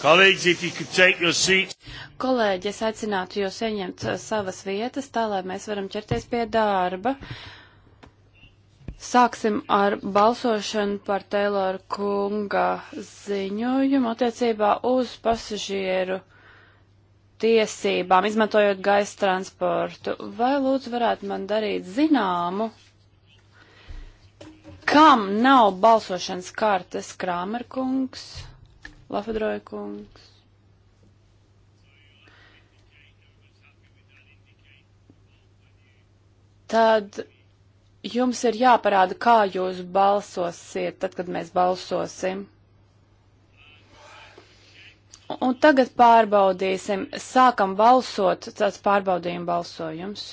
Kolēģi, es aicinātu jūs ieņemt uh, savas vietas, tā lai mēs varam ķerties pie darba. Sāksim ar balsošanu par Taylor kunga ziņojumu attiecībā uz pasažieru tiesībām, izmantojot gaisa transportu. Vai lūdzu varētu man darīt zināmu, kam nav balsošanas kartes Krāmerkungs? kungs? Lafadroja kungs. Tad jums ir jāparāda, kā jūs balsosiet, tad, kad mēs balsosim. Un tagad pārbaudīsim, sākam balsot, tāds pārbaudījuma balsojums.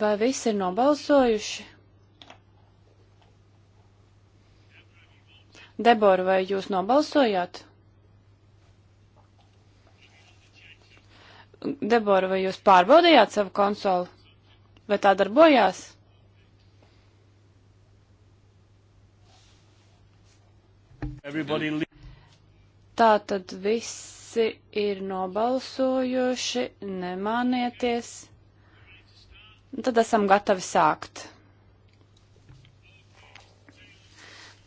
Vai visi ir nobalsojuši? Debora, vai jūs nobalsojāt? Debora, vai jūs pārbaudījāt savu konsoli? Vai tā darbojās? Everybody... Tā tad visi ir nobalsojuši, nemānieties. Un tad esam gatavi sākt.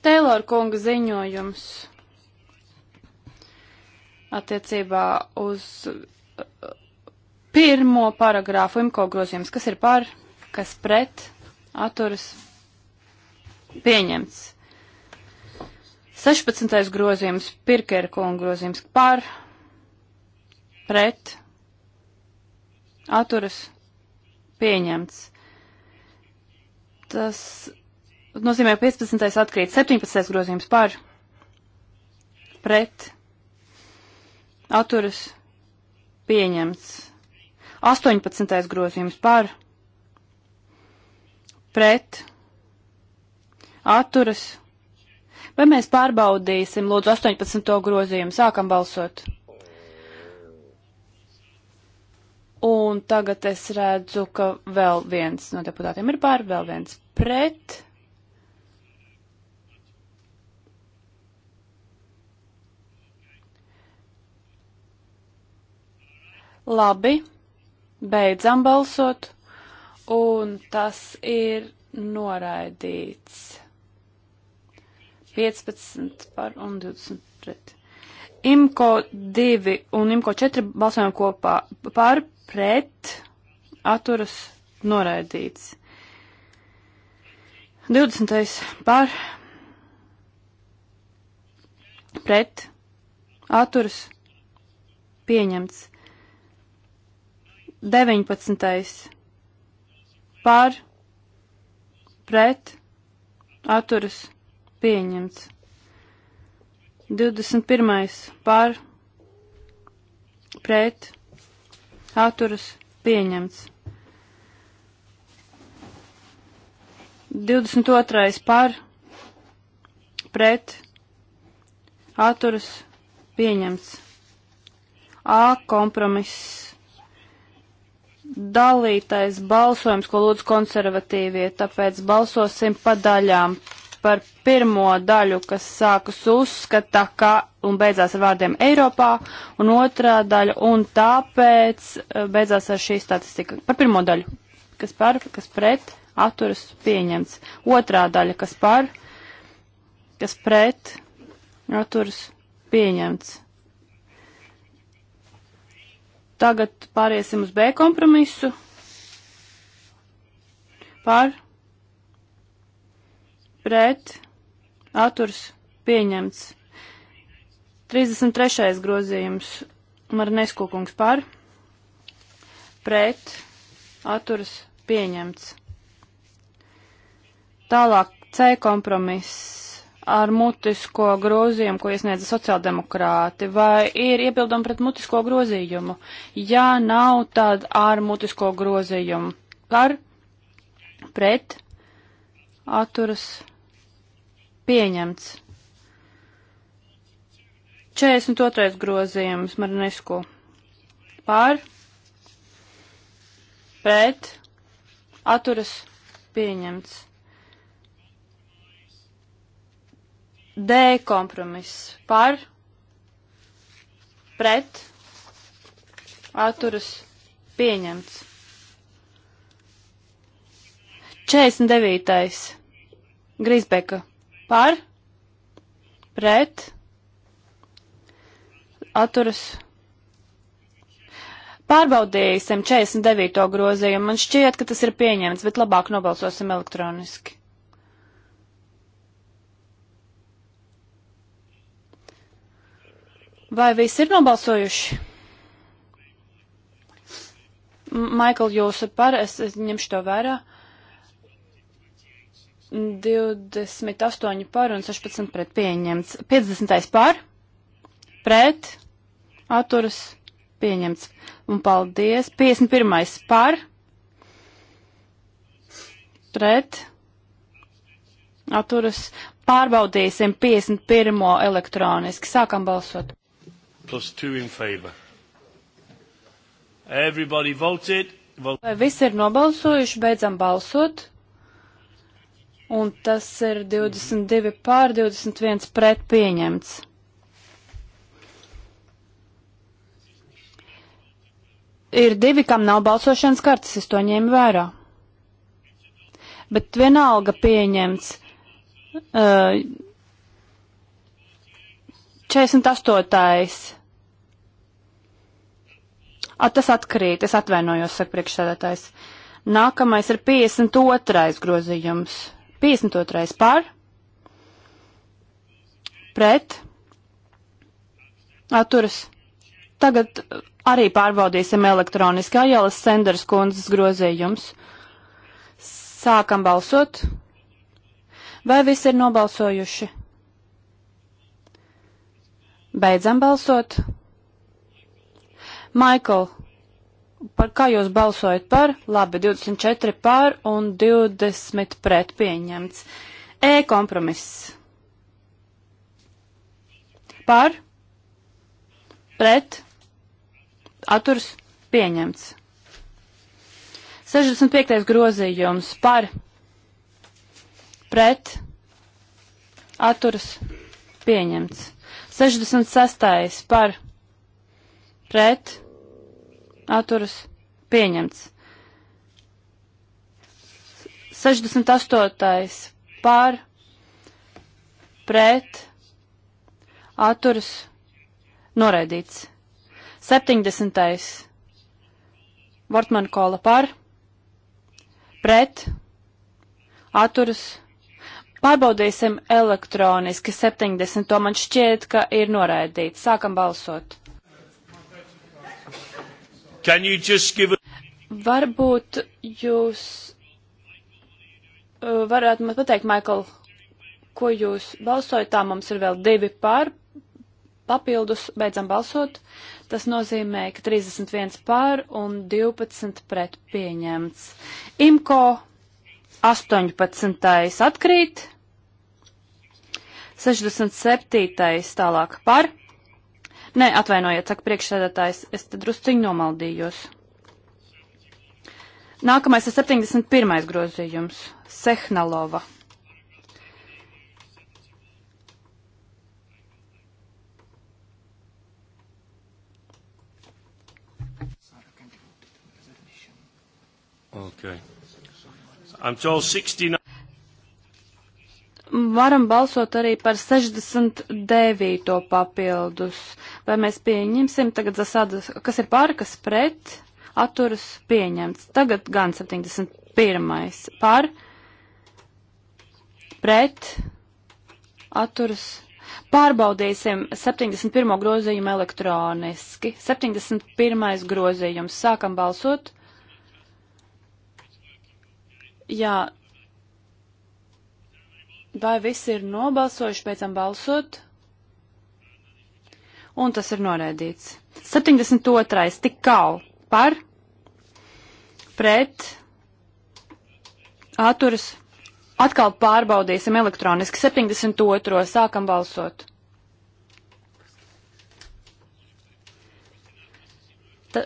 Teilor kunga ziņojums attiecībā uz uh, pirmo paragrāfu imko grozījums, kas ir par, kas pret, atturas, pieņemts. 16. grozījums, Pirkera kunga grozījums par, pret, atturas, pieņemts pieņemts. Tas nozīmē 15. atkrīt, 17. grozījums par, pret, atturas, pieņemts. 18. grozījums par, pret, atturas. Vai mēs pārbaudīsim, lūdzu, 18. grozījumu? Sākam balsot. Un tagad es redzu, ka vēl viens no deputātiem ir pār, vēl viens pret. Labi, beidzam balsot, un tas ir noraidīts. 15 par un 20 pret. Imko 2 un Imko 4 balsojam kopā par pret atturas noraidīts. 20. par pret atturas pieņemts. 19. par pret atturas pieņemts. 21. par pret atturas pieņemts atturas pieņemts. 22. par pret atturas pieņemts. A kompromiss. Dalītais balsojums, ko lūdzu konservatīvie, tāpēc balsosim pa daļām par pirmo daļu, kas sākas uzskata, ka un beidzās ar vārdiem Eiropā, un otrā daļa, un tāpēc eh, beidzās ar šī statistika. Par pirmo daļu, kas par, kas pret, atturas pieņemts. Otrā daļa, kas par, kas pret, atturas pieņemts. Tagad pāriesim uz B kompromisu. Par pret, atturs, pieņemts. 33. grozījums Marinesko kungs par, pret, atturs, pieņemts. Tālāk C kompromiss ar mutisko grozījumu, ko iesniedza sociāldemokrāti, vai ir iebildumi pret mutisko grozījumu? Ja nav, tad ar mutisko grozījumu par, pret, atturas, Pieņemts. 42. grozījums Marinesku. Pār, pret, atturas, pieņemts. D kompromiss par, pret, atturas, pieņemts. 49. Grisbeka par, pret, atturas. Pārbaudīsim 49. grozījumu. Man šķiet, ka tas ir pieņemts, bet labāk nobalsosim elektroniski. Vai visi ir nobalsojuši? Maikl, jūs par, es, es ņemšu to vērā. Uh, 28 par un 16 pret pieņemts. 50. par, pret, atturas pieņemts. Un paldies. 51. par, pret, atturas. Pārbaudīsim 51. elektroniski. Sākam balsot. Plus 2 in favor. Everybody voted. Vote. Vai visi ir nobalsojuši? Beidzam balsot un tas ir 22 pār 21 pret pieņemts. Ir divi, kam nav balsošanas kartes, es to ņēmu vērā. Bet vienalga pieņemts. Uh, 48. A, tas atkrīt, es atvainojos, saka priekšsēdētājs. Nākamais ir 52. grozījums. 52. par, pret, atturas. Tagad arī pārbaudīsim elektroniskā jālas Senders kundzes grozījums. Sākam balsot. Vai visi ir nobalsojuši? Beidzam balsot. Michael, Par kā jūs balsojat par? Labi, 24 par un 20 pret pieņemts. E kompromiss. Par? Pret? Aturs pieņemts. 65. grozījums par pret atturas pieņemts. 66. par pret atturas pieņemts. 68. pār pret atturas noraidīts. 70. Vortman kola par pret atturas Pārbaudīsim elektroniski 70. Man šķiet, ka ir noraidīts. Sākam balsot give... Varbūt jūs uh, varētu man pateikt, Maikl, ko jūs balsojat, tā mums ir vēl divi pār, papildus, beidzam balsot. Tas nozīmē, ka 31 pār un 12 pret pieņemts. Imko 18. atkrīt, 67. tālāk par, Nē, atvainojiet, saka priekšsēdētājs, es tad drusciņi nomaldījos. Nākamais ir 71. grozījums - Sehnalova. Okay. I'm told 69 varam balsot arī par 69. papildus. Vai mēs pieņemsim tagad zasādas, kas ir pār, kas pret, atturas pieņemts. Tagad gan 71. par, pret, atturas. Pārbaudīsim 71. grozījumu elektroniski. 71. grozījums. Sākam balsot. Jā, Vai visi ir nobalsojuši pēc tam balsot? Un tas ir noraidīts. 72. tikau par, pret, atturas. Atkal pārbaudīsim elektroniski. 72. sākam balsot. Ta...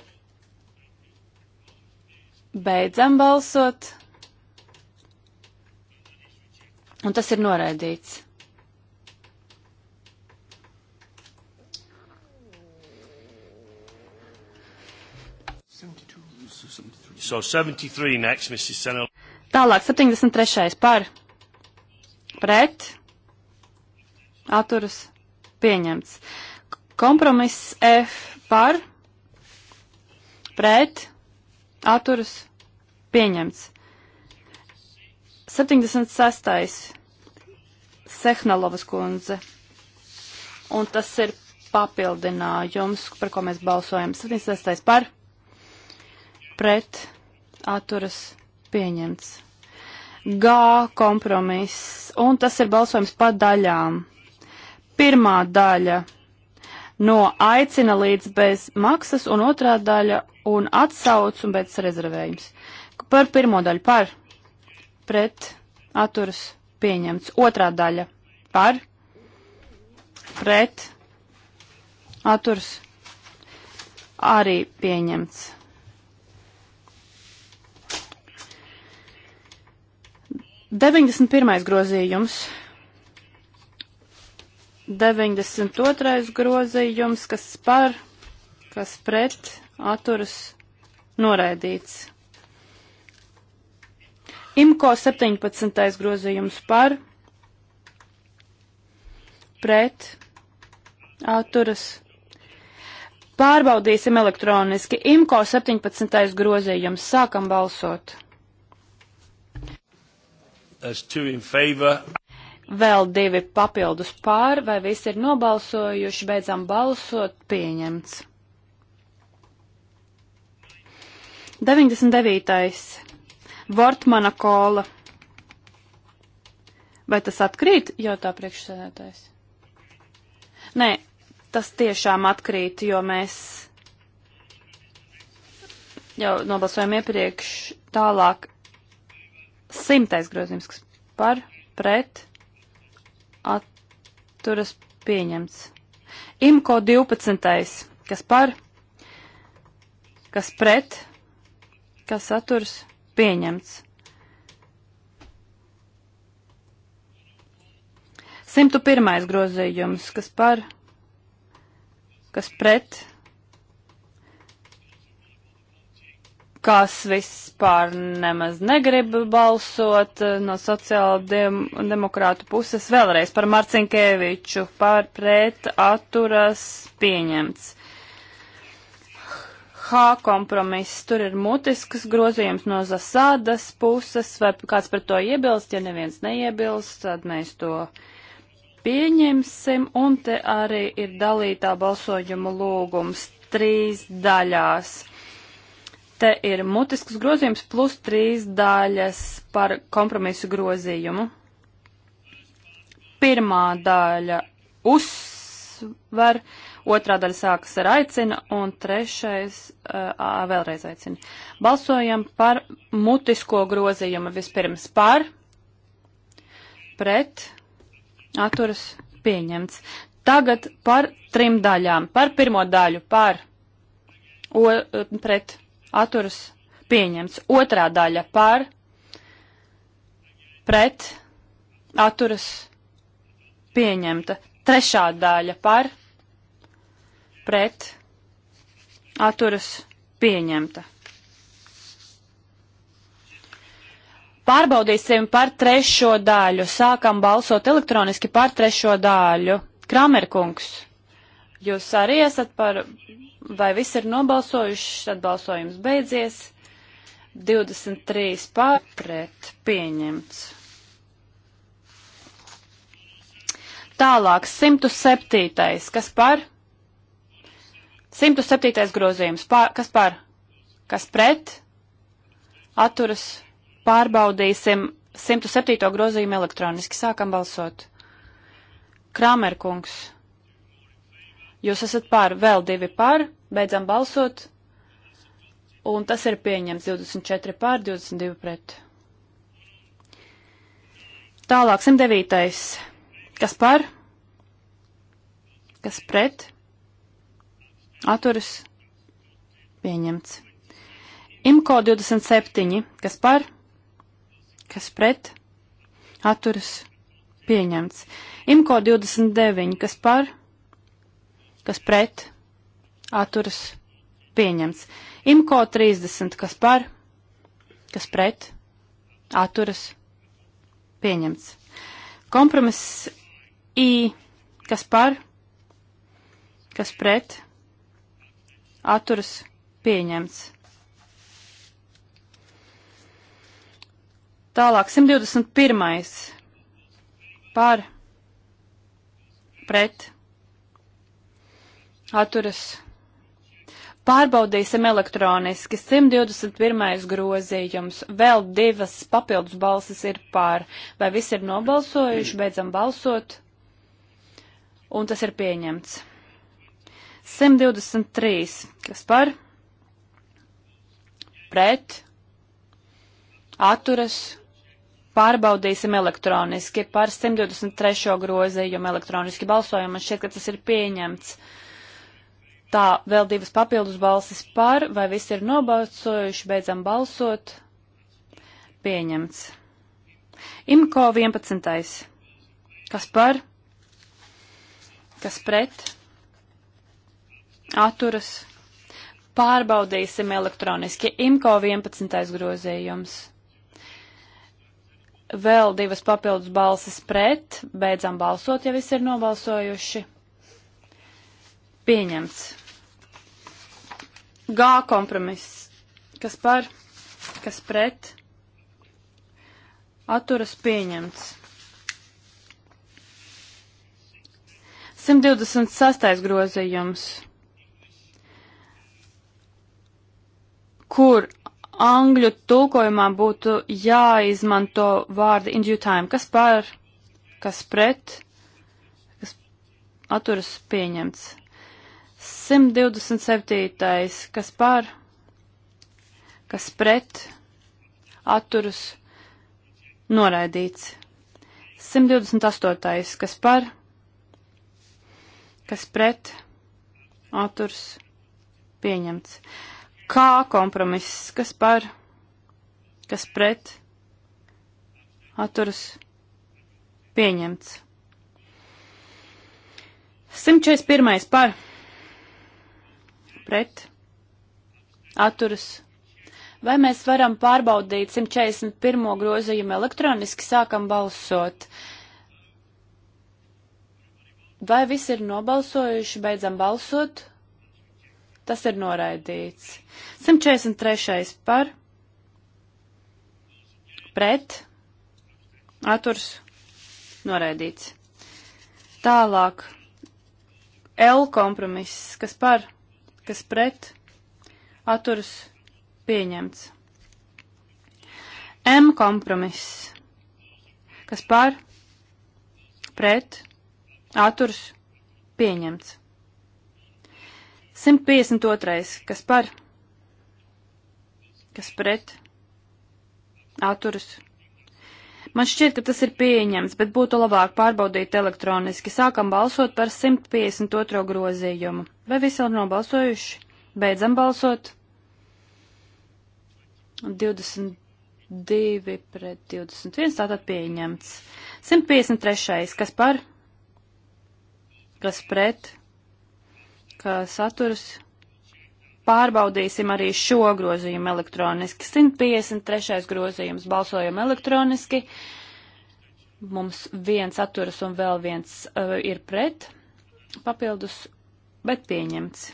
Beidzam balsot. Un tas ir noraidīts. So 73 next, Mrs. Senel. Tālāk, 73. par pret atturas pieņemts. Kompromiss F par pret atturas pieņemts. 76. Sehnalovas kundze. Un tas ir papildinājums, par ko mēs balsojam. 76. par pret atturas pieņemts. G kompromiss. Un tas ir balsojums pa daļām. Pirmā daļa no aicina līdz bez maksas, un otrā daļa un atsauc un bez rezervējums. Par pirmo daļu par pret atturas pieņemts. Otrā daļa par pret atturas arī pieņemts. Deviņdesmit pirmais grozījums 92. grozījums, kas par, kas pret, atturas noraidīts. Imko 17. grozījums par, pret, atturas. Pārbaudīsim elektroniski. Imko 17. grozījums. Sākam balsot. Vēl divi papildus pār, vai visi ir nobalsojuši, beidzam balsot, pieņemts. 99. Vortmana kola. Vai tas atkrīt, jautā priekšsēdētājs? Nē, tas tiešām atkrīt, jo mēs jau nobalsojam iepriekš tālāk simtais grozījums, kas par, pret, atturas pieņemts. Imko 12. kas par, kas pret, kas atturas pieņemts pieņemts. 101. grozījums, kas par, kas pret, kas vispār nemaz negrib balsot eh, no sociāla dem demokrātu puses vēlreiz par Marcinkēviču, par pret atturas pieņemts. H kompromiss. Tur ir mutisks grozījums no zasādas puses, vai kāds par to iebilst, ja neviens neiebilst, tad mēs to pieņemsim. Un te arī ir dalītā balsojuma lūgums trīs daļās. Te ir mutisks grozījums plus trīs daļas par kompromisu grozījumu. Pirmā daļa uzsver otrā daļa sākas ar aicina, un trešais uh, vēlreiz aicina. Balsojam par mutisko grozījumu vispirms par, pret, atturas pieņemts. Tagad par trim daļām. Par pirmo daļu, par, o, pret, atturas pieņemts. Otrā daļa par, pret, atturas pieņemta. Trešā daļa par, pret pret atturas pieņemta. Pārbaudīsim par trešo daļu. Sākam balsot elektroniski par trešo daļu. Kramerkungs, jūs arī esat par, vai viss ir nobalsojuši, tad balsojums beidzies. 23 pār pret pieņemts. Tālāk, 107. Kas par? 107. grozījums. Pār, kas par? Kas pret? Atturas. Pārbaudīsim 107. grozījumu elektroniski. Sākam balsot. Kramerkungs. Jūs esat pār, vēl divi pār, beidzam balsot. Un tas ir pieņemts 24 pār, 22 pret. Tālāk 109. Kas par? Kas pret? atturas pieņemts. IMCO 27, kas par, kas pret, atturas pieņemts. IMCO 29, kas par, kas pret, atturas pieņemts. IMCO 30, kas par, kas pret, atturas pieņemts. Kompromiss I, kas par, kas pret, atturas pieņemts. Tālāk, 121. par pret atturas. Pārbaudīsim elektroniski. 121. grozījums. Vēl divas papildus balsis ir pār. Vai visi ir nobalsojuši? Beidzam balsot. Un tas ir pieņemts. 123. Kas par? Pret. Atturas. Pārbaudīsim elektroniski par 123. grozījumu elektroniski balsojumu. Man šķiet, ka tas ir pieņemts. Tā, vēl divas papildus balsis par, vai visi ir nobalsojuši, beidzam balsot. Pieņemts. Imko 11. Kas par? Kas pret? atturas pārbaudīsim elektroniski. IMCO 11. grozījums. Vēl divas papildus balsis pret, beidzam balsot, ja visi ir nobalsojuši. Pieņemts. G kompromiss. Kas par, kas pret, atturas pieņemts. 126. grozījums. kur angļu tulkojumā būtu jāizmanto vārdi in due time, kas par, kas pret, kas atturas pieņemts. 127. kas par, kas pret, atturas noraidīts. 128. kas par, kas pret, atturs pieņemts kā kompromiss, kas par, kas pret, atturas pieņemts. 141. par, pret, atturas. Vai mēs varam pārbaudīt 141. grozījumu elektroniski sākam balsot? Vai visi ir nobalsojuši, beidzam balsot? Tas ir noraidīts. 143. par pret atturs noraidīts. Tālāk L kompromiss, kas par, kas pret atturs pieņemts. M kompromiss, kas par, pret, atturs, pieņemts. 152. Kas par? Kas pret? Atturas. Man šķiet, ka tas ir pieņems, bet būtu labāk pārbaudīt elektroniski. Sākam balsot par 152. grozījumu. Vai visi ir nobalsojuši? Beidzam balsot. 22 pret 21, tātad pieņemts. 153. Kas par? Kas pret? ka saturs pārbaudīsim arī šo grozījumu elektroniski. 153. grozījums balsojam elektroniski. Mums viens atturas un vēl viens uh, ir pret papildus, bet pieņemts.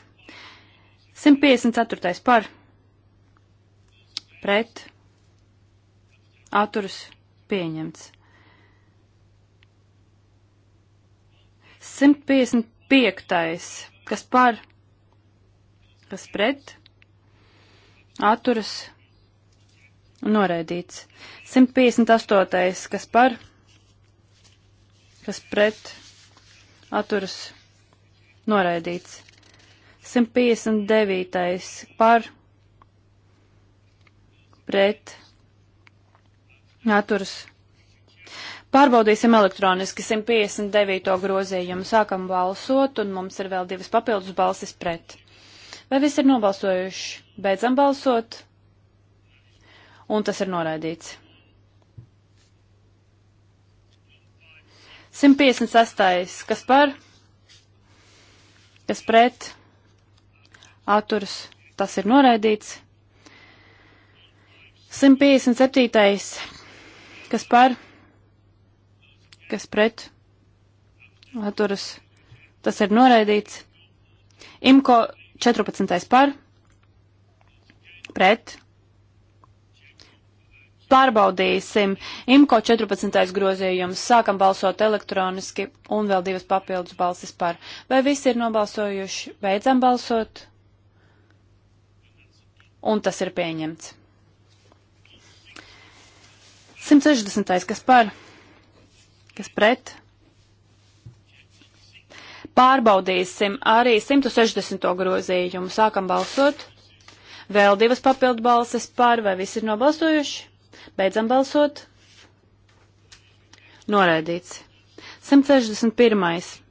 154. par pret atturas pieņemts. 155 kas par, kas pret, atturas, noraidīts. 158. kas par, kas pret, atturas, noraidīts. 159. par, pret, atturas, noraidīts Pārbaudīsim elektroniski 159. grozījumu. Sākam balsot, un mums ir vēl divas papildus balsis pret. Vai visi ir nobalsojuši? Beidzam balsot, un tas ir noraidīts. 156. Kas par? Kas pret? Atturs. Tas ir noraidīts. 157. Kas par? kas pret atturas tas ir noraidīts. Imko 14. par pret pārbaudīsim. Imko 14. grozījums. Sākam balsot elektroniski un vēl divas papildus balsis par. Vai visi ir nobalsojuši? Beidzam balsot. Un tas ir pieņemts. 160. kas par? kas pret. Pārbaudīsim arī 160. grozījumu. Sākam balsot. Vēl divas papildu balses par, vai visi ir nobalsojuši? Beidzam balsot. Noraidīts. 161.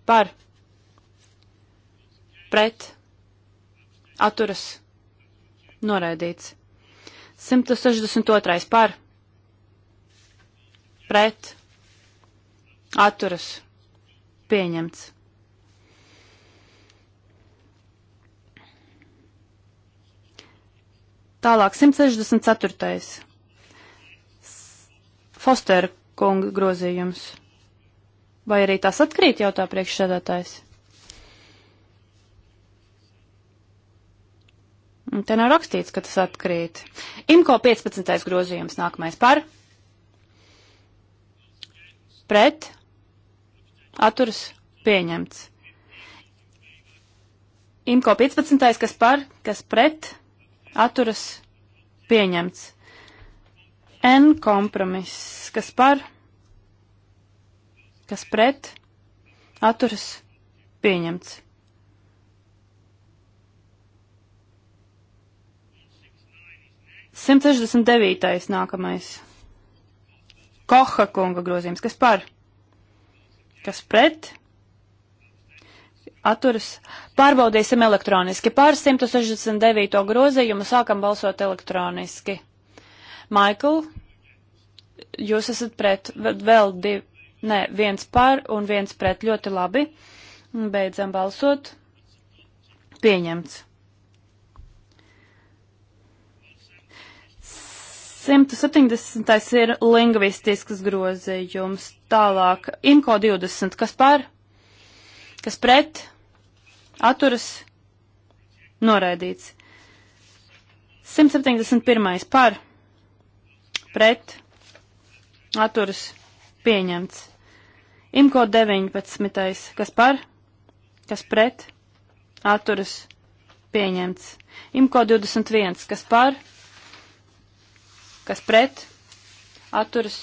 par. Pret. Aturas. Noraidīts. 162. par. Pret atturas pieņemts. Tālāk 164. Foster kunga grozījums. Vai arī tās atkrīt jautā priekšsēdētājs? Te nav rakstīts, ka tas atkrīt. Imko 15. grozījums nākamais par. Pret atturas pieņemts. Imko 15. kas par, kas pret, atturas pieņemts. N kompromiss, kas par, kas pret, atturas pieņemts. 169. nākamais. Koha kunga grozījums, kas par? kas pret, atturas, pārbaudīsim elektroniski. Pār 169. grozījumu sākam balsot elektroniski. Maikl, jūs esat pret, vēl divi, ne, viens pār un viens pret, ļoti labi. Beidzam balsot. Pieņemts. 170. ir lingvistisks grozījums. Tālāk, IMCO 20. Kas par? Kas pret? Atturas? Noraidīts. 171. par? Pret? Atturas? Pieņemts. IMCO 19. Kas par? Kas pret? Atturas? Pieņemts. IMCO 21. Kas par? kas pret, atturas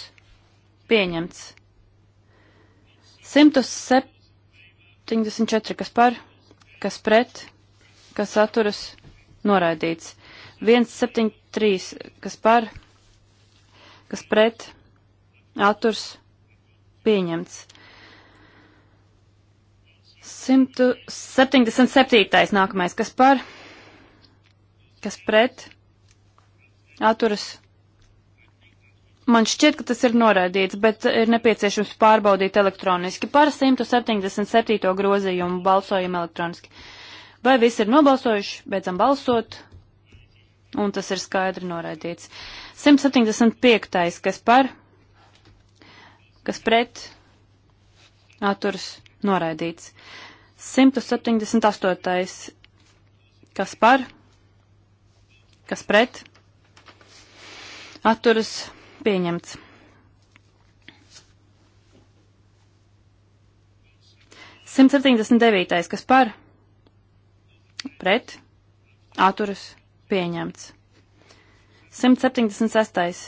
pieņemts. 174, kas par, kas pret, kas atturas noraidīts. 173, kas par, kas pret, atturs pieņemts. 177. nākamais, kas par, kas pret, atturas pieņemts Man šķiet, ka tas ir noraidīts, bet ir nepieciešams pārbaudīt elektroniski par 177. grozījumu balsojam elektroniski. Vai visi ir nobalsojuši, beidzam balsot, un tas ir skaidri noraidīts. 175. kas par, kas pret, atturs noraidīts. 178. kas par, kas pret, atturs noraidīts Pieņemts. Simt septiņdesmit devītais, kas par? Pret. Atturas. Pieņemts. 176.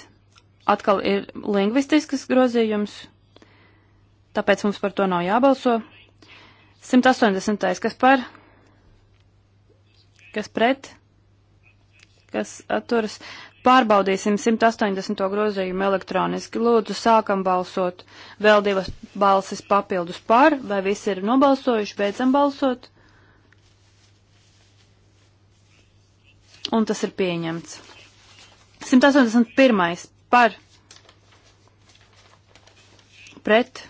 Atkal ir lingvistisks grozījums, tāpēc mums par to nav jābalso. 180. kas par, kas pret, kas atturas Pārbaudīsim 180. grozījumu elektroniski. Lūdzu, sākam balsot. Vēl divas balsis papildus par, vai visi ir nobalsojuši, beidzam balsot. Un tas ir pieņemts. 181. par, pret.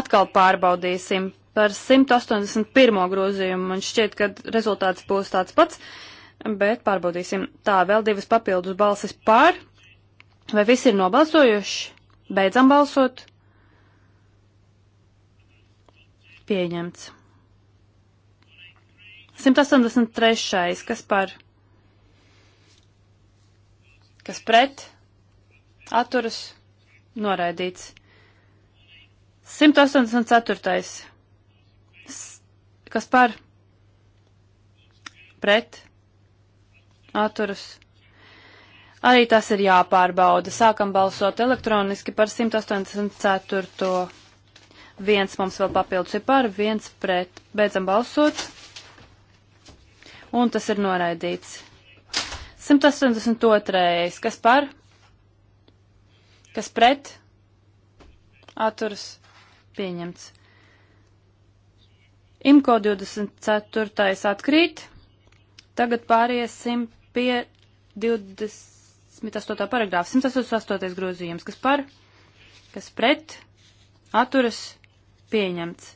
Atkal pārbaudīsim par 181. grozījumu. Man šķiet, ka rezultāts būs tāds pats bet pārbaudīsim. Tā, vēl divas papildus balsis par. Vai visi ir nobalsojuši? Beidzam balsot. Pieņemts. 183. Kas par? Kas pret? Atturas. Noraidīts. 184. Kas par? Pret? atturas. Arī tas ir jāpārbauda. Sākam balsot elektroniski par 184. Viens mums vēl papildus ir par, viens pret. Beidzam balsot. Un tas ir noraidīts. 182. Kas par? Kas pret? Atturas pieņemts. Imko 24. atkrīt. Tagad pāriesim pie 28. paragrāfa 188. grozījums, kas par, kas pret, atturas, pieņemts.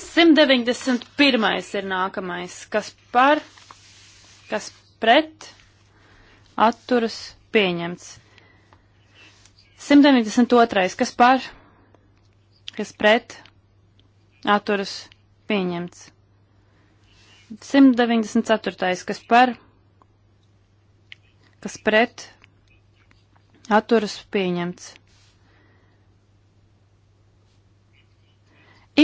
Simt deviņdesmit pirmais ir nākamais, kas par, kas pret, atturas, pieņemts. 192. kas par, kas pret, atturas, pieņemts pieņemts. 194. kas par, kas pret, atturas pieņemts.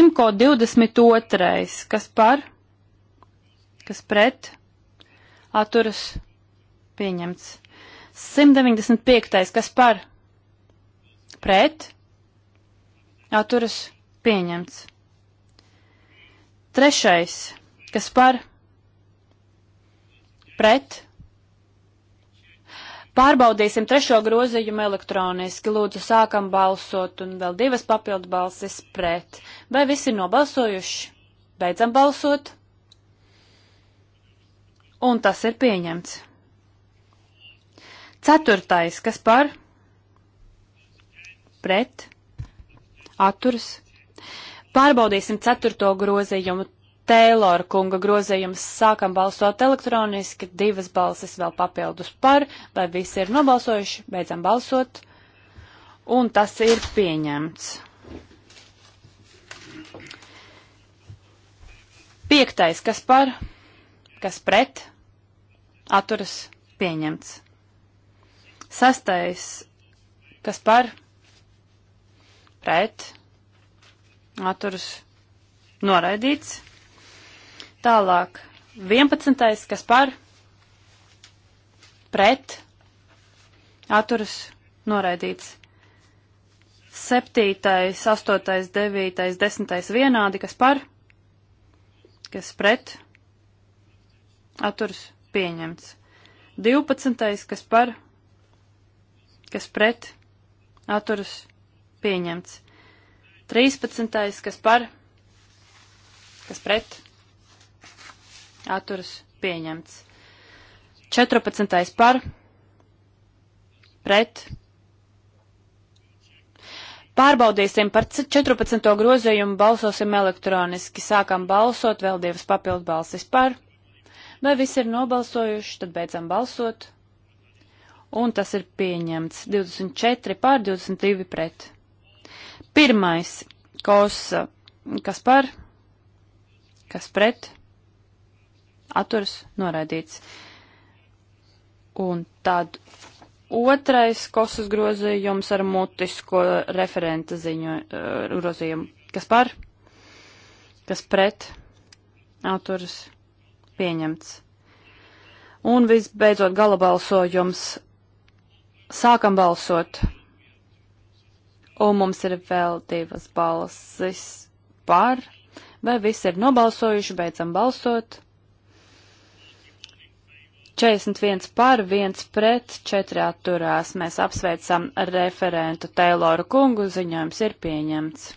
Imko 22. kas par, kas pret, atturas pieņemts. 195. kas par, pret, atturas pieņemts. Trešais, kas par pret. Pārbaudīsim trešo grozījumu elektroniski. Lūdzu, sākam balsot un vēl divas papildu balsis pret. Vai visi ir nobalsojuši? Beidzam balsot. Un tas ir pieņemts. Ceturtais, kas par? Pret. Atturs. Pārbaudīsim ceturto grozījumu. Tēlora kunga grozījums sākam balsot elektroniski, divas balsis vēl papildus par, vai visi ir nobalsojuši, beidzam balsot, un tas ir pieņemts. Piektais, kas par, kas pret, atturas pieņemts. Sastais, kas par, pret, atturas pieņemts atturas noraidīts. Tālāk 11. kas par pret atturas noraidīts. 7., 8., 9., 10. vienādi, kas par, kas pret, atturs pieņemts. 12. kas par, kas pret, atturs pieņemts. 13. kas par, kas pret, atturas pieņemts. 14. par, pret. Pārbaudīsim par 14. grozījumu, balsosim elektroniski, sākam balsot, vēl divas papildu balsis par. Vai visi ir nobalsojuši, tad beidzam balsot. Un tas ir pieņemts 24 pār 22 pret. Pirmais, kosa, kas par, kas pret, atturs noraidīts. Un tad otrais kosas grozījums ar mutisko referenta ziņu eh, grozījumu. Kas par? Kas pret? Autors pieņemts. Un visbeidzot gala balsojums. Sākam balsot. Un mums ir vēl divas balsis par. Vai visi ir nobalsojuši, beidzam balsot? 41 par, 1 pret, 4 atturās. Mēs apsveicam referentu Teiloru kungu, ziņojums ir pieņemts.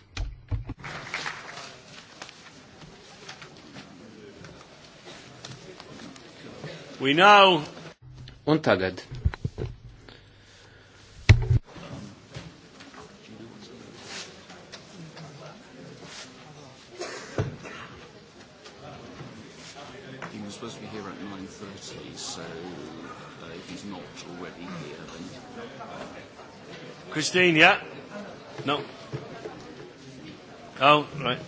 Un tagad Christine, yeah? No. Oh, right.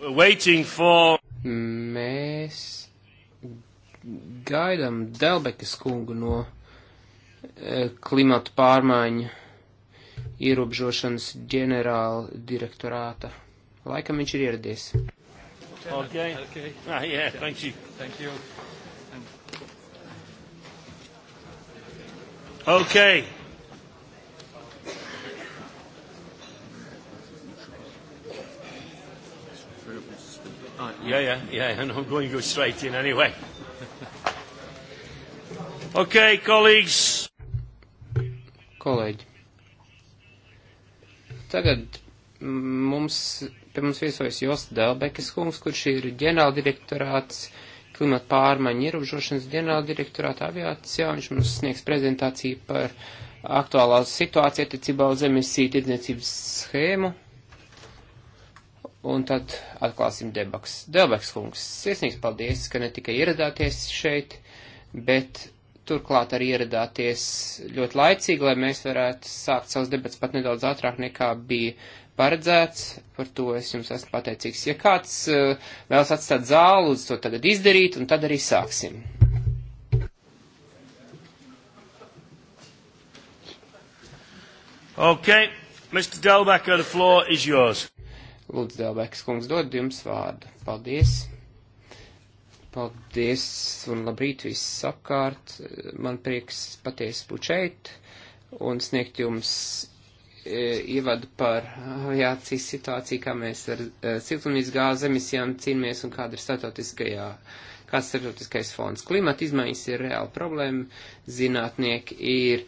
We're waiting for. Mēs gaidām Delbekas kungu no eh, klimatu pārmaiņu ierobežošanas ģenerāla direktorāta. Laikam viņš ir ieradies. Okay. Okay. Ah, yeah, thank you. Thank you. Okay. Uh, yeah, yeah, yeah, and I'm going to go straight in anyway. okay, colleagues. Kolēģi, tagad mums pie mums viesojas Jost Delbekas kungs, kurš ir ģenerāldirektorāts klimata pārmaiņu ierobežošanas ģenerāldirektorāta aviācijā. Viņš mums sniegs prezentāciju par aktuālā situāciju attiecībā uz emisiju tirdzniecības schēmu. Un tad atklāsim debaks. Delbeks kungs, sirsnīgs paldies, ka ne tikai ieradāties šeit, bet turklāt arī ieradāties ļoti laicīgi, lai mēs varētu sākt savus debats pat nedaudz ātrāk nekā bija paredzēts, par to es jums esmu pateicīgs. Ja kāds uh, vēlas atstāt zāli, uz to tagad izdarīt, un tad arī sāksim. Okay, Mr. Delbecker, the floor is yours. Lūdzu, Delbekas kungs, dod jums vārdu. Paldies. Paldies un labrīt viss apkārt. Man prieks patiesi būt šeit un sniegt jums E, ievadu par aviācijas e, situāciju, kā mēs ar e, siltumnīcas gāzes emisijām cīnāmies un kāda ir statotiskajā, kāds statotiskais fons. Klimata izmaiņas ir reāla problēma, zinātnieki ir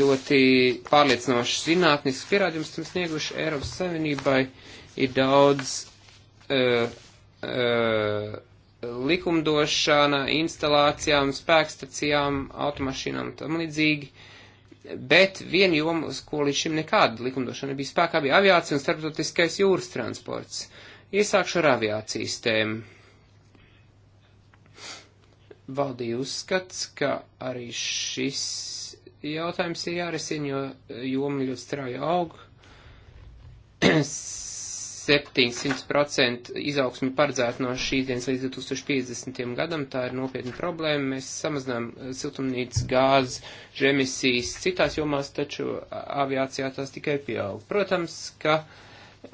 ļoti pārliecinoši zinātnisks pierādījums tam snieguši Eiropas Savienībai, ir daudz uh, uh, likumdošana, instalācijām, spēkstacijām, automašīnām tam līdzīgi. Uh, bet viena joma, uz ko līdz šim nekāda likumdošana nebija spēkā, bija aviācija un starptautiskais jūras transports. Iesākšu ar aviācijas tēmu. Valdīja uzskats, ka arī šis jautājums ir jārisina, jo joma ļoti strauji aug. 700% izaugsmi paredzēta no šīs dienas līdz 2050. gadam. Tā ir nopietna problēma. Mēs samazinām eh, siltumnīcas gāzes emisijas citās jomās, taču aviācijā tās tikai pieaug. Protams, ka uh,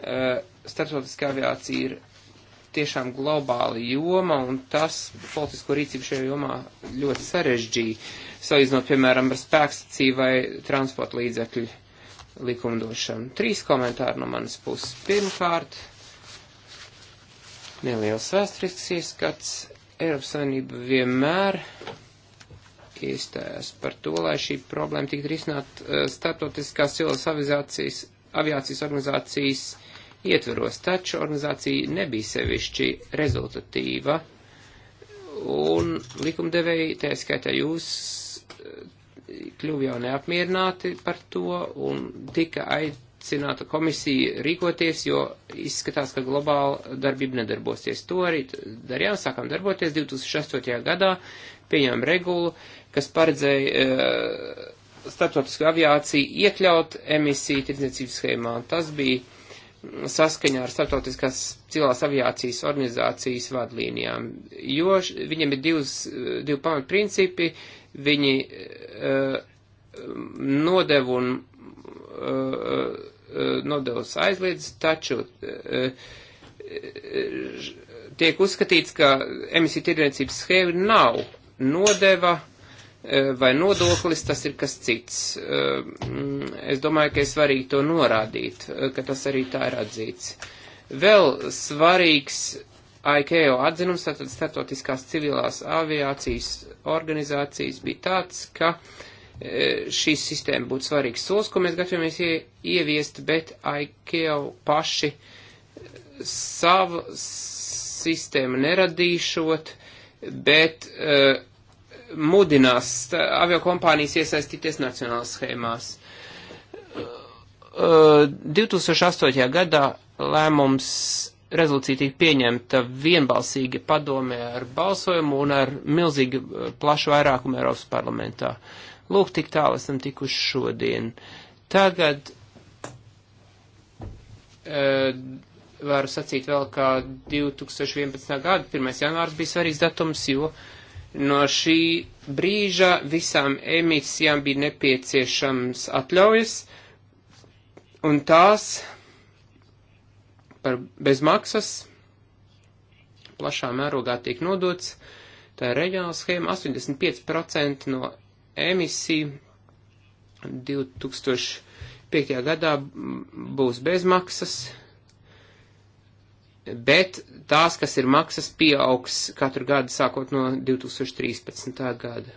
starptautiskā aviācija ir tiešām globāla joma, un tas politisko rīcību šajā jomā ļoti sarežģīja, salīdzinot, piemēram, ar spēkstacību vai transporta līdzekļu likumdošanu. Trīs komentāri no manas puses. Pirmkārt, neliels vēsturisks ieskats. Eiropas Savienība vienmēr iestājās par to, lai šī problēma tiktu risināt eh, starptautiskās cilvēks avizācijas, aviācijas organizācijas ietveros, taču organizācija nebija sevišķi rezultatīva, un likumdevēji, tā skaitā jūs, kļuva jau neapmierināti par to un tika aicināta komisija rīkoties, jo izskatās, ka globāla darbība nedarbosies. To arī darījām, sākām darboties 2008. gadā, pieņēmām regulu, kas paredzēja uh, eh, starptautisko aviāciju iekļaut emisiju tirdzniecības schēmā. Tas bija saskaņā ar starptautiskās civilās aviācijas organizācijas vadlīnijām, jo viņiem ir divas, eh, divi pamatprincipi viņi uh, e, e, nodevu un uh, e, nodevas aizliedz, taču uh, tiek uzskatīts, ka emisiju tirdzniecības schēma nav nodeva vai nodoklis, tas ir kas cits. Mm, es domāju, ka ir svarīgi to norādīt, ka tas arī tā ir atzīts. Vēl svarīgs ICAO atzinums, tātad Startautiskās civilās aviācijas organizācijas, bija tāds, ka e, šī sistēma būtu svarīgs solis, ko mēs gatavamies ieviest, bet ICAO paši e, savu sistēmu neradīšot, bet uh, mudinās aviokompānijas iesaistīties nacionālās schēmās. Uh, 2008. gadā lēmums rezolūcija tika pieņemta vienbalsīgi padomē ar balsojumu un ar milzīgi uh, plašu vairākumu Eiropas parlamentā. Lūk, tik tālu esam tikuši šodien. Tagad e, varu sacīt vēl, ka 2011. gada 1. janvārs bija svarīgs datums, jo no šī brīža visām emisijām bija nepieciešams atļaujas, un tās par bezmaksas plašā mērogā tiek nodots. Tā ir reģionāla schēma 85% no emisiju 2005. gadā būs bezmaksas, bet tās, kas ir maksas, pieaugs katru gadu sākot no 2013. gada.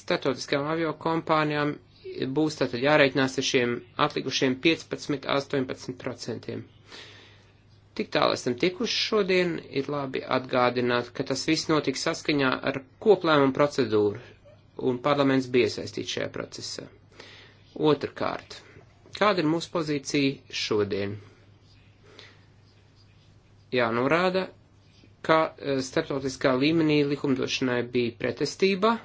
Statotiskajām aviokompānijām būs tātad jāreikinās ar šiem atlikušiem 15-18%. Tik tālu esam tikuši šodien, ir labi atgādināt, ka tas viss notiks saskaņā ar koplēmumu procedūru, un parlaments bija iesaistīts šajā procesā. Otrkārt, kāda ir mūsu pozīcija šodien? Jānorāda, ka eh, starptautiskā līmenī likumdošanai bija pretestība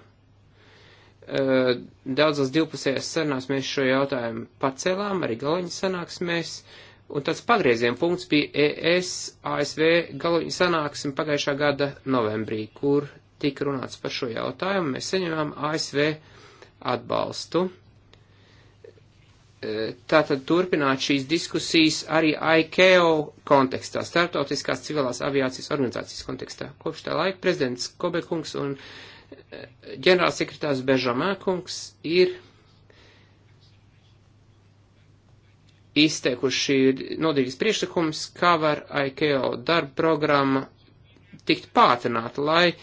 Eh, Daudzas divpusējās sarunās mēs šo jautājumu pacēlām, arī galoņa sanāksmēs, un tāds pagrieziena punkts bija ES ASV galoņa sanāksme pagājušā gada novembrī, kur tika runāts par šo jautājumu. Mēs saņemām ASV atbalstu eh, tātad turpināt šīs diskusijas arī ICAO kontekstā, starptautiskās civilās aviācijas organizācijas kontekstā. Kopš tā laika prezidents Kobekungs un ģenerālsekretārs Bežamēkungs ir izteikuši nodīgas priekšlikums, kā var IKO darba programma tikt pātrināta, lai e,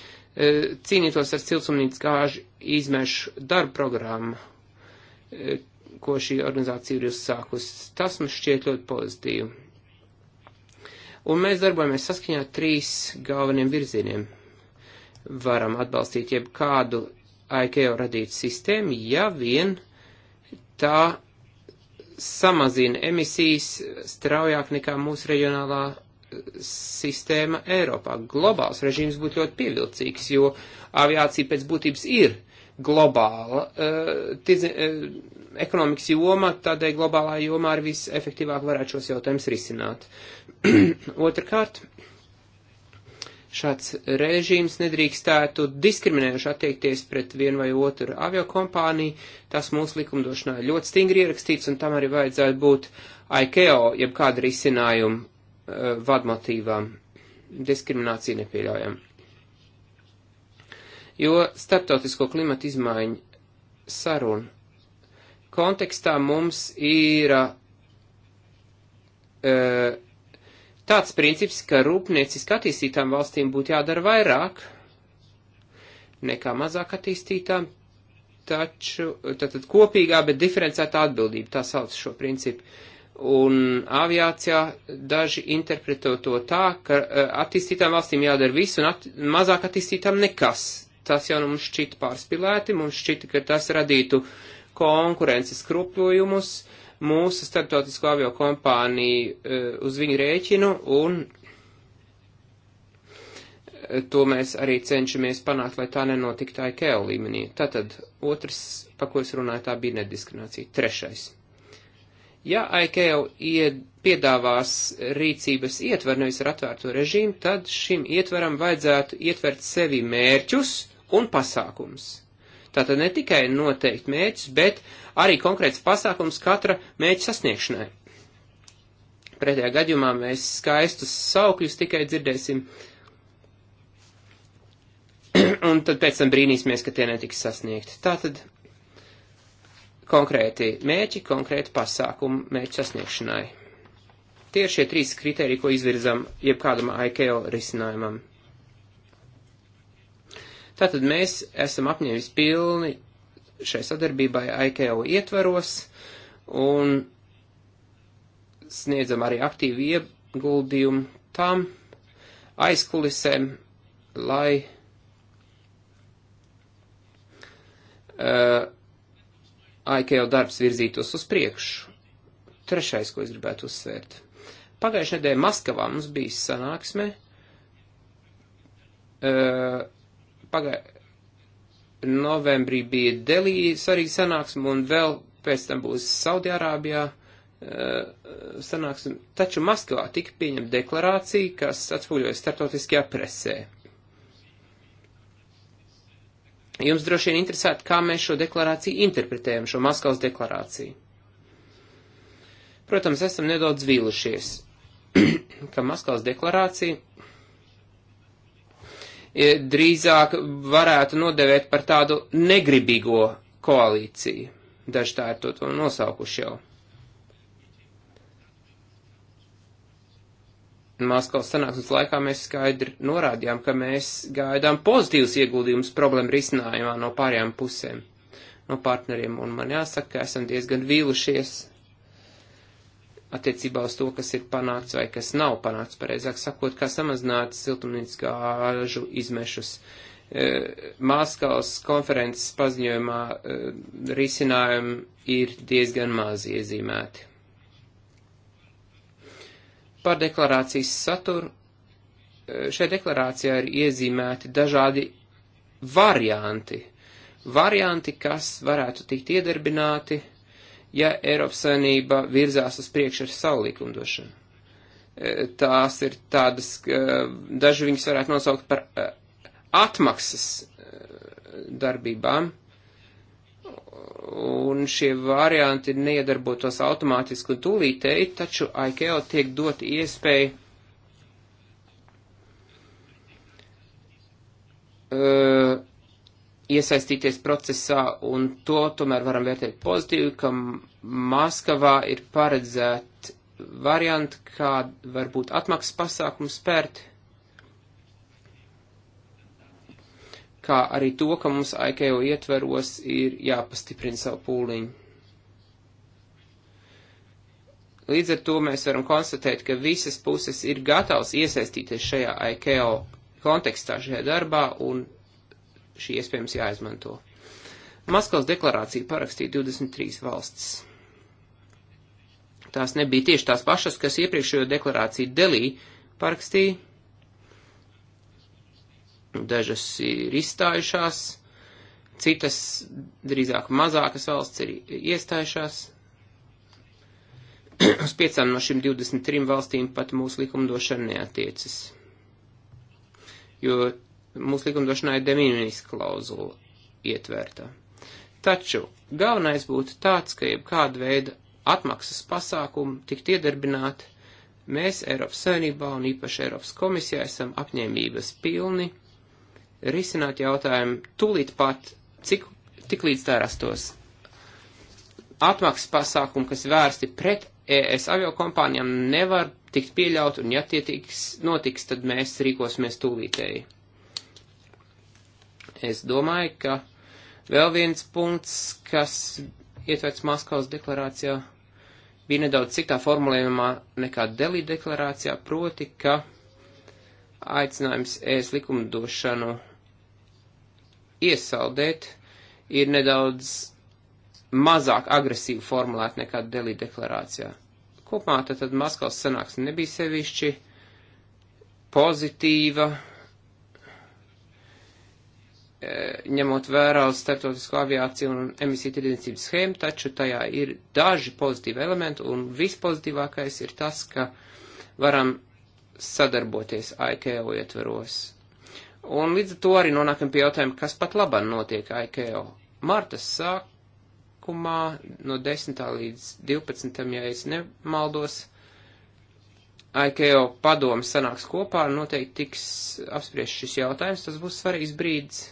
cīnītos ar ciltsumnīcas gāžu izmešu darba programmu, e, ko šī organizācija ir uzsākusi. Tas mums šķiet ļoti pozitīvi. Un mēs darbojamies saskaņā trīs galveniem virzieniem varam atbalstīt jebkādu IKO radītu sistēmu, ja vien tā samazina emisijas straujāk nekā mūsu reģionālā eh, sistēma Eiropā. Globāls režīms būtu ļoti pievilcīgs, jo aviācija pēc būtības ir globāla eh, tiz, eh, ekonomikas joma, tādēļ globālā jomā arī visefektīvāk varētu šos jautājumus risināt. Otrakārt, šāds režīms nedrīkstētu diskriminējuši attiekties pret vienu vai otru aviokompāniju. Tas mūsu likumdošanā ir ļoti stingri ierakstīts, un tam arī vajadzētu būt ICAO, jeb kāda risinājuma uh, eh, vadmotīvām. Diskriminācija nepieļaujama. Jo starptautisko klimatu izmaiņu sarunu kontekstā mums ir uh, Tāds princips, ka rūpnieciski attīstītām valstīm būtu jādara vairāk nekā mazāk attīstītām, taču tātad kopīgā, bet diferencētā atbildība, tā sauc šo principu. Un aviācijā daži interpreto to tā, ka eh, attīstītām valstīm jādara viss un at mazāk attīstītām nekas. Tas jau nu mums šķita pārspīlēti, mums šķita, ka tas radītu konkurences kropļojumus, uh, mūsu starptautisko avio kompāniju e, uz viņu rēķinu un e, to mēs arī cenšamies panākt, lai tā nenotiktu IKL līmenī. Tātad otrs, pa ko es runāju, tā bija nediskriminācija. Trešais. Ja IKL piedāvās rīcības ietveru nevis ar atvērto režīmu, tad šim ietveram vajadzētu ietvert sevi mērķus un pasākums. Tātad ne tikai noteikti mērķis, bet arī konkrēts pasākums katra mērķa sasniegšanai. Pretējā gadījumā mēs skaistus saukļus tikai dzirdēsim, un tad pēc tam brīnīsimies, ka tie netiks sasniegti. Tātad konkrēti mērķi, konkrēti pasākumi mērķu sasniegšanai. Tie ir šie trīs kriteriji, ko izvirzam jebkādam IKO risinājumam. Tātad mēs esam apņēmis pilni šai sadarbībai IKO ietveros un sniedzam arī aktīvu ieguldījumu tam aizkulisēm, lai uh, eh, IKO darbs virzītos uz priekšu. Trešais, ko es gribētu uzsvērt. Pagājušajā nedēļā Maskavā mums bija sanāksme. Uh, Pagā... Novembrī bija Delī svarīga sanāksme un vēl pēc tam būs Saudijārābijā eh, sanāksme. Taču Maskavā tika pieņemta deklarācija, kas atspoguļojas starptautiskajā presē. Jums droši vien interesētu, kā mēs šo deklarāciju interpretējam, šo Maskavas deklarāciju. Protams, esam nedaudz vīlušies, ka Maskavas deklarācija E, drīzāk varētu nodevēt par tādu negribīgo koalīciju. Daži tā ir to, to nosaukuši jau. Maskavas sanāksmes laikā mēs skaidri norādījām, ka mēs gaidām pozitīvus ieguldījumus problēmu risinājumā no pārējām pusēm, no partneriem, un man jāsaka, ka esam diezgan vīlušies attiecībā uz to, kas ir panākts vai kas nav panākts, pareizāk sakot, kā samazināt siltumnīcas gāžu izmešus. E, Māskals konferences paziņojumā e, risinājumi ir diezgan maz iezīmēti. Par deklarācijas saturu. E, šai deklarācijā ir iezīmēti dažādi varianti. Varianti, kas varētu tikt iedarbināti ja Eiropas Savienība virzās uz priekšu ar savu likumdošanu. E, tās ir tādas, daži viņas varētu nosaukt par e, atmaksas e, darbībām, un šie varianti neiedarbotos automātiski un tūlītēji, taču IKEA tiek dot iespēju uh, iesaistīties procesā, un to tomēr varam vērtēt pozitīvi, ka Maskavā ir paredzēt varianti, kā varbūt atmaksas pasākumu spērt, kā arī to, ka mums AIKO ietveros ir jāpastiprina savu pūliņu. Līdz ar to mēs varam konstatēt, ka visas puses ir gatavs iesaistīties šajā IKO kontekstā, šajā darbā, un šī iespējams jāizmanto. Maskavas deklarāciju parakstīja 23 valstis. Tās nebija tieši tās pašas, kas iepriekšējo deklarāciju Delī parakstīja. Dažas ir izstājušās, citas, drīzāk mazākas valsts ir iestājušās. Uz piecām no šīm 23 valstīm pat mūsu likumdošana neatiecas, jo mūsu likumdošanā ir deminimis klauzula ietverta. Taču galvenais būtu tāds, ka jebkāda veida atmaksas pasākumu tikt iedarbināti, mēs Eiropas Savienībā un īpaši Eiropas komisijā esam apņēmības pilni risināt jautājumu tūlīt pat, cik, tik līdz tā rastos. Atmaksas pasākumi, kas vērsti pret ES aviokompānijām, nevar tikt pieļaut, un ja tie tiks, notiks, tad mēs rīkosimies tūlītēji. Es domāju, ka vēl viens punkts, kas ietverts Maskavas deklarācijā, bija nedaudz citā formulējumā nekā Delī deklarācijā, proti, ka aicinājums ēst likumdošanu iesaldēt ir nedaudz mazāk agresīvi formulēt nekā Delī deklarācijā. Kopumā tad, tad Maskavas sanāksme nebija sevišķi pozitīva, Eh, ņemot vērā starptautisko aviāciju un emisiju tirdzniecības schēmu, taču tajā ir daži pozitīvi elementi, un vispozitīvākais ir tas, ka varam sadarboties IKO ietveros. Un līdz ar to arī nonākam pie jautājuma, kas pat labāk notiek IKO. Marta sākumā no 10. līdz 12. ja es nemaldos, IKO padomu sanāks kopā, noteikti tiks apspriest šis jautājums, tas būs svarīgs brīdis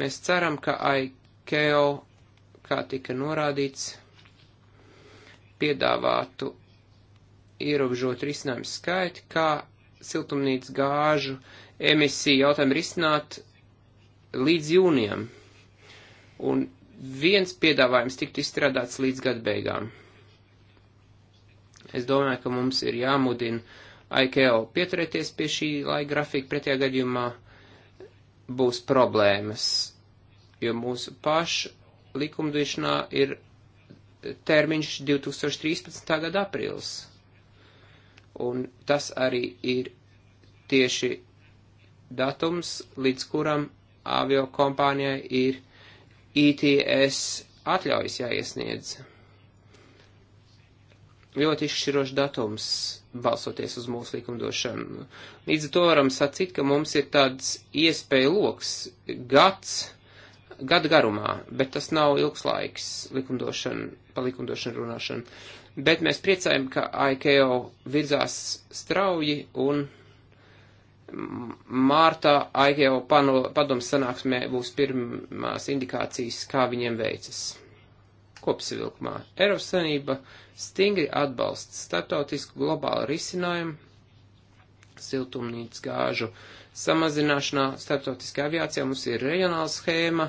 Mēs ceram, ka IKEO, kā tika norādīts, piedāvātu ierobežot risinājumu skaitu, kā siltumnīcas gāžu emisiju jautājumu risināt līdz jūnijam. Un viens piedāvājums tiktu izstrādāts līdz gada beigām. Es domāju, ka mums ir jāmudina IKO pieturēties pie šī laika grafika, pretējā gadījumā būs problēmas, jo mūsu pašu likumdošanā ir termiņš 2013. gada aprils. Un tas arī ir tieši datums, līdz kuram avio kompānijai ir ITS atļaujas jāiesniedz. Ļoti izšķirošs datums balsoties uz mūsu likumdošanu. Līdz ar to varam sacīt, ka mums ir tāds iespēja loks gads, gadu garumā, bet tas nav ilgs laiks likumdošana, pa likumdošanu runāšanu. Bet mēs priecājam, ka IKO virzās strauji un mārtā IKO padoms sanāksmē būs pirmās indikācijas, kā viņiem veicas kopsavilkumā. Eiropas Savienība stingri atbalsta startautisku globālu risinājumu siltumnīcas gāžu samazināšanā. Startautiskā aviācijā mums ir reģionāla schēma,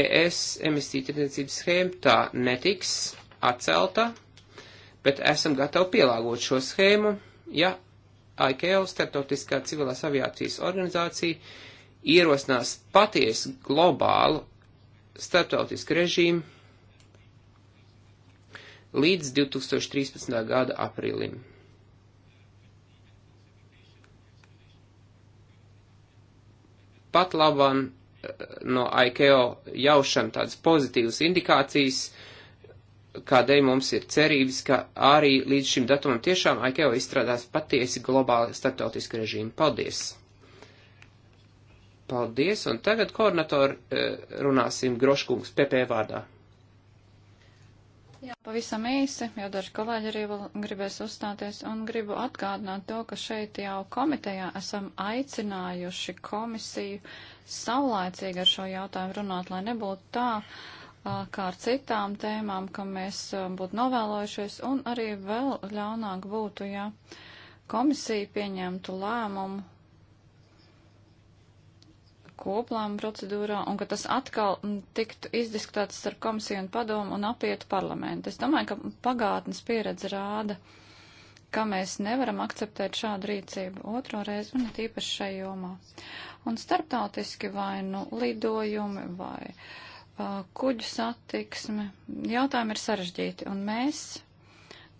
ES emisiju tirdzniecības schēma, tā netiks atcelta, bet esam gatavi pielāgot šo schēmu, ja ICAO, Startautiskā civilās aviācijas organizācija, ierosinās patiesu globālu startautisku režīmu līdz 2013. gada aprīlim. Pat labam eh, no IKO jaušam tādas pozitīvas indikācijas, kādēļ mums ir cerības, ka arī līdz šim datumam tiešām IKO izstrādās patiesi globāli starptautisku režīmu. Paldies! Paldies, un tagad koordinatori eh, runāsim Groškungs PP vārdā. Jā, pavisam īsi, jo daži kolēģi arī vēl gribēs uzstāties un gribu atgādināt to, ka šeit jau komitejā esam aicinājuši komisiju saulēcīgi ar šo jautājumu runāt, lai nebūtu tā, kā ar citām tēmām, ka mēs būtu novēlojušies, un arī vēl ļaunāk būtu, ja komisija pieņemtu lēmumu koplēmu procedūrā un ka tas atkal tiktu izdiskutēts starp komisiju un padomu un apietu parlamentu. Es domāju, ka pagātnes pieredze rāda, ka mēs nevaram akceptēt šādu rīcību otro reizi un tīpaši šai jomā. Un starptautiski vai nu lidojumi vai uh, kuģu satiksme, jautājumi ir sarežģīti un mēs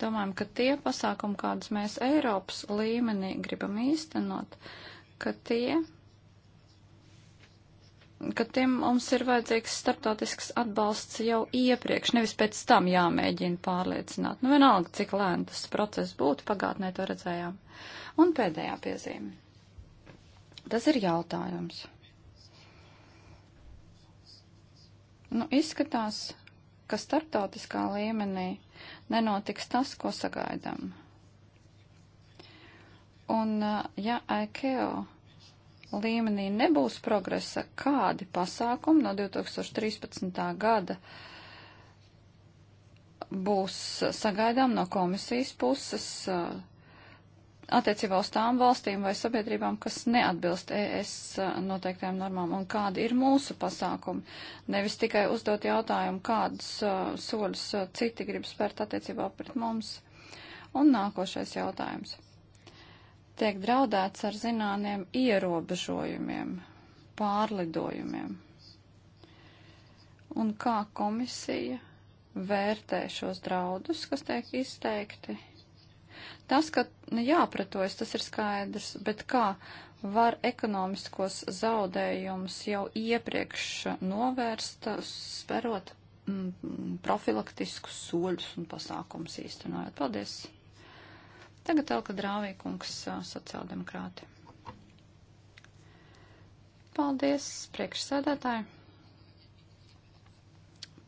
domājam, ka tie pasākumi, kādus mēs Eiropas līmenī gribam īstenot, ka tie ka tiem mums ir vajadzīgs starptautisks atbalsts jau iepriekš, nevis pēc tam jāmēģina pārliecināt. Nu, vienalga, cik lēni tas process būtu, pagātnē to redzējām. Un pēdējā piezīme. Tas ir jautājums. Nu, izskatās, ka starptautiskā līmenī nenotiks tas, ko sagaidām. Un, ja IKEA līmenī nebūs progresa, kādi pasākumi no 2013. gada būs sagaidām no komisijas puses attiecībā uz tām valstīm vai sabiedrībām, kas neatbilst ES noteiktajām normām un kādi ir mūsu pasākumi. Nevis tikai uzdot jautājumu, kādus uh, soļus citi grib spērt attiecībā pret mums. Un nākošais jautājums tiek draudēts ar zināmiem ierobežojumiem, pārlidojumiem. Un kā komisija vērtē šos draudus, kas tiek izteikti? Tas, ka nu, jāpratojas, tas ir skaidrs, bet kā var ekonomiskos zaudējumus jau iepriekš novērst, sperot mm, profilaktiskus soļus un pasākums īstenojot? Paldies! Tagad Elka Drāvīkungs, sociāldemokrāti. Paldies, priekšsēdētāji.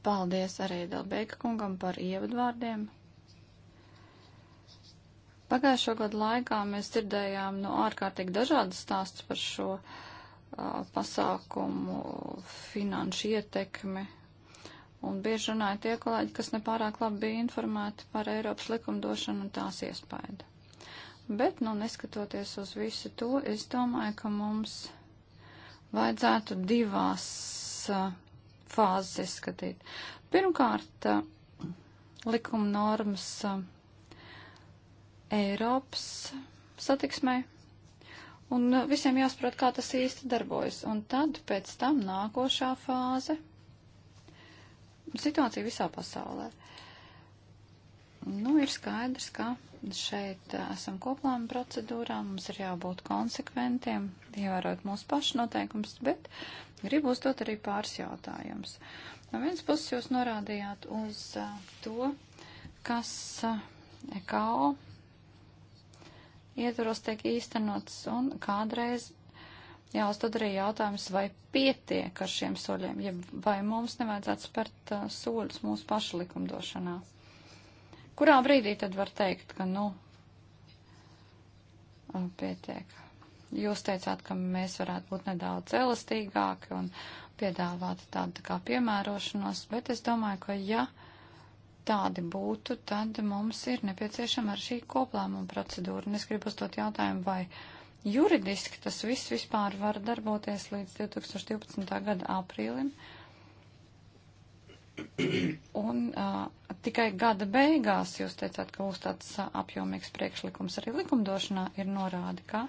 Paldies arī Delbēka kungam par ievadvārdiem. Pagājušo gadu laikā mēs dzirdējām no nu, ārkārtīgi dažādas stāstus par šo uh, pasākumu finanšu ietekmi Un bieži runāja tie kolēģi, kas nepārāk labi bija informēti par Eiropas likumdošanu un tās iespaidu. Bet, nu, neskatoties uz visu to, es domāju, ka mums vajadzētu divās uh, fāzes izskatīt. Pirmkārt, uh, likuma normas uh, Eiropas satiksmē, un uh, visiem jāsaprot, kā tas īsti darbojas. Un tad pēc tam nākošā fāze situācija visā pasaulē. Nu, ir skaidrs, ka šeit eh, esam koplām procedūrā, mums ir jābūt konsekventiem, ievērot mūsu pašu noteikums, bet gribu uzdot arī pāris jautājumus. No vienas puses jūs norādījāt uz eh, to, kas EKO eh, ietvaros tiek īstenots un kādreiz jāuzdod arī jautājums, vai pietiek ar šiem soļiem, ja vai mums nevajadzētu spērt uh, soļus mūsu pašu likumdošanā. Kurā brīdī tad var teikt, ka, nu, uh, pietiek? Jūs teicāt, ka mēs varētu būt nedaudz elastīgāki un piedāvāt tādu tā kā piemērošanos, bet es domāju, ka ja tādi būtu, tad mums ir nepieciešama ar šī koplēmuma procedūra. Un es gribu uzdot jautājumu, vai Juridiski tas viss vispār var darboties līdz 2012. gada aprīlim. Un uh, tikai gada beigās jūs teicāt, ka būs tāds uh, apjomīgs priekšlikums arī likumdošanā ir norādi, ka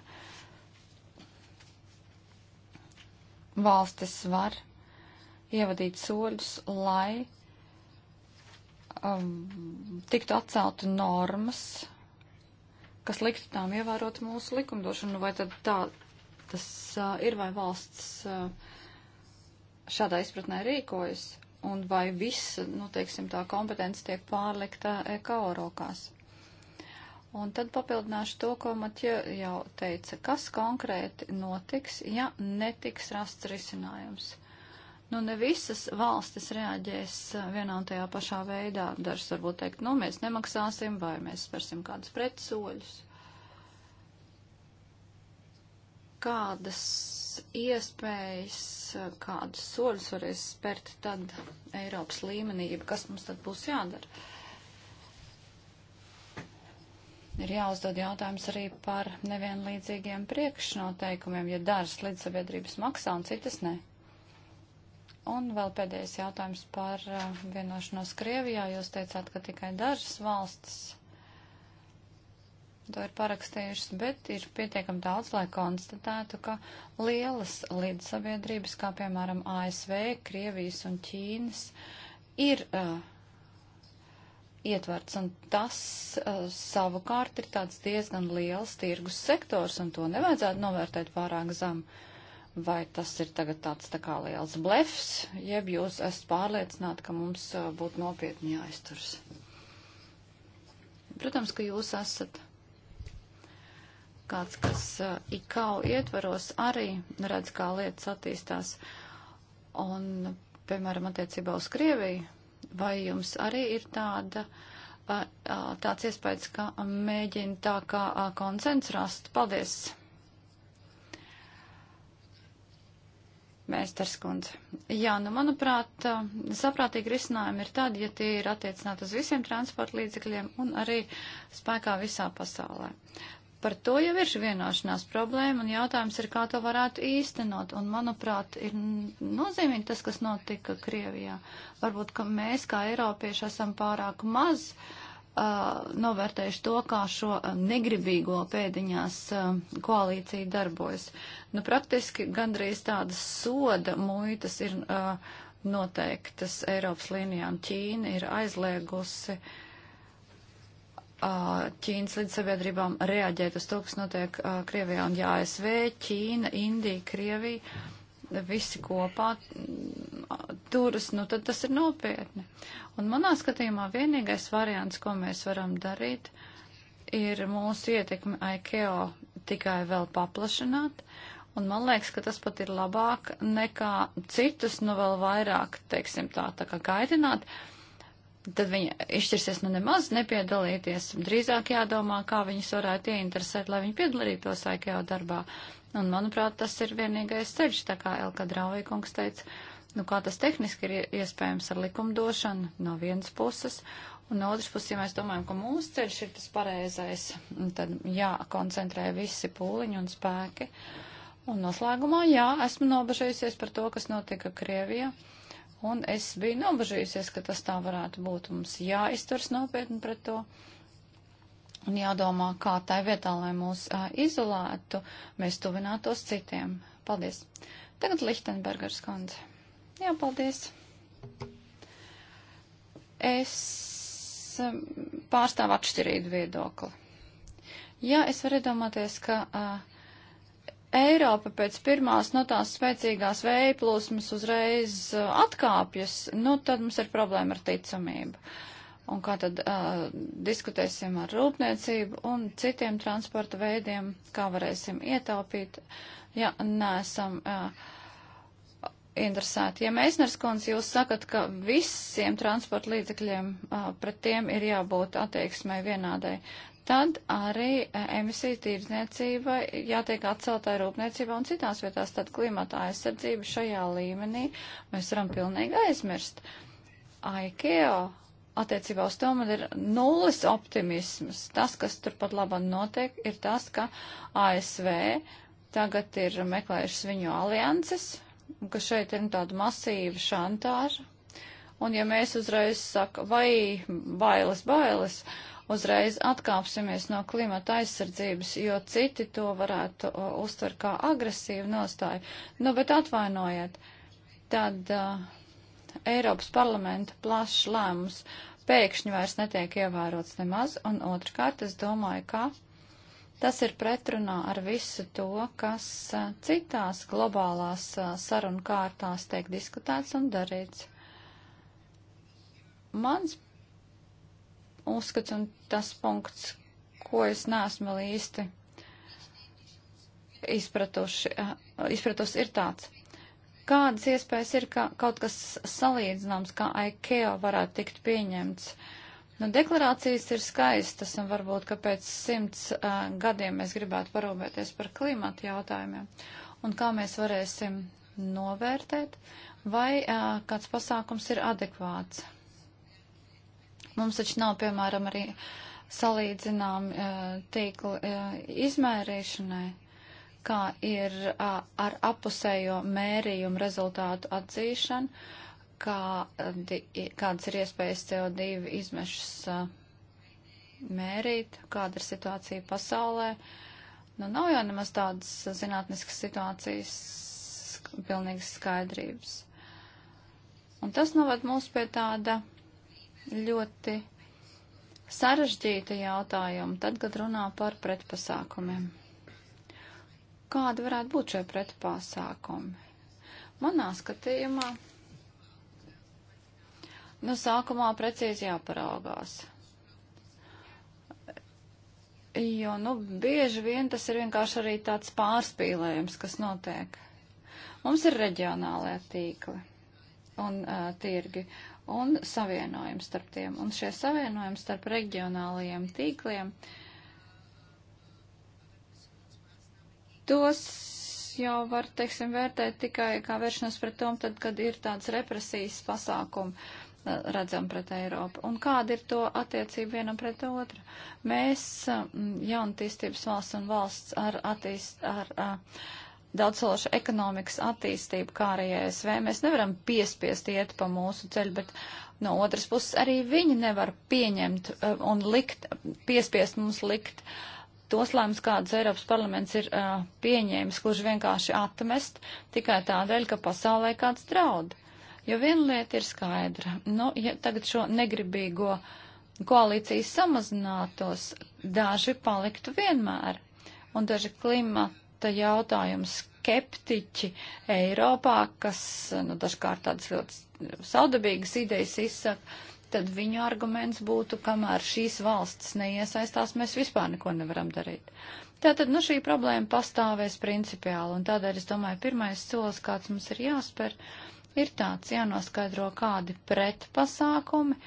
valstis var ievadīt soļus, lai um, tiktu atceltu normas, kas liktu tām ievērot mūsu likumdošanu, vai tad tā tas uh, ir, vai valsts uh, šādā izpratnē rīkojas, un vai viss, nu, teiksim, tā kompetence tiek pārlikta EKO rokās. Un tad papildināšu to, ko Matja jau teica, kas konkrēti notiks, ja netiks rasts risinājums. Uh, Nu, ne visas valstis reaģēs eh, vienā un tajā pašā veidā. Dažas varbūt teikt, nu, mēs nemaksāsim vai mēs spērsim kādus pretsoļus. Kādas iespējas, kādus soļus varēs spērt tad Eiropas līmenī, kas mums tad būs jādara? Ir jāuzdod jautājums arī par nevienlīdzīgiem priekšnoteikumiem, ja dažas līdzsaviedrības maksā un citas ne. Un vēl pēdējais jautājums par uh, vienošanos Krievijā. Jūs teicāt, ka tikai dažas valstis to ir parakstījušas, bet ir pietiekami daudz, lai konstatētu, ka lielas līdzsabiedrības, kā piemēram ASV, Krievijas un Ķīnas, ir uh, ietverts, un tas uh, savukārt ir tāds diezgan liels tirgus sektors, un to nevajadzētu novērtēt pārāk zemu vai tas ir tagad tāds tā kā liels blefs, jeb jūs esat pārliecināti, ka mums uh, būtu nopietni jāizturas. Protams, ka jūs esat kāds, kas uh, ikau ietvaros arī redz, kā lietas attīstās. Un, piemēram, attiecībā uz Krieviju, vai jums arī ir tāda, uh, tāds iespējas, ka mēģina tā kā konsens rast? Paldies! Mēsterskundze. Jā, nu, manuprāt, eh, saprātīgi risinājumi ir tad, ja tie ir attiecināti uz visiem transporta līdzekļiem un arī spēkā visā pasaulē. Par to jau ir vienošanās problēma, un jautājums ir, kā to varētu īstenot. Un, manuprāt, ir nozīmīgi tas, kas notika Krievijā. Varbūt, ka mēs, kā Eiropieši, esam pārāk maz uh, uh, novērtējuši to, kā šo negribīgo pēdiņās uh, koalīcija darbojas. Nu, praktiski gandrīz tādas soda muitas ir uh, noteiktas Eiropas līnijām. Ķīna ir aizliegusi Ķīnas līdzsabiedrībām reaģēt uz to, kas notiek Krievijā un ASV. Ķīna, Indija, Krievija visi kopā mm, turas, nu tad tas ir nopietni. Un manā skatījumā vienīgais variants, ko mēs varam darīt, ir mūsu ietekmi IKEO tikai vēl paplašināt. Un man liekas, ka tas pat ir labāk nekā citus, nu vēl vairāk, teiksim tā, tā kā gaidināt. Tad viņi izšķirsies nu nemaz nepiedalīties. Drīzāk jādomā, kā viņus varētu ieinteresēt, lai viņi piedalītos IKEO darbā. Un, manuprāt, tas ir vienīgais ceļš, tā kā Elka Draujkungs teica, nu kā tas tehniski ir iespējams ar likumdošanu no vienas puses, un no otras puses, ja mēs domājam, ka mūsu ceļš ir tas pareizais, tad jākoncentrē visi pūliņi un spēki. Un noslēgumā, jā, esmu nobežījusies par to, kas notika Krievijā. Un es biju nobežījusies, ka tas tā varētu būt. Mums jāizturs nopietni pret to. Uh, Un jādomā, kā tai vietā, lai mūs uh, izolētu, mēs tuvinātos citiem. Paldies. Tagad Lichtenbergers kundze. Jā, paldies. Es pārstāvu atšķirīgu viedokli. Jā, es varu iedomāties, ka uh, Eiropa pēc pirmās no nu, tās spēcīgās vēja plūsmas uzreiz atkāpjas, nu tad mums ir problēma ar ticamību. Uh, un kā tad uh, diskutēsim ar rūpniecību un citiem transporta veidiem, kā varēsim ietaupīt, ja nesam uh, interesēti. Ja Meisners kundze, jūs sakat, ka visiem transporta līdzekļiem uh, pret tiem ir jābūt attieksmai vienādai, tad arī uh, emisiju tīrzniecība jātiek atceltai rūpniecībā un citās vietās, tad klimata aizsardzība šajā līmenī mēs varam pilnīgi aizmirst. IKEA attiecībā uz to man ir nulles optimisms. Tas, kas turpat labam notiek, ir tas, ka ASV tagad ir meklējušas viņu alianses, un ka šeit ir nu, tāda masīva šantāža. Un ja mēs uzreiz sakam, vai bailes, bailes, uzreiz atkāpsimies no klimata aizsardzības, jo citi to varētu uh, uztver kā agresīvu nostāju. Nu, bet atvainojiet, tad. Uh, Eiropas parlamenta plašs lēmums pēkšņi vairs netiek ievērots nemaz, un otrkārt es domāju, ka tas ir pretrunā ar visu to, kas citās globālās sarunu kārtās tiek diskutēts un darīts. Mans uzskats un tas punkts, ko es neesmu vēl īsti izpratuši, izpratusi, ir tāds. Kādas iespējas ir, ka kaut kas salīdzināms, kā IKEA varētu tikt pieņemts? Nu, deklarācijas ir skaistas, un varbūt, ka pēc simts uh, gadiem mēs gribētu parūpēties par klimatu jautājumiem. Un kā mēs varēsim novērtēt, vai uh, kāds pasākums ir adekvāts. Mums taču nav, piemēram, arī salīdzinām uh, tīkla uh, izmērīšanai kā ir ar apusējo mērījumu rezultātu atzīšanu, kādi, kādas ir iespējas CO2 izmešas mērīt, kāda ir situācija pasaulē. Nu, nav jau nemaz tādas zinātniskas situācijas pilnīgas skaidrības. Un tas novad mūs pie tāda ļoti sarežģīta jautājuma, tad, kad runā par pretpasākumiem. Mm. Kāda varētu būt šie pretpāsākumi? Manā skatījumā, nu, sākumā precīzi jāparaugās. Jo, nu, bieži vien tas ir vienkārši arī tāds pārspīlējums, kas notiek. Mums ir reģionālajā tīkli un uh, tirgi un savienojums starp tiem. Un šie savienojumi starp reģionālajiem tīkliem uh, Tos jau var, teiksim, vērtēt tikai kā vēršanos pret tom, tad, kad ir tāds represijas pasākums eh, redzam pret Eiropu. Un kāda ir to attiecība vienam pret otru? Mēs, mm, jaunatīstības valsts un valsts ar, attīst, ar, ar eh, daudzsološu ekonomikas attīstību, kā arī ASV, mēs nevaram piespiest iet pa mūsu ceļu, bet no otras puses arī viņi nevar pieņemt eh, un likt, piespiest mums likt. Uh, tos lēmums, kādus Eiropas parlaments ir uh, pieņēmis, kurš vienkārši atmest tikai tādēļ, ka pasaulē kāds draud. Jo viena lieta ir skaidra. Nu, ja tagad šo negribīgo koalīciju samazinātos, daži paliktu vienmēr. Un daži klimata jautājumu skeptiķi Eiropā, kas nu, dažkārt tādas ļoti saudabīgas idejas izsaka, tad viņu arguments būtu, kamēr šīs valsts neiesaistās, mēs vispār neko nevaram darīt. Tātad, nu, šī problēma pastāvēs principiāli, un tādēļ, es domāju, pirmais solis, kāds mums ir jāspēr, ir tāds jānoskaidro, kādi pretpasākumi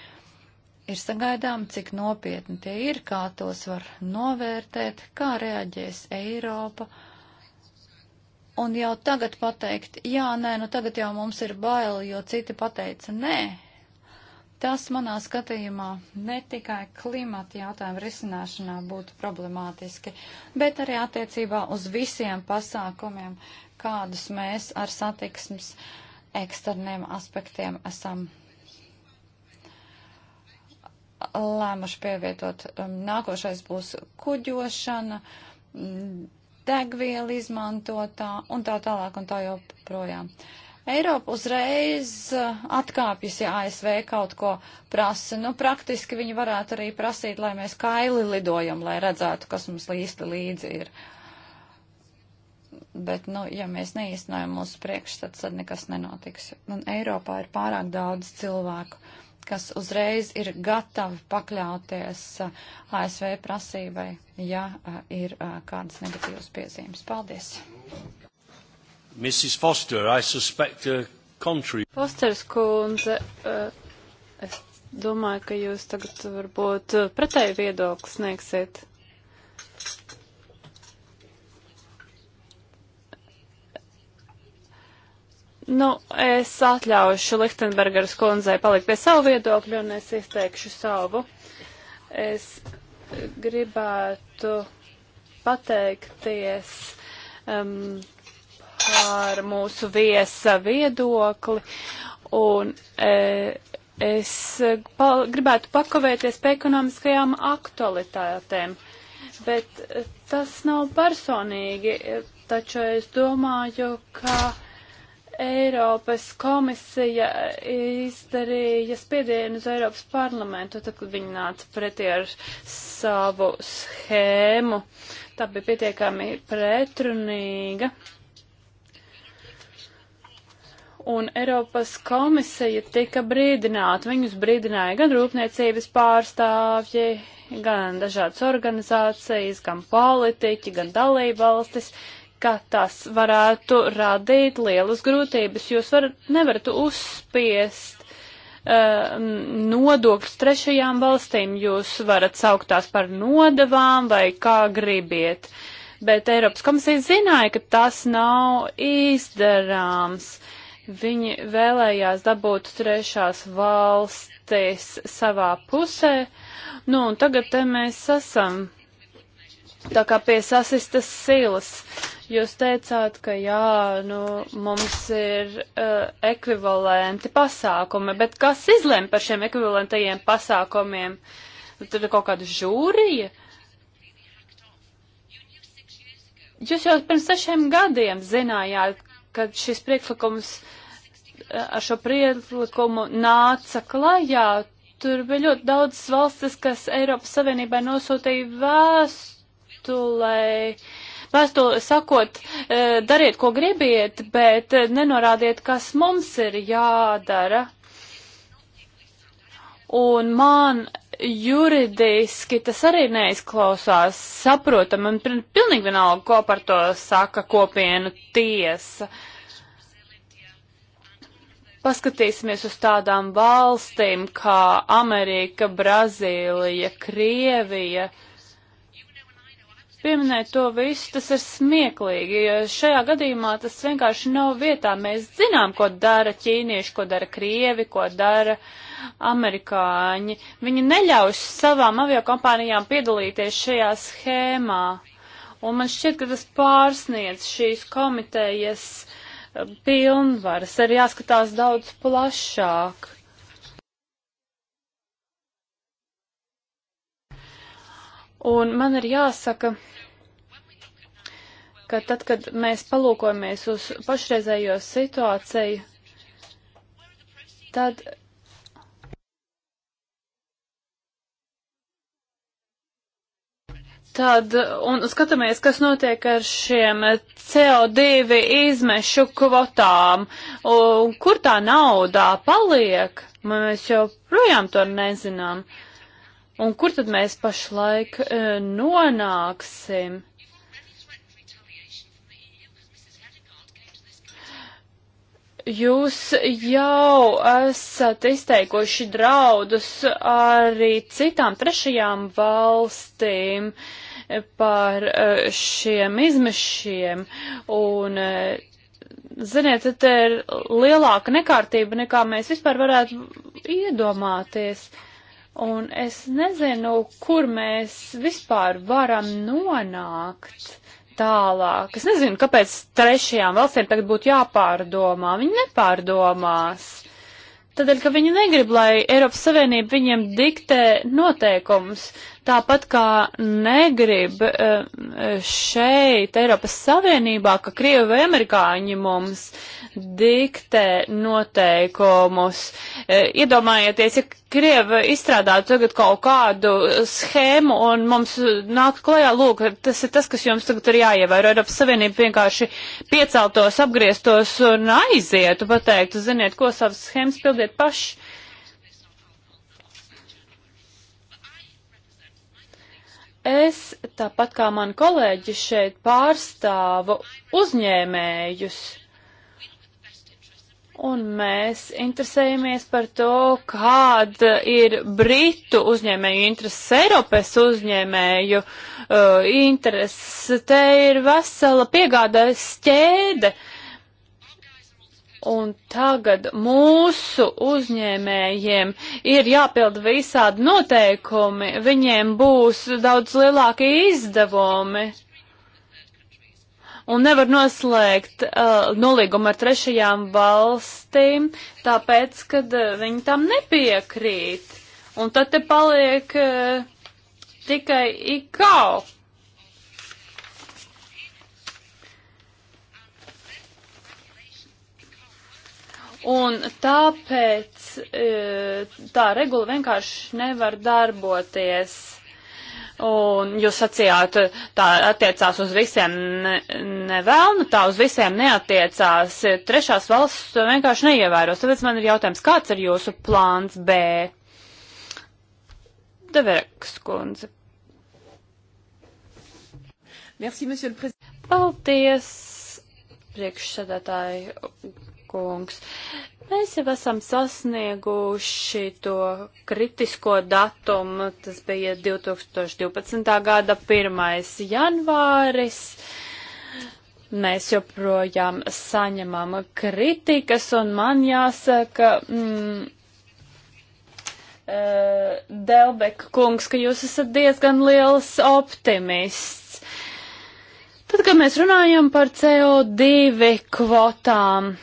ir sagaidām, cik nopietni tie ir, kā tos var novērtēt, kā reaģēs Eiropa un jau tagad pateikt, jā, nē, nu tagad jau mums ir baili, jo citi pateica nē, Tas manā skatījumā ne tikai klimata jautājumu risināšanā būtu problemātiski, bet arī attiecībā uz visiem pasākumiem, kādus mēs ar satiksmes eksterniem aspektiem esam lēmuši pievietot. Um, nākošais būs kuģošana, degviela izmantotā un tā tālāk un tā joprojām. Uh, Eiropa uzreiz eh, atkāpjas, ja ASV kaut ko prasa. Nu, praktiski viņi varētu arī prasīt, lai mēs kaili lidojam, lai redzētu, kas mums īsti līdzi ir. Bet, nu, ja mēs neīstenojam mūsu priekšstats, tad nekas nenotiks. Un Eiropā ir pārāk daudz cilvēku, kas uzreiz ir gatavi pakļauties eh, ASV prasībai, ja eh, ir kādas negatīvas piezīmes. Paldies! Mrs. Foster, I suspect a contrary. Fosters kundze, eh, es domāju, ka jūs tagad varbūt eh, pretēju viedokli sniegsiet. Nu, es atļaušu Lichtenbergeras kundzei palikt pie savu viedokļu un es izteikšu savu. Es gribētu pateikties um, par mūsu viesa viedokli. Un, e, es pal gribētu pakavēties pie ekonomiskajām aktualitātēm, bet e, tas nav personīgi, e, taču es domāju, ka Eiropas komisija e, izdarīja spiedienu uz Eiropas parlamentu, tad, kad viņi nāca pretī ar savu schēmu. Tā bija pietiekami pretrunīga. Uh, un Eiropas komisija tika brīdināta. Viņus brīdināja gan rūpniecības pārstāvji, gan dažādas organizācijas, gan politiķi, gan dalībvalstis, ka tas varētu radīt lielas grūtības. Jūs var, nevarat uzspiest uh, nodokļus trešajām valstīm, jūs varat saukt tās par nodevām vai kā gribiet. Bet Eiropas komisija zināja, ka tas nav izdarāms. Uh, Viņi vēlējās dabūt trešās valstis savā pusē, nu un tagad te mēs esam tā kā pie sasistas silas. Jūs teicāt, ka jā, nu, mums ir uh, ekvivalenti pasākumi, bet kas izlem par šiem ekvivalentajiem pasākumiem? Tur ir kaut kāda žūrija? Jūs jau pirms sešiem gadiem zinājāt, kad šis priekšlikums uh, ar šo priekšlikumu nāca klajā, tur bija ļoti daudz valstis, kas Eiropas Savienībai nosūtīja vēstulē. Vēstuli sakot, e, dariet, ko gribiet, bet nenorādiet, kas mums ir jādara. Un man juridiski tas arī neizklausās saprotam, un pilnīgi vienalga, ko par to saka kopienu tiesa. Uh, paskatīsimies uz tādām valstīm kā Amerika, Brazīlija, Krievija, pieminēt to visu, tas ir smieklīgi, jo šajā gadījumā tas vienkārši nav vietā. Mēs zinām, ko dara ķīnieši, ko dara krievi, ko dara amerikāņi. Viņi neļauj savām aviokompānijām piedalīties šajā schēmā. Un man šķiet, ka tas pārsniedz šīs komitejas uh, pilnvaras, arī jāskatās daudz plašāk. Un man ir jāsaka, ka tad, kad mēs palūkojamies uz pašreizējo situāciju, tad Tad, un skatāmies, kas notiek ar šiem CO2 izmešu kvotām. Un, kur tā naudā paliek? Mēs joprojām to nezinām. Un kur tad mēs pašlaik uh, nonāksim? Jūs jau esat izteikuši draudus arī citām trešajām valstīm. Uh, par eh, šiem izmešiem. Un, eh, ziniet, te ir lielāka nekārtība, nekā mēs vispār varētu iedomāties. Un es nezinu, kur mēs vispār varam nonākt tālāk. Es nezinu, kāpēc trešajām valstīm tagad būtu jāpārdomā. Viņi nepārdomās. Tādēļ, ka viņi negrib, lai Eiropas Savienība viņiem diktē noteikumus. Tāpat kā negrib eh, šeit, Eiropas Savienībā, ka Krievi vai Amerikāņi mums diktē noteikumus. Eh, iedomājieties, ja Krievi izstrādātu tagad kaut kādu schēmu un mums nāk klajā, lūk, tas ir tas, kas jums tagad ir jāievēro. Eiropas Savienība vienkārši pieceltos, apgrieztos un aizietu, pateiktu, ziniet, ko savas schēmas pildiet paši Es, tāpat kā man kolēģi šeit, pārstāvu uzņēmējus. Un mēs interesējamies par to, kāda ir Britu uzņēmēju intereses, Eiropas uzņēmēju uh, intereses. Te ir vesela piegādājas ķēde. Uh, Un tagad mūsu uzņēmējiem ir jāpilda visādi noteikumi, viņiem būs daudz lielāki izdevumi. Un nevar noslēgt uh, nolīgumu ar trešajām valstīm, tāpēc, ka uh, viņi tam nepiekrīt. Un tad te paliek uh, tikai ikau. Un tāpēc e, tā regula vienkārši nevar darboties. Un jūs sacījāt, tā attiecās uz visiem ne, nevēlnu, tā uz visiem neatiecās. Trešās valsts vienkārši neievēros. Tāpēc man ir jautājums, kāds ir jūsu plāns B? Devereks kundze. Merci, Paldies, priekšsēdētāji kungs. Mēs jau esam sasnieguši to kritisko datumu, tas bija 2012. gada 1. janvāris. Mēs joprojām saņemam kritikas, un man jāsaka, mm, eh, Delbeka kungs, ka jūs esat diezgan liels optimists. Tad, kad mēs runājam par CO2 kvotām,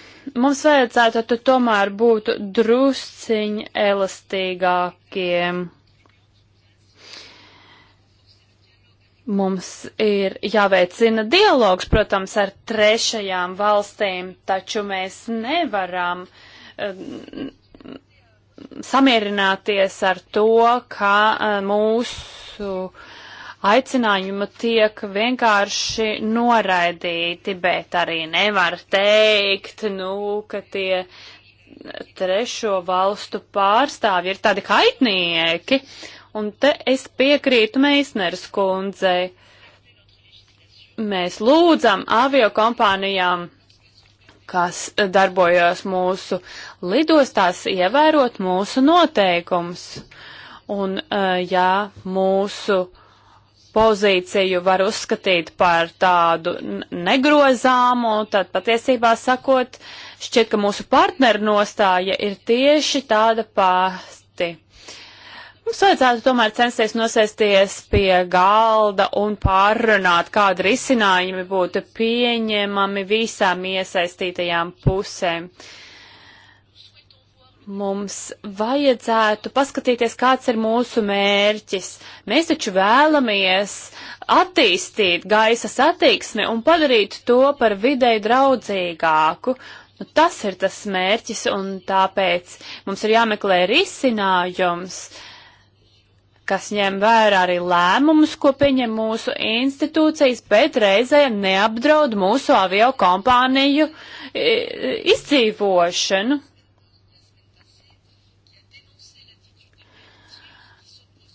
mums vajadzētu tad tomēr būt drusciņ elastīgākiem. Mums ir jāveicina dialogs, protams, ar trešajām valstīm, taču mēs nevaram um, samierināties ar to, ka uh, mūsu uh, aicinājumi tiek vienkārši noraidīti, bet arī nevar teikt, nu, ka tie trešo valstu pārstāvji ir tādi kaitnieki. Un te es piekrītu Meisneres kundzei. Mēs lūdzam avio kompānijām kas darbojas mūsu lidostās, ievērot mūsu noteikumus. Un, eh, ja mūsu uh, pozīciju var uzskatīt par tādu negrozāmu, tad patiesībā sakot, šķiet, ka mūsu partneru nostāja ir tieši tāda pasti. Mums vajadzētu tomēr censties nosēsties pie galda un pārrunāt, kāda risinājumi būtu pieņemami visām iesaistītajām pusēm. Uh, Mums vajadzētu paskatīties, kāds ir mūsu mērķis. Mēs taču vēlamies attīstīt gaisa satiksmi un padarīt to par videi draudzīgāku. Nu, tas ir tas mērķis, un tāpēc mums ir jāmeklē risinājums, kas ņem vērā arī lēmumus, ko pieņem mūsu institūcijas, bet reizē neapdraud mūsu avio kompāniju e, e, izdzīvošanu. Nu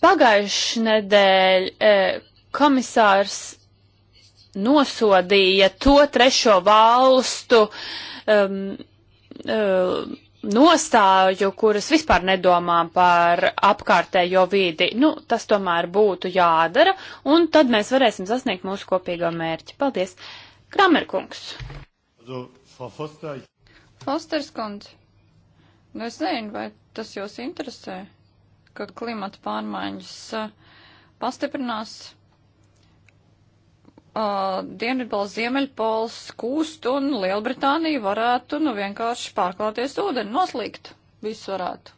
Pagājuši nedēļ e, komisārs nosodīja to trešo valstu um, um, nostāju, kuras vispār nedomā par apkārtējo vīdi. Nu, tas tomēr būtu jādara, un tad mēs varēsim sasniegt mūsu kopīgo mērķi. Paldies! Kramerkungs! Fosters kundze, nu es nezinu, vai tas jūs interesē ka klimata pārmaiņas eh, pastiprinās. Uh, Dienvidpols, Ziemeļpols kūst un Lielbritānija varētu nu vienkārši pārklāties ūdeni, noslīgt. Viss varētu.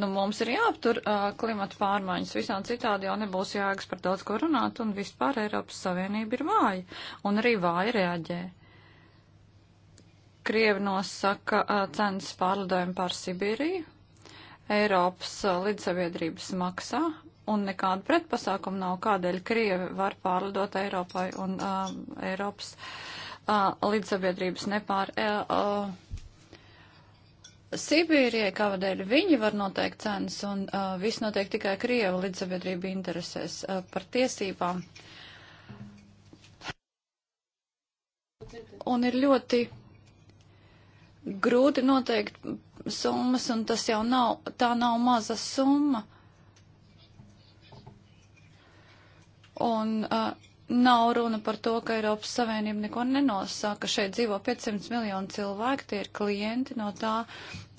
Nu, mums ir jāaptur uh, klimata pārmaiņas, visām citādi jau nebūs jēgas par daudz ko runāt, un vispār Eiropas Savienība ir vāja, un arī vāja reaģē. Krievi nosaka uh, cenas pārlidojumu pār Sibīriju, Eiropas uh, līdzsaviedrības maksā un nekāda pretpasākuma nav, kādēļ Krievi var pārlidot Eiropai un uh, Eiropas uh, līdzsaviedrības nepār. Uh, uh Sibīrijai, kādēļ viņi var noteikt cenas, un uh, viss notiek tikai Krieva līdzsabiedrība interesēs uh, par tiesībām. Un ir ļoti grūti noteikt summas, un tas jau nav, tā nav maza summa. Un uh, nav runa par to, ka Eiropas Savienība neko nenosaka. Šeit dzīvo 500 miljoni cilvēku, tie ir klienti, no tā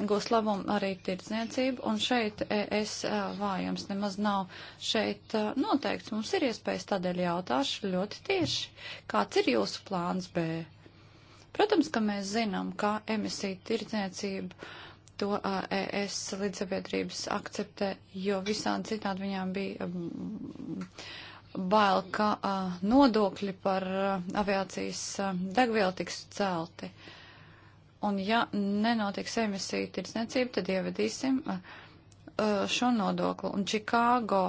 gūs labumu arī tirdzniecība. Un šeit e, es vājums nemaz nav šeit noteikts. Mums ir iespējas tādēļ jautāšu ļoti tieši, kāds ir jūsu plāns B? Protams, ka mēs zinām, ka emisija tirdzniecība to ES līdzsabiedrības akceptē, jo visādi citādi viņām bija bail, ka nodokļi par aviācijas degvielu tiks celti. Un ja nenotiks emisiju tirdzniecība, tad ievedīsim šo nodoklu. Un Čikāgo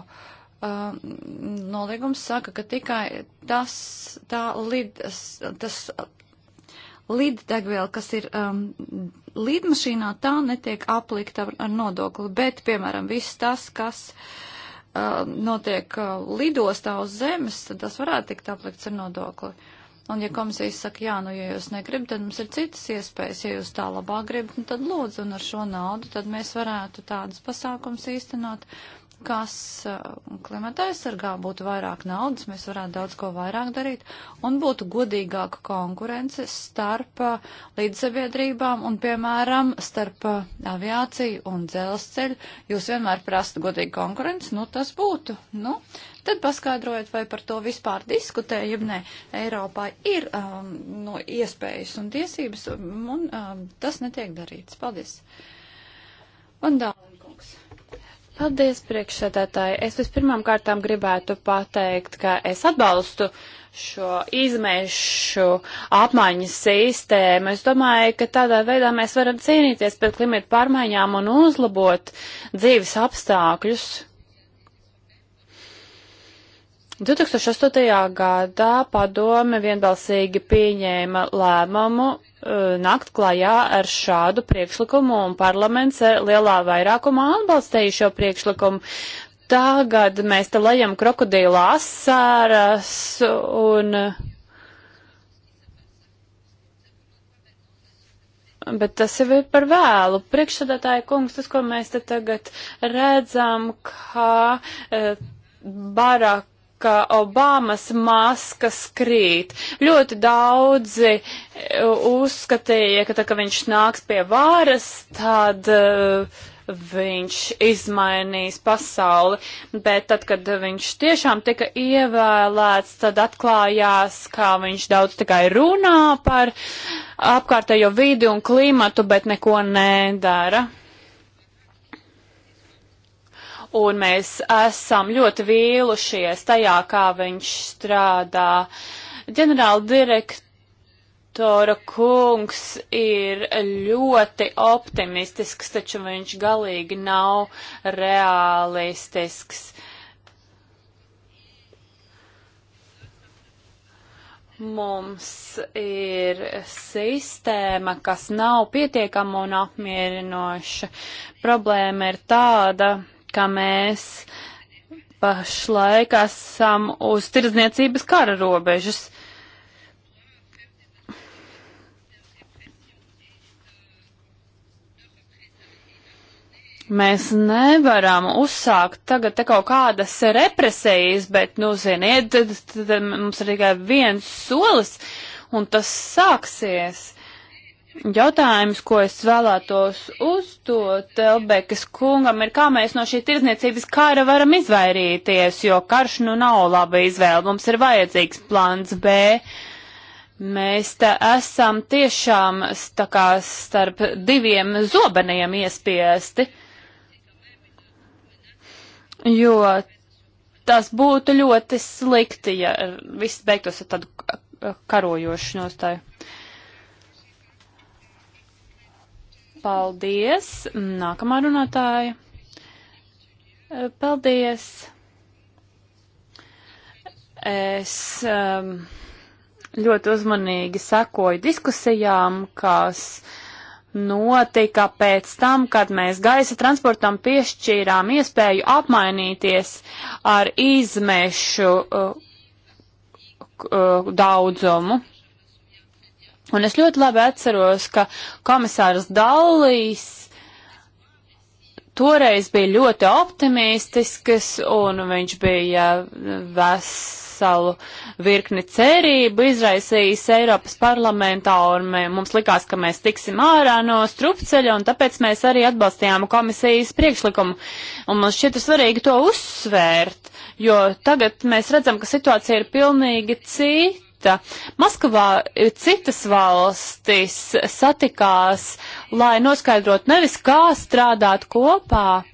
nolīgums saka, ka tikai tas, tā lid, tas lidegviela, kas ir um, lidmašīnā tā netiek aplikta ar, ar nodokli, bet, piemēram, viss tas, kas uh, notiek uh, lidostā uz zemes, tad tas varētu tikt aplikts ar nodokli. Un ja komisijas saka, jā, nu, ja jūs negribat, tad mums ir citas iespējas, ja jūs tā labāk gribat, nu, tad lūdzu, un ar šo naudu tad mēs varētu tādas pasākums īstenot. Uh, kas uh, klimata aizsargā būtu vairāk naudas, mēs varētu daudz ko vairāk darīt un būtu godīgāka konkurence starp uh, līdzsabiedrībām un, piemēram, starp uh, aviāciju un dzelzceļu. Jūs vienmēr prasta godīgu konkurenci, nu tas būtu. Nu, tad paskaidrojiet, vai par to vispār diskutē, ja nē, Eiropā ir um, no iespējas un tiesības, um, un um, tas netiek darīts. Paldies. Un daudz. Paldies, priekšsēdētāji. Es vispirmām kārtām gribētu pateikt, ka es atbalstu šo izmešu apmaiņas sistēmu. Es domāju, ka tādā veidā mēs varam cīnīties pret klimatu pārmaiņām un uzlabot dzīves apstākļus 2008. gadā padome vienbalsīgi pieņēma lēmumu e, nakt klajā ar šādu priekšlikumu, un parlaments ar e, lielā vairākumā atbalstīja šo priekšlikumu. Tagad mēs te lejam krokodīla asāras un. Bet tas jau ir par vēlu. Priekšsēdētāja kungs, tas, ko mēs te tagad redzam, kā e, Barak ka Obamas maska krīt. Ļoti daudzi e, uzskatīja, ka tā kā viņš nāks pie vāras, tad uh, viņš izmainīs pasauli, bet tad, kad viņš tiešām tika ievēlēts, tad atklājās, kā viņš daudz tikai runā par apkārtējo vidi un klimatu, bet neko nedara un mēs esam ļoti vīlušies tajā, kā viņš strādā. Ģenerāla direktora kungs ir ļoti optimistisks, taču viņš galīgi nav realistisks. Mums ir sistēma, kas nav pietiekama un apmierinoša. Problēma ir tāda, ka mēs pašlaik esam uz tirdzniecības kara robežas. Mēs nevaram uzsākt tagad te kaut kādas represijas, bet, nu, ziniet, mums ir tikai viens solis, un tas sāksies. Jautājums, ko es vēlētos uzdot Elbekas kungam, ir, kā mēs no šī tirdzniecības kara varam izvairīties, jo karš nu nav laba izvēle. Mums ir vajadzīgs plāns B. Mēs te esam tiešām tā kā starp diviem zobeniem iespiesti, jo tas būtu ļoti slikti, ja viss beigtos ar tādu karojošu nostāju. Paldies. Nākamā runātāja. Paldies. Es um, ļoti uzmanīgi sekoju diskusijām, kas notika pēc tam, kad mēs gaisa transportam piešķīrām iespēju apmainīties ar izmešu uh, uh, daudzumu. Un es ļoti labi atceros, ka komisārs Dallīs toreiz bija ļoti optimistisks, un viņš bija veselu virkni cerību izraisījis Eiropas parlamentā, un mē, mums likās, ka mēs tiksim ārā no strupceļa, un tāpēc mēs arī atbalstījām komisijas priekšlikumu. Un mums šķiet svarīgi to uzsvērt, jo tagad mēs redzam, ka situācija ir pilnīgi cita cita. Maskavā citas valstis satikās, lai noskaidrot nevis kā strādāt kopā,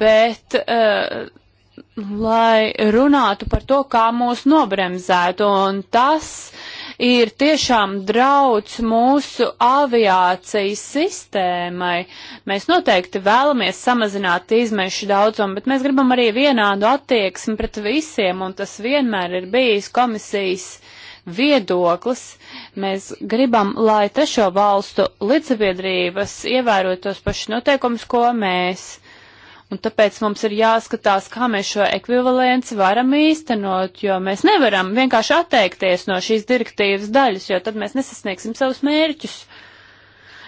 bet uh, lai runātu par to, kā mūs nobremzētu. Un tas ir tiešām drauds mūsu aviācijas sistēmai. Mēs noteikti vēlamies samazināt izmešu daudzumu, bet mēs gribam arī vienādu attieksmi pret visiem, un tas vienmēr ir bijis komisijas viedoklis. Mēs gribam, lai trešo valstu līdzsabiedrības ievērot tos pašus noteikumus, ko mēs. Un tāpēc mums ir jāskatās, kā mēs šo ekvivalenci varam īstenot, jo mēs nevaram vienkārši atteikties no šīs direktīvas daļas, jo tad mēs nesasniegsim savus mērķus. Uh,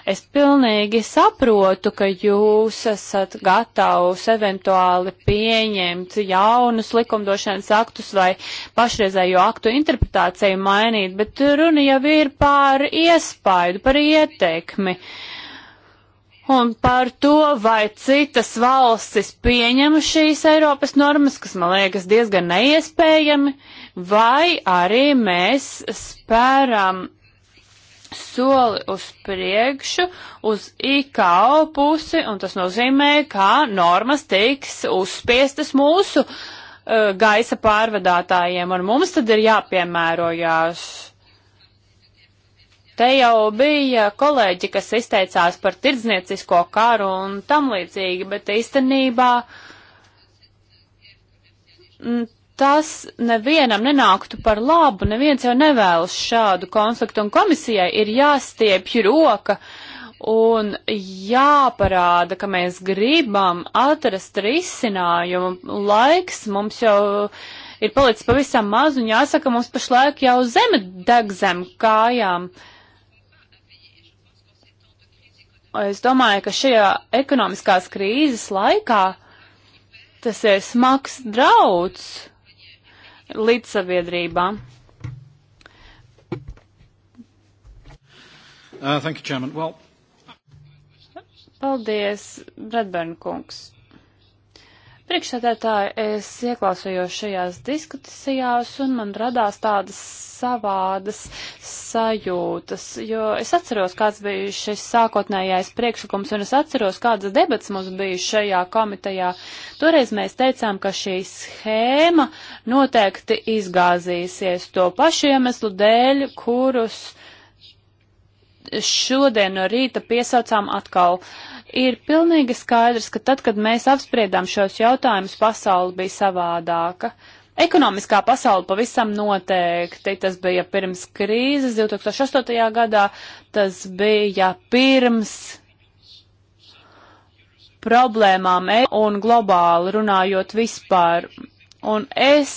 Es pilnīgi saprotu, ka jūs esat gatavs eventuāli pieņemt jaunus likumdošanas aktus vai pašreizējo aktu interpretāciju mainīt, bet runa jau ir par iespaidu, par ietekmi. Un par to, vai citas valstis pieņem šīs Eiropas normas, kas man liekas diezgan neiespējami, vai arī mēs spēram soli uz priekšu, uz IKO pusi, un tas nozīmē, ka normas tiks uzspiestas mūsu uh, gaisa pārvadātājiem, un mums tad ir jāpiemērojās. Te jau bija kolēģi, kas izteicās par tirdzniecisko karu un tam līdzīgi, bet īstenībā mm, tas nevienam nenāktu par labu, neviens jau nevēlas šādu konfliktu, un komisijai ir jāstiepj roka un jāparāda, ka mēs gribam atrast risinājumu. Laiks mums jau ir palicis pavisam maz, un jāsaka, mums pašlaik jau zeme deg zem kājām. Es domāju, ka šajā ekonomiskās krīzes laikā tas ir smags drauds līdzsaviedrībām. Uh, thank you, Chairman. Well... Paldies, Bredbērn kungs. Priekšsēdētāji, es ieklausījos šajās diskusijās un man radās tādas savādas sajūtas, jo es atceros, kāds bija šis sākotnējais priekšlikums un es atceros, kādas debats mums bija šajā komitejā. Toreiz mēs teicām, ka šī schēma noteikti izgāzīsies to pašu iemeslu dēļ, kurus šodien no rīta piesaucām atkal. Ir pilnīgi skaidrs, ka tad, kad mēs apspriedām šos jautājumus, pasauli bija savādāka. Ekonomiskā pasaule pavisam noteikti. Tas bija pirms krīzes 2008. gadā, tas bija pirms problēmām e- un globāli runājot vispār. Un es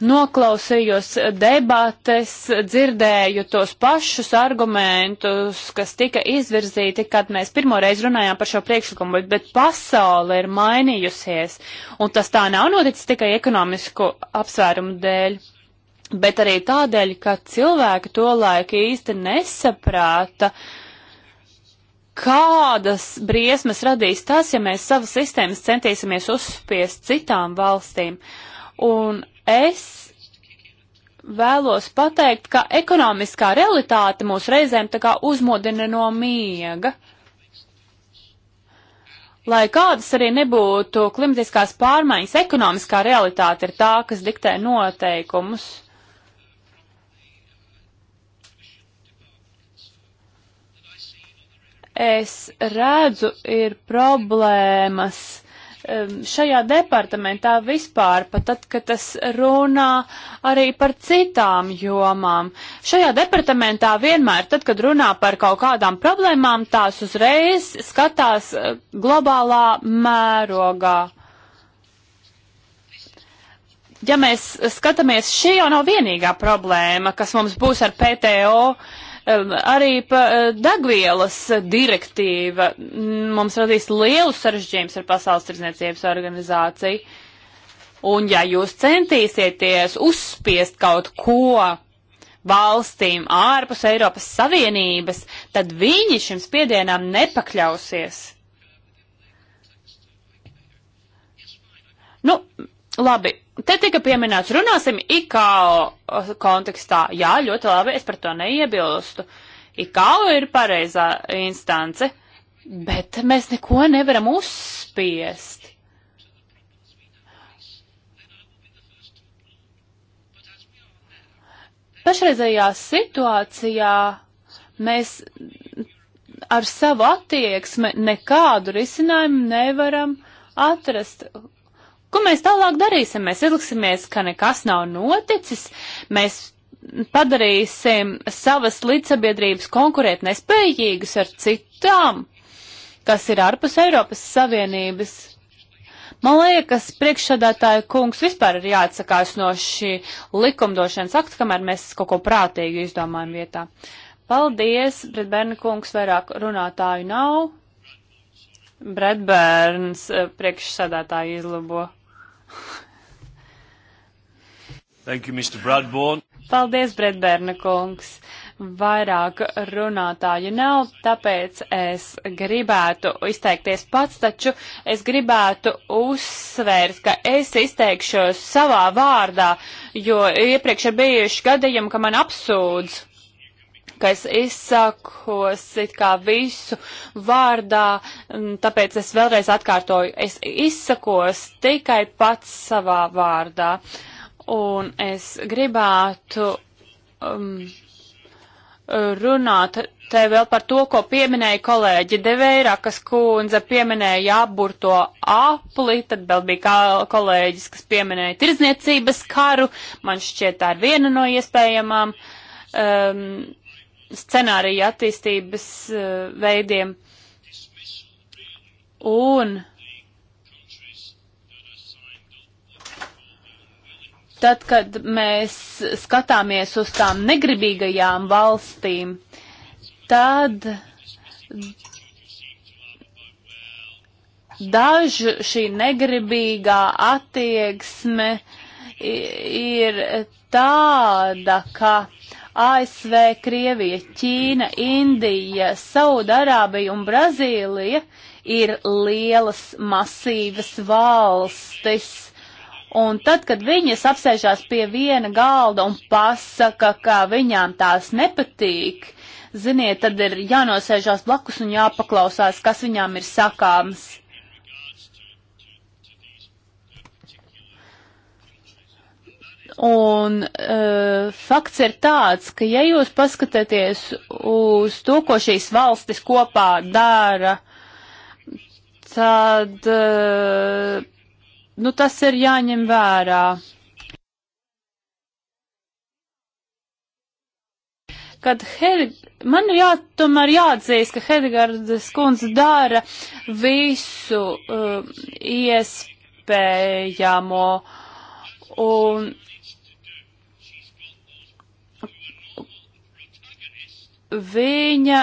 noklausījos debates, dzirdēju tos pašus argumentus, kas tika izvirzīti, kad mēs pirmoreiz runājām par šo priekšlikumu, bet pasaule ir mainījusies, un tas tā nav noticis tikai ekonomisku apsvērumu dēļ, bet arī tādēļ, ka cilvēki to laiku īsti nesaprāta, kādas briesmas radīs tas, ja mēs savas sistēmas centīsimies uzspiest citām valstīm. Un es vēlos pateikt, ka ekonomiskā realitāte mūs reizēm tā kā uzmodina no miega. Lai kādas arī nebūtu klimatiskās pārmaiņas, ekonomiskā realitāte ir tā, kas diktē noteikumus. es redzu, ir problēmas šajā departamentā vispār, pat tad, kad tas runā arī par citām jomām. Šajā departamentā vienmēr, tad, kad runā par kaut kādām problēmām, tās uzreiz skatās eh, globālā mērogā. Ja mēs skatāmies, šī jau nav vienīgā problēma, kas mums būs ar PTO. Uh, Arī pa e, dagvielas direktīva mums radīs lielu sarežģījumus ar Pasaules tirdzniecības organizāciju. Un ja jūs centīsieties uzspiest kaut ko valstīm ārpus Eiropas Savienības, tad viņi šim spiedienam nepakļausies. Nu, labi, Te tika pieminēts, runāsim IKO kontekstā. Jā, ļoti labi, es par to neiebilstu. IKO ir pareizā instance, bet mēs neko nevaram uzspiest. Pašreizējā situācijā mēs ar savu attieksmi nekādu risinājumu nevaram atrast. Ko mēs tālāk darīsim? Mēs izliksimies, ka nekas nav noticis, mēs padarīsim savas līdzsabiedrības konkurēt nespējīgas ar citām, kas ir ārpus Eiropas Savienības. Man liekas, priekšsādātāja kungs vispār ir jāatsakās no šī likumdošanas akta, kamēr mēs kaut ko prātīgu izdomājam vietā. Paldies, Bredbērna kungs, vairāk runātāju nav. Bredbērns eh, priekšsādātāju izlabo. Thank you, Mr. Bradborn. Paldies, Bredbērna kungs. Vairāk runātāju nav, tāpēc es gribētu izteikties pats, taču es gribētu uzsvērt, ka es izteikšos savā vārdā, jo iepriekš ir bijuši gadījumi, ka man apsūdz ka es izsakos it kā visu vārdā, tāpēc es vēlreiz atkārtoju, es izsakos tikai pats savā vārdā. Uh, Un es gribētu um, runāt te vēl par to, ko pieminēja kolēģi Deveira, kas kundze pieminēja jāburto apli, tad vēl bija kolēģis, kas pieminēja tirdzniecības karu. Man šķiet, tā ir viena no iespējamām um, scenārija attīstības uh, veidiem. Un Tad, kad mēs skatāmies uz tām negribīgajām valstīm, tad dažu šī negribīgā attieksme ir tāda, ka ASV, Krievija, Ķīna, Indija, Saudarābija un Brazīlija ir lielas masīvas valstis Un tad, kad viņas apsēžās pie viena galda un pasaka, ka viņām tās nepatīk, ziniet, tad ir jānosēžās blakus un jāpaklausās, kas viņām ir sakāms. Un uh, fakts ir tāds, ka ja jūs paskatāties uz to, ko šīs valstis kopā dara, tad. Uh, nu, tas ir jāņem vērā. kad Herig... man ir jā, tomēr jāatzīst, ka Hedgardas kundze dara visu uh, iespējamo un viņa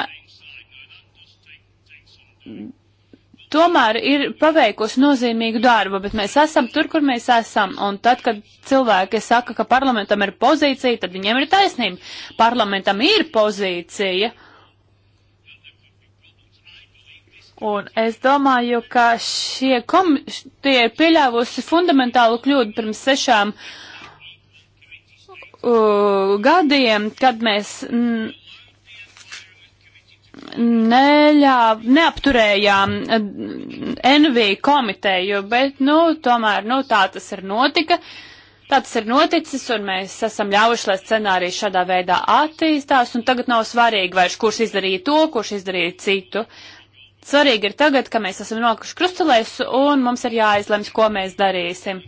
tomēr ir paveikusi nozīmīgu darbu, bet mēs esam tur, kur mēs esam. Un tad, kad cilvēki saka, ka parlamentam ir pozīcija, tad viņiem ir taisnība. Parlamentam ir pozīcija. Un es domāju, ka šie komisija ir pieļāvusi fundamentālu kļūdu pirms sešām uh, gadiem, kad mēs. Mm, neļā, neapturējām eh, NV komiteju, bet, nu, tomēr, nu, tā tas ir notika. Tā tas ir noticis, un mēs esam ļāvuši, lai scenārijs šādā veidā attīstās, un tagad nav svarīgi vairs, kurš izdarīja to, kurš izdarīja citu. Svarīgi ir tagad, ka mēs esam nokuši krustelēs, un mums ir jāizlems, ko mēs darīsim.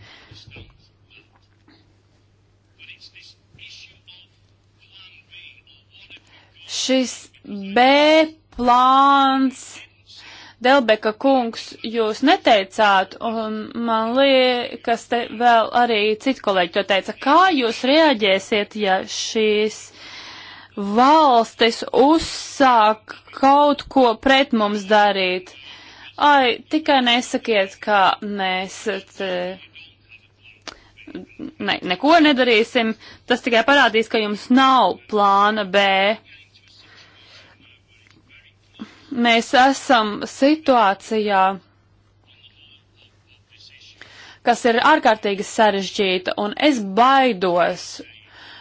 Šis B plāns. Delbeka kungs, jūs neteicāt, un man liekas, te vēl arī citi kolēģi to teica, kā jūs reaģēsiet, ja šīs valstis uzsāk kaut ko pret mums darīt? Ai, tikai nesakiet, ka mēs te, ne, neko nedarīsim, tas tikai parādīs, ka jums nav plāna B mēs esam situācijā, kas ir ārkārtīgi sarežģīta, un es baidos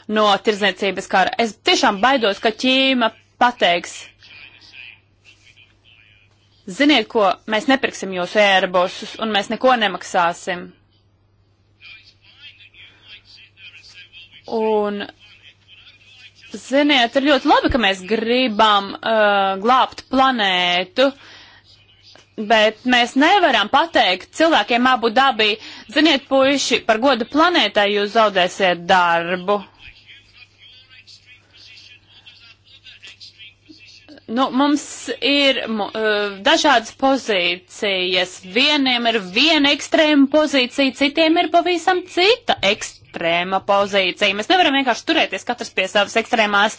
no tirdzniecības kara. Es tiešām baidos, ka Ķīna pateiks, ziniet ko, mēs nepirksim jūsu ērbosus, un mēs neko nemaksāsim. Un Ziniet, ir ļoti labi, ka mēs gribam uh, glābt planētu, bet mēs nevaram pateikt cilvēkiem abu dabī, ziniet, puiši, par godu planētai jūs zaudēsiet darbu. Nu, mums ir uh, dažādas pozīcijas. Vieniem ir viena ekstrēma pozīcija, citiem ir pavisam cita ekstrēma ekstrēma pozīcija. Mēs nevaram vienkārši turēties katrs pie savas ekstrēmās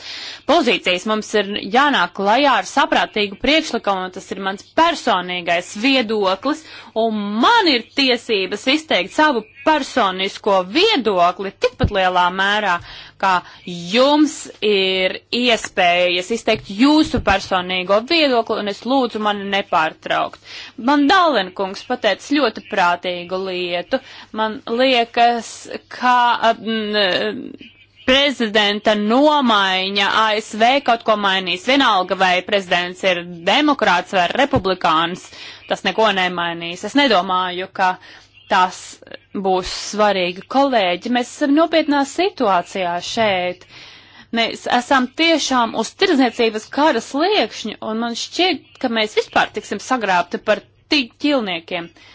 pozīcijas. Mums ir jānāk klajā ar saprātīgu priekšlikumu, un tas ir mans personīgais viedoklis, un man ir tiesības izteikt savu personisko viedokli tikpat lielā mērā, kā jums ir iespējas izteikt jūsu personīgo viedokli, un es lūdzu mani nepārtraukt. Man Dalenkungs pateica ļoti prātīgu lietu. Man liekas, ka kā uh, m, uh, prezidenta nomaiņa ASV kaut ko mainīs. Vienalga, vai prezidents ir demokrāts vai republikāns, tas neko nemainīs. Es nedomāju, ka tas būs svarīgi. Kolēģi, mēs esam nopietnā situācijā šeit. Mēs esam tiešām uz tirdzniecības kara sliekšņa, un man šķiet, ka mēs vispār tiksim sagrābti par tik ķilniekiem. Uh,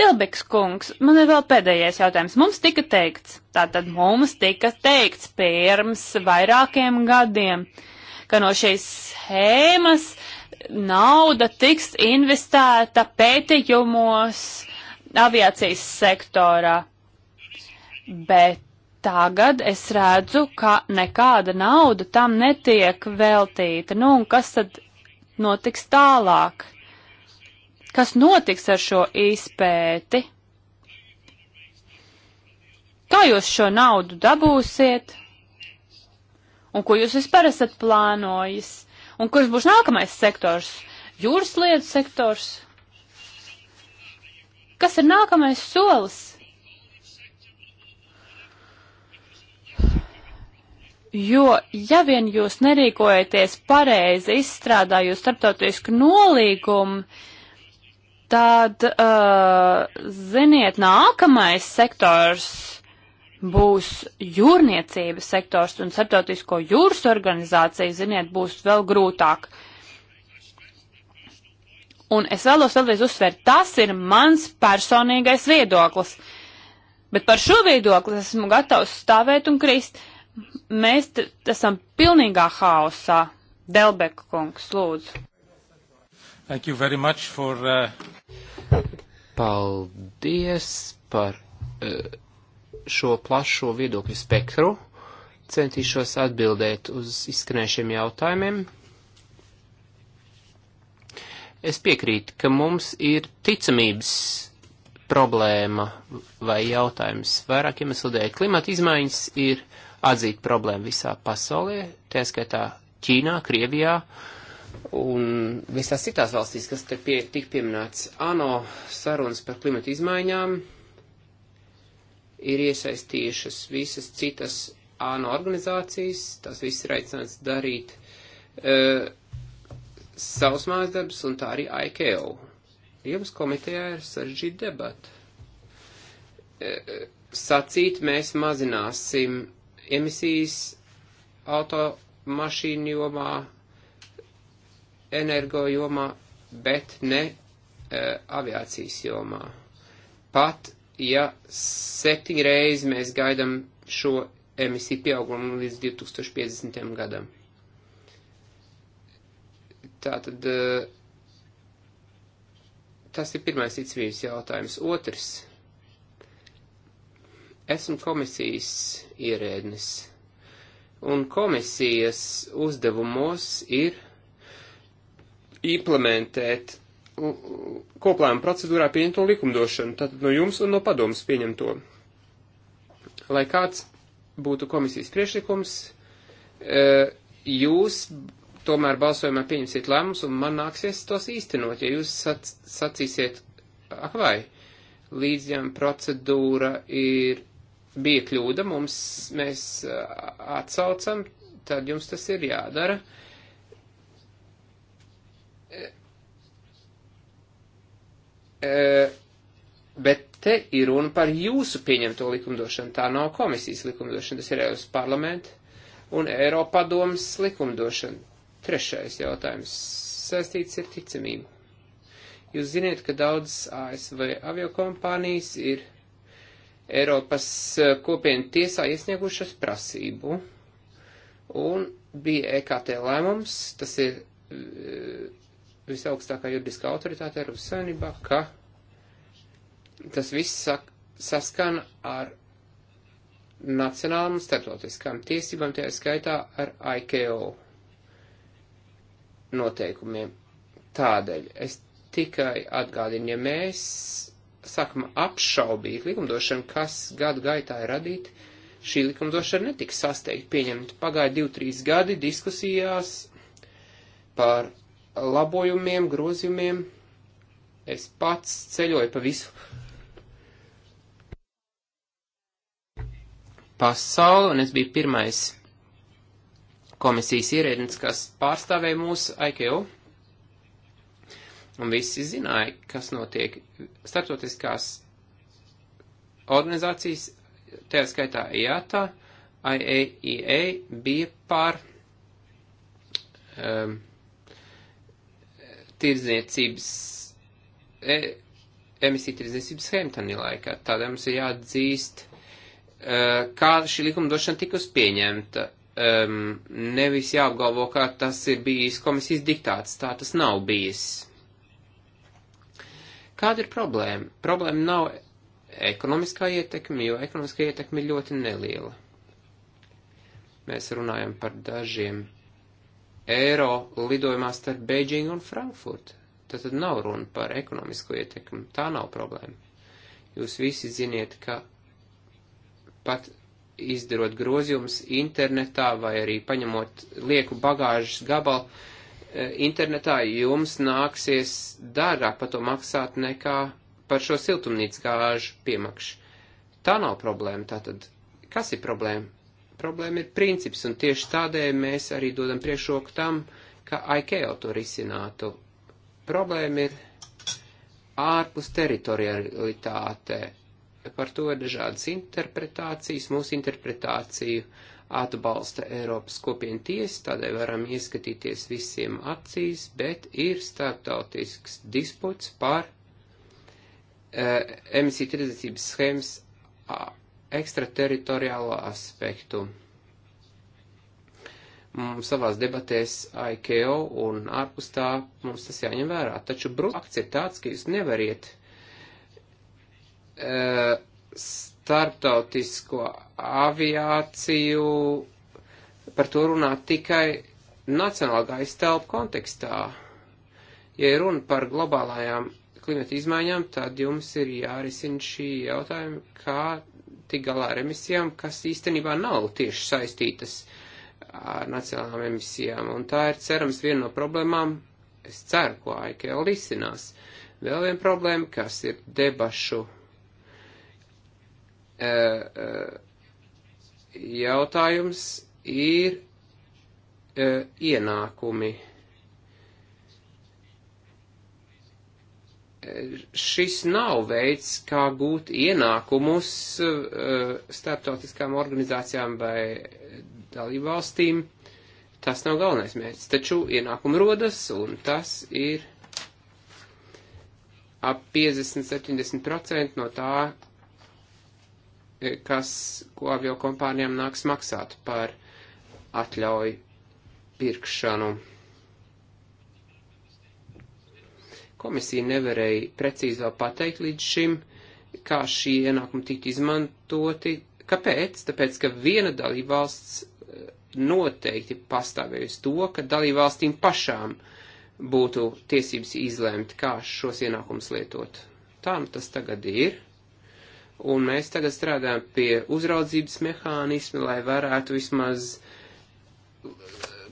Tilbiks kungs, man ir vēl pēdējais jautājums. Mums tika teikts, tātad mums tika teikts pirms vairākiem gadiem, ka no šīs schēmas nauda tiks investēta pētījumos aviācijas sektorā. Bet tagad es redzu, ka nekāda nauda tam netiek veltīta. Nu, un kas tad notiks tālāk? Kas notiks ar šo izpēti? Kā jūs šo naudu dabūsiet? Un ko jūs vispār esat plānojis? Un kurš būs nākamais sektors? Jūras lietu sektors? Kas ir nākamais solis? Jo, ja vien jūs nerīkojaties pareizi, izstrādājot starptautisku nolīgumu, uh, tad, uh, ziniet, nākamais sektors būs jūrniecības sektors un starptautisko jūras organizācija, ziniet, būs vēl grūtāk. Un es vēlos vēlreiz uzsvērt, tas ir mans personīgais viedoklis. Bet par šo viedokli esmu gatavs stāvēt un krist. Mēs esam pilnīgā haosā. Delbeka kungs, lūdzu. Thank you very much for uh, Paldies par eh, šo plašo viedokļu spektru. Centīšos atbildēt uz izskanējušiem jautājumiem. Es piekrītu, ka mums ir ticamības problēma vai jautājums. Vairāk iemeslu dēļ klimata izmaiņas ir atzīta problēma visā pasaulē, tā skaitā Ķīnā, Krievijā, uh, Un visās citās valstīs, kas te pie, tik pieminēts ANO sarunas par klimatu izmaiņām, ir iesaistījušas visas citas ANO organizācijas, tās visas ir aicināts darīt e, savus mājas darbus, un tā arī IKO. Jums komitejā ir saržģīta debata. E, sacīt, mēs mazināsim emisijas automašīnu jomā energo jomā, bet ne e, aviācijas jomā. Pat ja septiņreiz mēs gaidam šo emisiju pieaugumu līdz 2050. gadam. Tātad e, tas ir pirmais ticības jautājums. Otrs. Esmu komisijas ierēdnis. Un komisijas uzdevumos ir implementēt koplējuma procedūrā pieņemto likumdošanu, tad no jums un no padomas pieņemto. Lai kāds būtu komisijas priešlikums, e, jūs tomēr balsojumā pieņemsiet lēmumus un man nāksies tos īstenot, ja jūs sac, sacīsiet, ak vai, līdzjām procedūra ir, bija kļūda, mums, mēs atsaucam, tad jums tas ir jādara. Uh, Eh, bet te ir runa par jūsu pieņemto likumdošanu. Tā nav komisijas likumdošana, tas ir Eiropas parlamenta un Eiropadomas likumdošana. Trešais jautājums saistīts ar ticamību. Jūs ziniet, ka daudzas ASV aviokompānijas ir Eiropas eh, kopienu tiesā iesniegušas prasību, un bija EKT lēmums, tas ir eh, visaugstākā juridiskā autoritāte Eiropas Savienībā, ka tas viss sak, saskana ar nacionālām un starptautiskām tiesībām, tajā skaitā ar IKO noteikumiem. Tādēļ es tikai atgādinu, ja mēs sākam apšaubīt likumdošanu, kas gadu gaitā ir radīta, šī likumdošana netiks sasteigta pieņemta. Pagāja 2-3 gadi diskusijās par labojumiem, grozījumiem. Es pats ceļoju pa visu pasauli, un es biju pirmais komisijas ierēdnis, kas pārstāvēja mūsu IKO. Un visi zināja, kas notiek starptautiskās organizācijas, tajā skaitā IATA, IAEA bija pār um, tirdzniecības, e, emisiju tirdzniecības schēmu tādā laikā. Tādēļ mums ir jāatzīst, e, kā šī likumdošana tikus pieņemta. Nevis jāapgalvo, kā tas ir bijis komisijas diktāts, tā tas nav bijis. Kāda ir problēma? Problēma nav ekonomiskā ietekme, jo ekonomiskā ietekme ir ļoti neliela. Mēs runājam par dažiem eiro lidojumā starp Beidžingu un Frankfurtu. Tad, tad nav runa par ekonomisko ietekmi, tā nav problēma. Jūs visi ziniet, ka pat izdarot grozījumus internetā vai arī paņemot lieku bagāžas gabalu, e, internetā jums nāksies dārgāk par to maksāt nekā par šo siltumnīcas gāžu piemakšu. Tā nav problēma tātad. Kas ir problēma? problēma ir princips, un tieši tādēļ mēs arī dodam priekšroku tam, ka IKEA to risinātu. Problēma ir ārpus teritorialitāte. Par to ir dažādas interpretācijas. Mūsu interpretāciju atbalsta Eiropas kopienu tiesa, tādēļ varam ieskatīties visiem acīs, bet ir starptautisks disputs par e, emisiju tirdzniecības schēmas ekstrateritoriālo aspektu. Mums savās debatēs IKO un ārpus tā mums tas jāņem vērā. Taču brūkts ir tāds, ka jūs nevariet e, starptautisko aviāciju par to runāt tikai nacionāla gaisa telpu kontekstā. Ja runa par globālajām klimata izmaiņām, tad jums ir jārisina šī jautājuma, kā tik galā ar emisijām, kas īstenībā nav tieši saistītas ar nacionālām emisijām. Un tā ir cerams viena no problēmām, es ceru, ko AIKL risinās. Vēl viena problēma, kas ir debašu e, e, jautājums, ir e, ienākumi. šis nav veids, kā gūt ienākumus eh, starptautiskām organizācijām vai dalībvalstīm. Tas nav galvenais mērķis, taču ienākumi rodas, un tas ir ap 50-70% no tā, eh, kas, ko avio kompānijām nāks maksāt par atļauju pirkšanu. Komisija nevarēja precīzi vēl pateikt līdz šim, kā šī ienākuma tiktu izmantoti. Kāpēc? Tāpēc, ka viena dalībvalsts eh, noteikti pastāvējusi to, ka dalībvalstīm pašām būtu tiesības izlēmt, kā šos ienākumus lietot. Tā nu tas tagad ir. Un mēs tagad strādājam pie uzraudzības mehānismi, lai varētu vismaz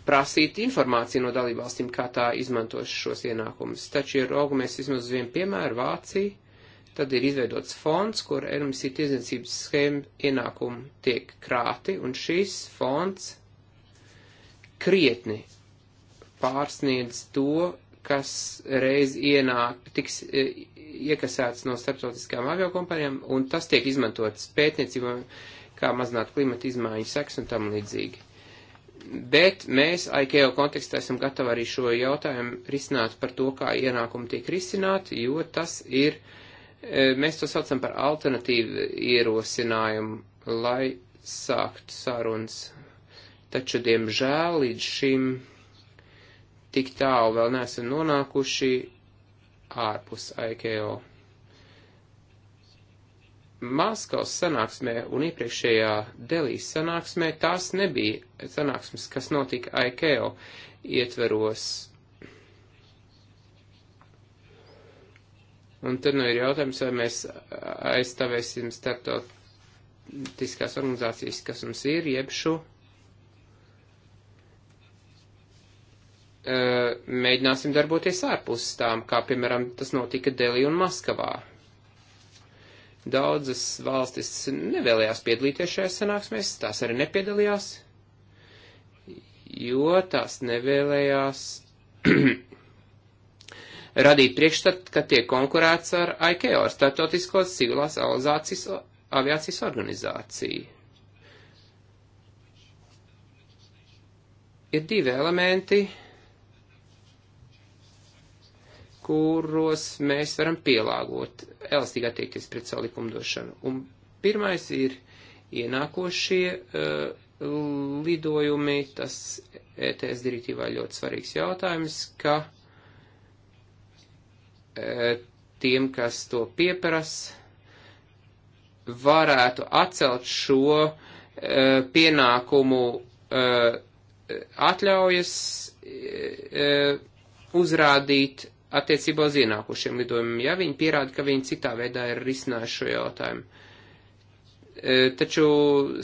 prasīt informāciju no dalībvalstīm, kā tā izmantos šos ienākumus. Taču, ja raugamies vismaz uz vienu piemēru, Vācija, tad ir izveidots fonds, kur emisiju tirdzniecības schēma ienākumi tiek krāti, un šis fonds krietni pārsniedz to, kas reiz ienāk, tiks e, iekasēts no starptautiskām aviokompānijām, un tas tiek izmantots pētniecībām, kā mazināt klimata izmaiņu seks un tam līdzīgi. Bet mēs IKEA kontekstā esam gatavi arī šo jautājumu risināt par to, kā ienākumi tiek risināti, jo tas ir, e, mēs to saucam par alternatīvu ierosinājumu, lai sāktu sarunas. Taču, diemžēl, līdz šim tik tālu vēl neesam nonākuši ārpus IKEA. Maskavas sanāksmē un iepriekšējā Delijas sanāksmē tās nebija sanāksmes, kas notika IKEO ietveros. Un tad nu ir jautājums, vai mēs aizstāvēsim starptautiskās organizācijas, kas mums ir, jeb šo mēģināsim darboties ārpus tām, kā piemēram tas notika Delī un Maskavā. Daudzas valstis nevēlējās piedalīties šajā sanāksmēs, tās arī nepiedalījās, jo tās nevēlējās radīt priekšstatu, ka tiek konkurēts ar ICAO, ar Startautisko civilās aviācijas organizāciju. Ir divi elementi, kuros mēs varam pielāgot, elastīgi attiekties pret savu likumdošanu. Un pirmais ir ienākošie uh, lidojumi, tas ETS direktīvā ļoti svarīgs jautājums, ka uh, tiem, kas to pieprasa, varētu atcelt šo uh, pienākumu uh, atļaujas uh, uzrādīt attiecībā uz ienākušiem lidojumiem, ja viņi pierāda, ka viņi citā veidā ir risinājuši šo jautājumu. E, taču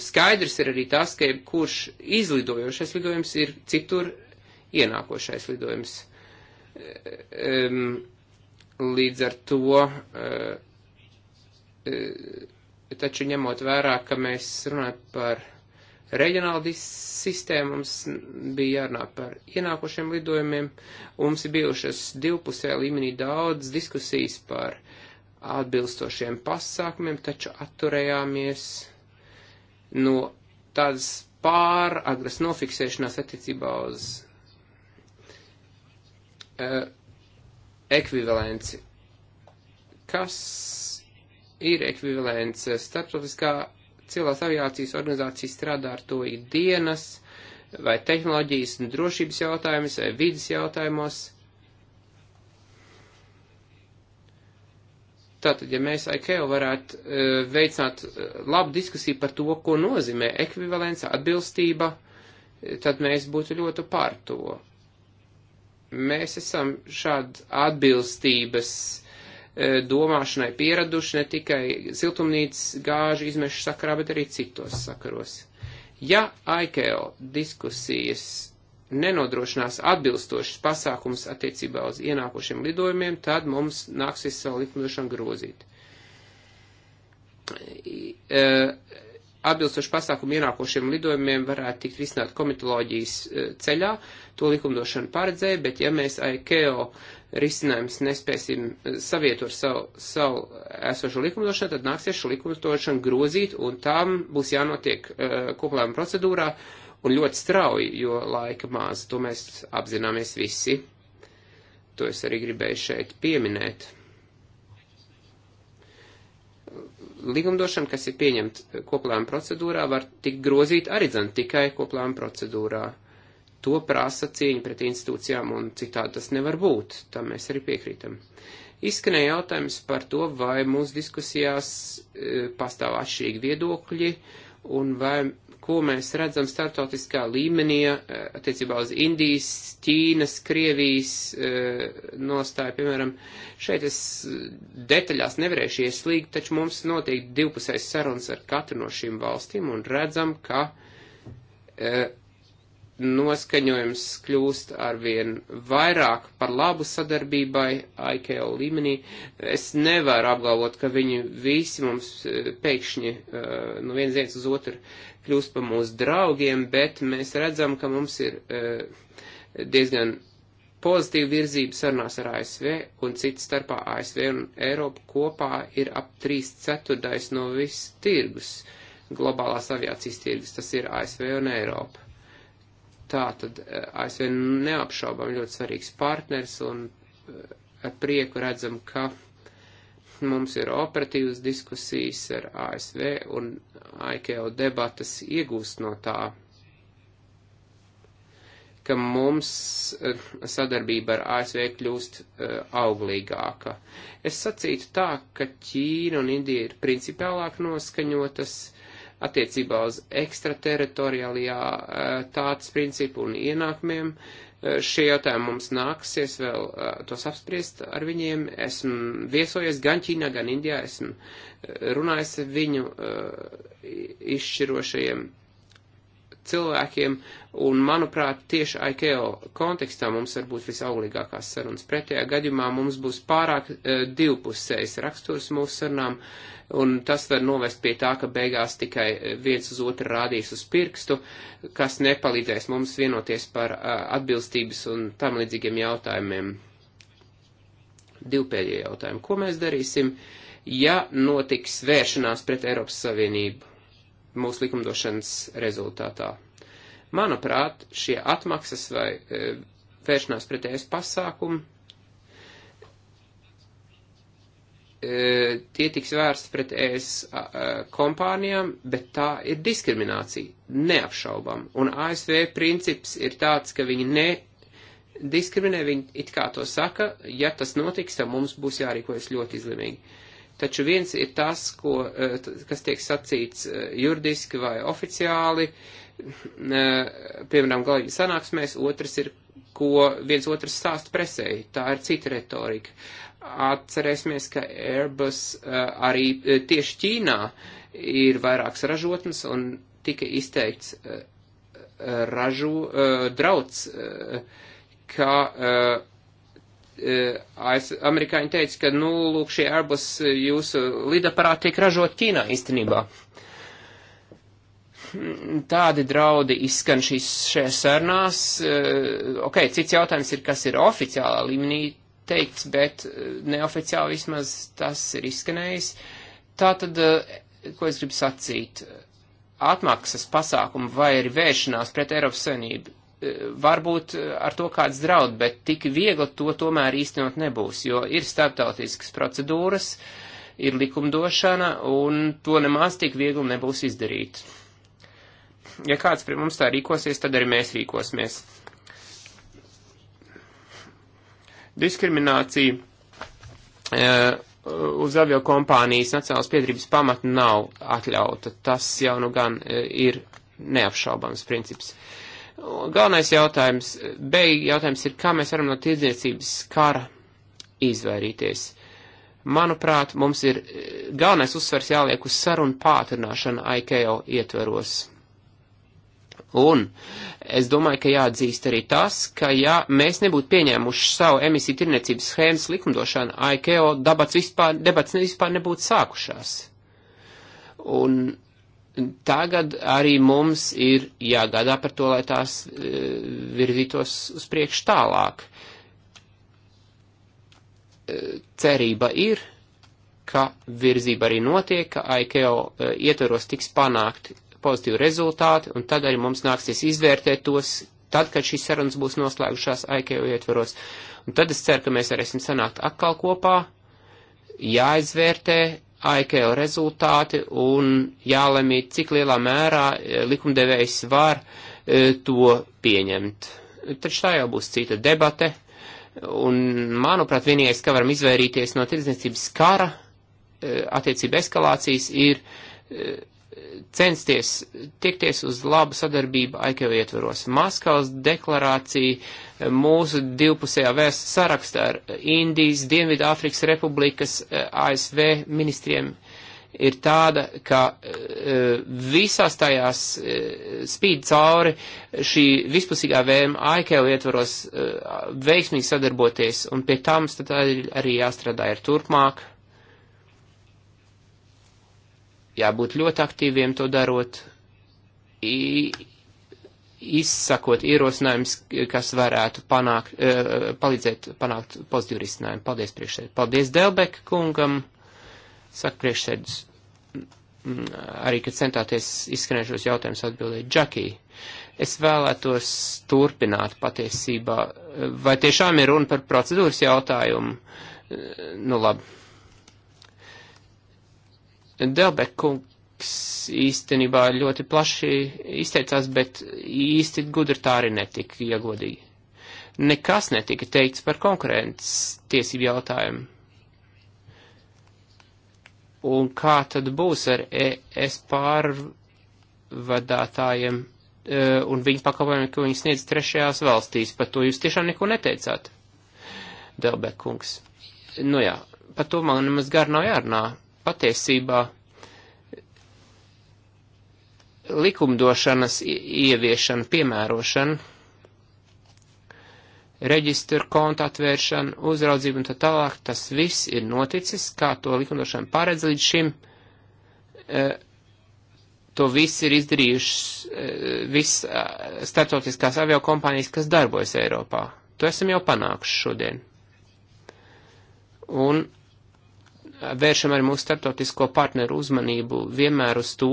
skaidrs ir arī tas, ka jebkurš izlidojošais lidojums ir citur ienākošais lidojums. E, līdz ar to, e, taču ņemot vērā, ka mēs runājam par Reģionāla sistēma mums bija jārunā par ienākošiem lidojumiem, un mums ir bijušas divpusē līmenī daudz diskusijas par atbilstošiem pasākumiem, taču atturējāmies no tādas pāragras nofiksēšanās attiecībā uz uh, ekvivalenci. Kas ir ekvivalents starptautiskā Civilās aviācijas organizācijas strādā ar to ikdienas, vai tehnoloģijas un drošības jautājumus, vai vidas jautājumos. Tātad, ja mēs IKEA varētu uh, veicināt uh, labu diskusiju par to, ko nozīmē ekvivalence, atbilstība, e, tad mēs būtu ļoti par to. Mēs esam šāda atbilstības E, domāšanai pieraduši ne tikai siltumnīcas gāžu izmešu sakarā, bet arī citos sakaros. Ja IKEO diskusijas nenodrošinās atbilstošas pasākums attiecībā uz ienākošiem lidojumiem, tad mums nāksies savu likumdošanu grozīt. E, atbilstoši pasākumu ienākošiem lidojumiem varētu tikt risināt komitoloģijas e, ceļā, to likumdošana paredzēja, bet ja mēs IKEO uh, risinājums nespēsim eh, savietot savu, savu esošo likumdošanu, tad nāksies šo likumdošanu grozīt, un tām būs jānotiek uh, eh, koplējuma procedūrā, un ļoti strauji, jo laika maz, to mēs apzināmies visi. To es arī gribēju šeit pieminēt. Likumdošana, kas ir pieņemta koplējuma procedūrā, var tikt grozīt arī, zin, tikai koplējuma procedūrā To prasa cieņa pret institūcijām, un citādi tas nevar būt. Tam mēs arī piekrītam. Izskanēja jautājums par to, vai mūsu diskusijās e, pastāv atšķirīgi viedokļi, un vai, ko mēs redzam startautiskā līmenī e, attiecībā uz Indijas, Ķīnas, Krievijas e, nostāju, piemēram. Šeit es detaļās nevarēšu ieslīgt, taču mums notiek divpusējs sarunas ar katru no šīm valstīm, un redzam, ka. E, noskaņojums kļūst arvien vairāk par labu sadarbībai IKO līmenī. Es nevaru apgalvot, ka viņi visi mums eh, pēkšņi eh, no viens viens uz otru kļūst par mūsu draugiem, bet mēs redzam, ka mums ir eh, diezgan pozitīva virzība sarunās ar ASV un citas starpā ASV un Eiropa kopā ir ap 3 ceturtais no viss tirgus, globālās aviācijas tirgus, tas ir ASV un Eiropa Tā tad eh, ASV neapšaubām ļoti svarīgs partners un eh, ar prieku redzam, ka mums ir operatīvas diskusijas ar ASV un IKO debatas iegūst no tā, ka mums eh, sadarbība ar ASV kļūst auglīgāka. Es sacītu tā, ka Ķīna un Indija ir principiālāk noskaņotas, uh, attiecībā uz ekstrateritoriālajā eh, tāds principu un ienākumiem. Eh, šie jautājumi mums nāksies vēl eh, tos apspriest ar viņiem. Esmu viesojies gan Ķīnā, gan Indijā, esmu runājis viņu izšķirošajiem cilvēkiem, un, manuprāt, tieši IKO kontekstā mums var būt visauglīgākās sarunas. Pretējā gadījumā mums būs pārāk e, eh, divpusējs raksturs mūsu sarunām, un tas var novest pie tā, ka beigās tikai eh, viens uz otru rādīs uz pirkstu, kas nepalīdzēs mums vienoties par a, eh, atbilstības un tam līdzīgiem jautājumiem. Divpēdējie jautājumi. Ko mēs darīsim, ja notiks vēršanās pret Eiropas Savienību? mūsu likumdošanas rezultātā. Manuprāt, šie atmaksas vai e, vēršanās pretējas pasākumi, e, tie tiks vērsti pret ES kompānijām, bet tā ir diskriminācija, neapšaubam. Un ASV princips ir tāds, ka viņi ne diskriminē, viņi it kā to saka, ja tas notiks, tad mums būs jārīkojas ļoti izlīmīgi. Taču viens ir tas, ko, eh, kas tiek sacīts eh, juridiski vai oficiāli, eh, piemēram, galīgi sanāksmēs, otrs ir, ko viens otrs stāst presēji. Tā ir cita retorika. Atcerēsimies, ka Airbus arī tieši Ķīnā ir vairākas ražotnes un tika izteikts ražu drauds, ka Eh, amerikāņi teica, ka, nu, lūk, šie Airbus eh, jūsu lidaparāti tiek ražot Ķīnā īstenībā. Tādi draudi izskan šīs šajās sarunās. Eh, ok, cits jautājums ir, kas ir oficiālā līmenī teikts, bet neoficiāli vismaz tas ir izskanējis. Tātad, ko es gribu sacīt? Atmaksas pasākumu vai arī vēršanās pret Eiropas Savienību varbūt eh, ar to kāds draud, bet tik viegli to tomēr īstenot nebūs, jo ir starptautiskas procedūras, ir likumdošana, un to nemaz tik viegli nebūs izdarīt. Ja kāds pie mums tā rīkosies, tad arī mēs rīkosimies. Diskriminācija uh, uz avio kompānijas nacionālas piedrības pamata nav atļauta. Tas jau nu gan uh, ir neapšaubams princips. Uh, Galvenais jautājums, beig jautājums ir, kā mēs varam no tirdzniecības kara izvairīties. Manuprāt, mums ir eh, galvenais uzsvers jāliek uz sarunu pātrināšanu IKO ietveros. Un es domāju, ka jāatzīst arī tas, ka ja mēs nebūtu pieņēmuši savu emisiju tirniecības schēmas likumdošanu, IKO debats vispār, debats vispār nebūtu sākušās. Un tagad arī mums ir jāgādā par to, lai tās e, virzītos uz priekšu tālāk. E, cerība ir, ka virzība arī notiek, ka IKO e, ietvaros tiks panākt pozitīvi rezultāti, un tad arī mums nāksies izvērtēt tos, tad, kad šīs sarunas būs noslēgušās IKO ietvaros. Un tad es ceru, ka mēs varēsim sanākt atkal kopā, jāizvērtē AIKO rezultāti un jālemī, cik lielā mērā e, likumdevējs var e, to pieņemt. Taču tā jau būs cita debate, un, manuprāt, vienīgais, ka varam izvairīties no tirdzniecības kara, e, attiecība eskalācijas, ir censties tiekties uz labu sadarbību AIKO ietvaros. Maskavas deklarācija mūsu divpusējā vēstu sarakstā ar Indijas, Dienvidāfrikas republikas, eh, ASV ministriem ir tāda, ka eh, visās tajās eh, spīd cauri šī vispusīgā vēma AIKL ietvaros veiksmīgi sadarboties, un pie tam arī jāstrādā ir turpmāk. Jābūt ļoti aktīviem to darot. I, izsakot ierosinājums, kas varētu panākt, eh, palīdzēt panākt pozitīvu risinājumu. Paldies priekšsēd. Paldies Delbek kungam. Saka priekšsēdus mm, mm, arī, kad centāties izskanējušos jautājumus atbildēt Džakī. Es vēlētos turpināt patiesībā. Vai tiešām ir runa par procedūras jautājumu? Eh, nu labi. Delbek kungs Marks īstenībā ļoti plaši izteicās, bet īsti gudri tā arī netika iegodīgi. Nekas netika teikts par konkurences tiesību jautājumu. Un kā tad būs ar ES pārvadātājiem e, un viņu pakalpojumiem, ko viņi sniedz trešajās valstīs? Par to jūs tiešām neko neteicāt, Delbekungs. Nu jā, par to man nemaz gar nav jārunā. Patiesībā likumdošanas ieviešana, piemērošana, reģistru kontu atvēršana, uzraudzība un tā tālāk, tas viss ir noticis, kā to likumdošana paredz līdz šim. E, to viss ir izdarījušas e, viss startautiskās avio kompānijas, kas darbojas Eiropā. To esam jau panākuši šodien. Un vēršam arī mūsu startautisko partneru uzmanību vienmēr uz to,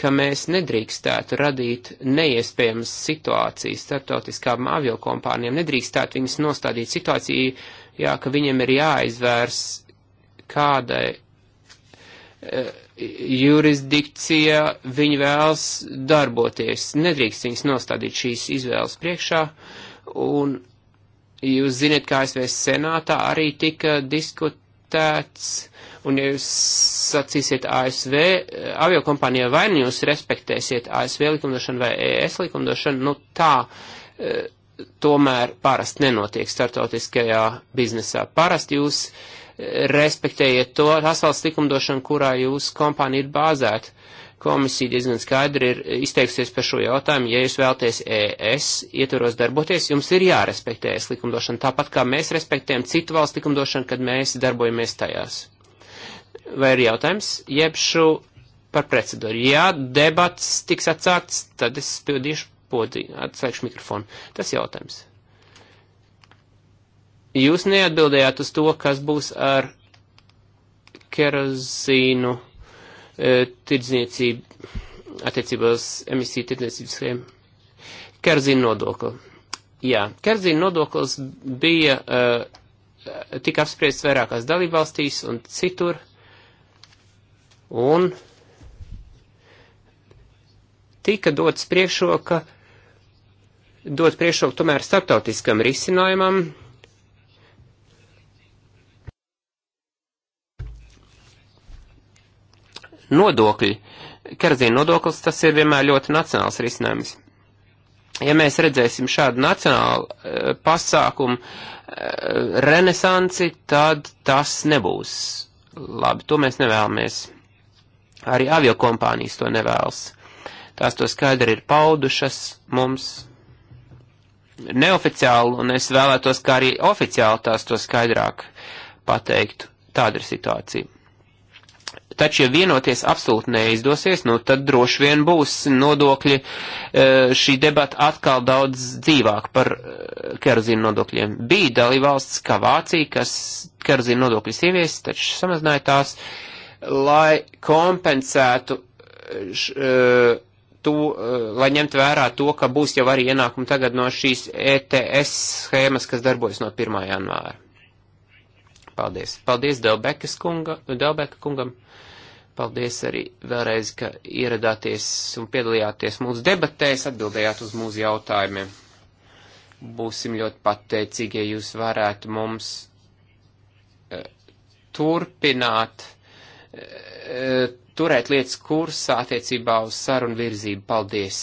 ka mēs nedrīkstētu radīt neiespējamas situācijas starptautiskām aviokompānijām, nedrīkstētu viņus nostādīt situācijā, jā, ka viņiem ir jāizvērs kādai e, jurisdikcija viņi vēlas darboties. Nedrīkst viņus nostādīt šīs izvēles priekšā, un jūs ziniet, kā ASV senātā arī tika diskutēts respektēts, un ja jūs sacīsiet ASV eh, aviokompānijā, vai nu jūs respektēsiet ASV likumdošanu vai ES likumdošanu, nu tā e, tomēr parasti nenotiek startautiskajā biznesā. Parasti jūs eh, respektējiet to asfaltas likumdošanu, kurā jūs kompānija ir bāzēta komisija diezgan skaidri ir e, izteiksies par šo jautājumu. Ja jūs vēlaties ES ietvaros darboties, jums ir jārespektē ES likumdošana, tāpat kā mēs respektējam citu valstu likumdošanu, kad mēs darbojamies tajās. Vai ir jautājums? Jeb šo par procedūru. Ja debats tiks atsākts, tad es spildīšu podi, atslēgšu mikrofonu. Tas jautājums. Jūs neatbildējāt uz to, kas būs ar kerozīnu E, tirdzniecību, attiecībās emisiju tirdzniecības schēmu. Kerzina nodokli. Jā, kerzina nodoklis bija, e, tika apspriests vairākās dalībvalstīs un citur. Un tika dots priekšroka, dot priekšroku tomēr starptautiskam risinājumam, nodokļi, kerzīna nodoklis, tas ir vienmēr ļoti nacionāls risinājums. Ja mēs redzēsim šādu nacionālu uh, pasākumu uh, eh, renesanci, tad tas nebūs labi. To mēs nevēlamies. Arī aviokompānijas to nevēlas. Tās to skaidri ir paudušas mums neoficiāli, un es vēlētos, kā arī oficiāli tās to skaidrāk pateiktu. Tāda ir situācija. Taču, ja vienoties absolūti neizdosies, nu tad droši vien būs nodokļi e, šī debata atkal daudz dzīvāk par e, kerozīnu nodokļiem. Bija dalībvalsts kā Vācija, kas kerozīnu nodokļus ievies, taču samazināja tās, lai kompensētu e, š, to, lai ņemt vērā to, ka būs jau arī ienākumi tagad no šīs ETS schēmas, kas darbojas no 1. janvāra. Paldies. Paldies Delbekas kunga, Delbeka kungam. Paldies arī vēlreiz, ka ieradāties un piedalījāties mūsu debatēs, atbildējāt uz mūsu jautājumiem. Būsim ļoti pateicīgi, ja jūs varētu mums e, turpināt, e, turēt lietas kursā attiecībā uz sarunu virzību. Paldies!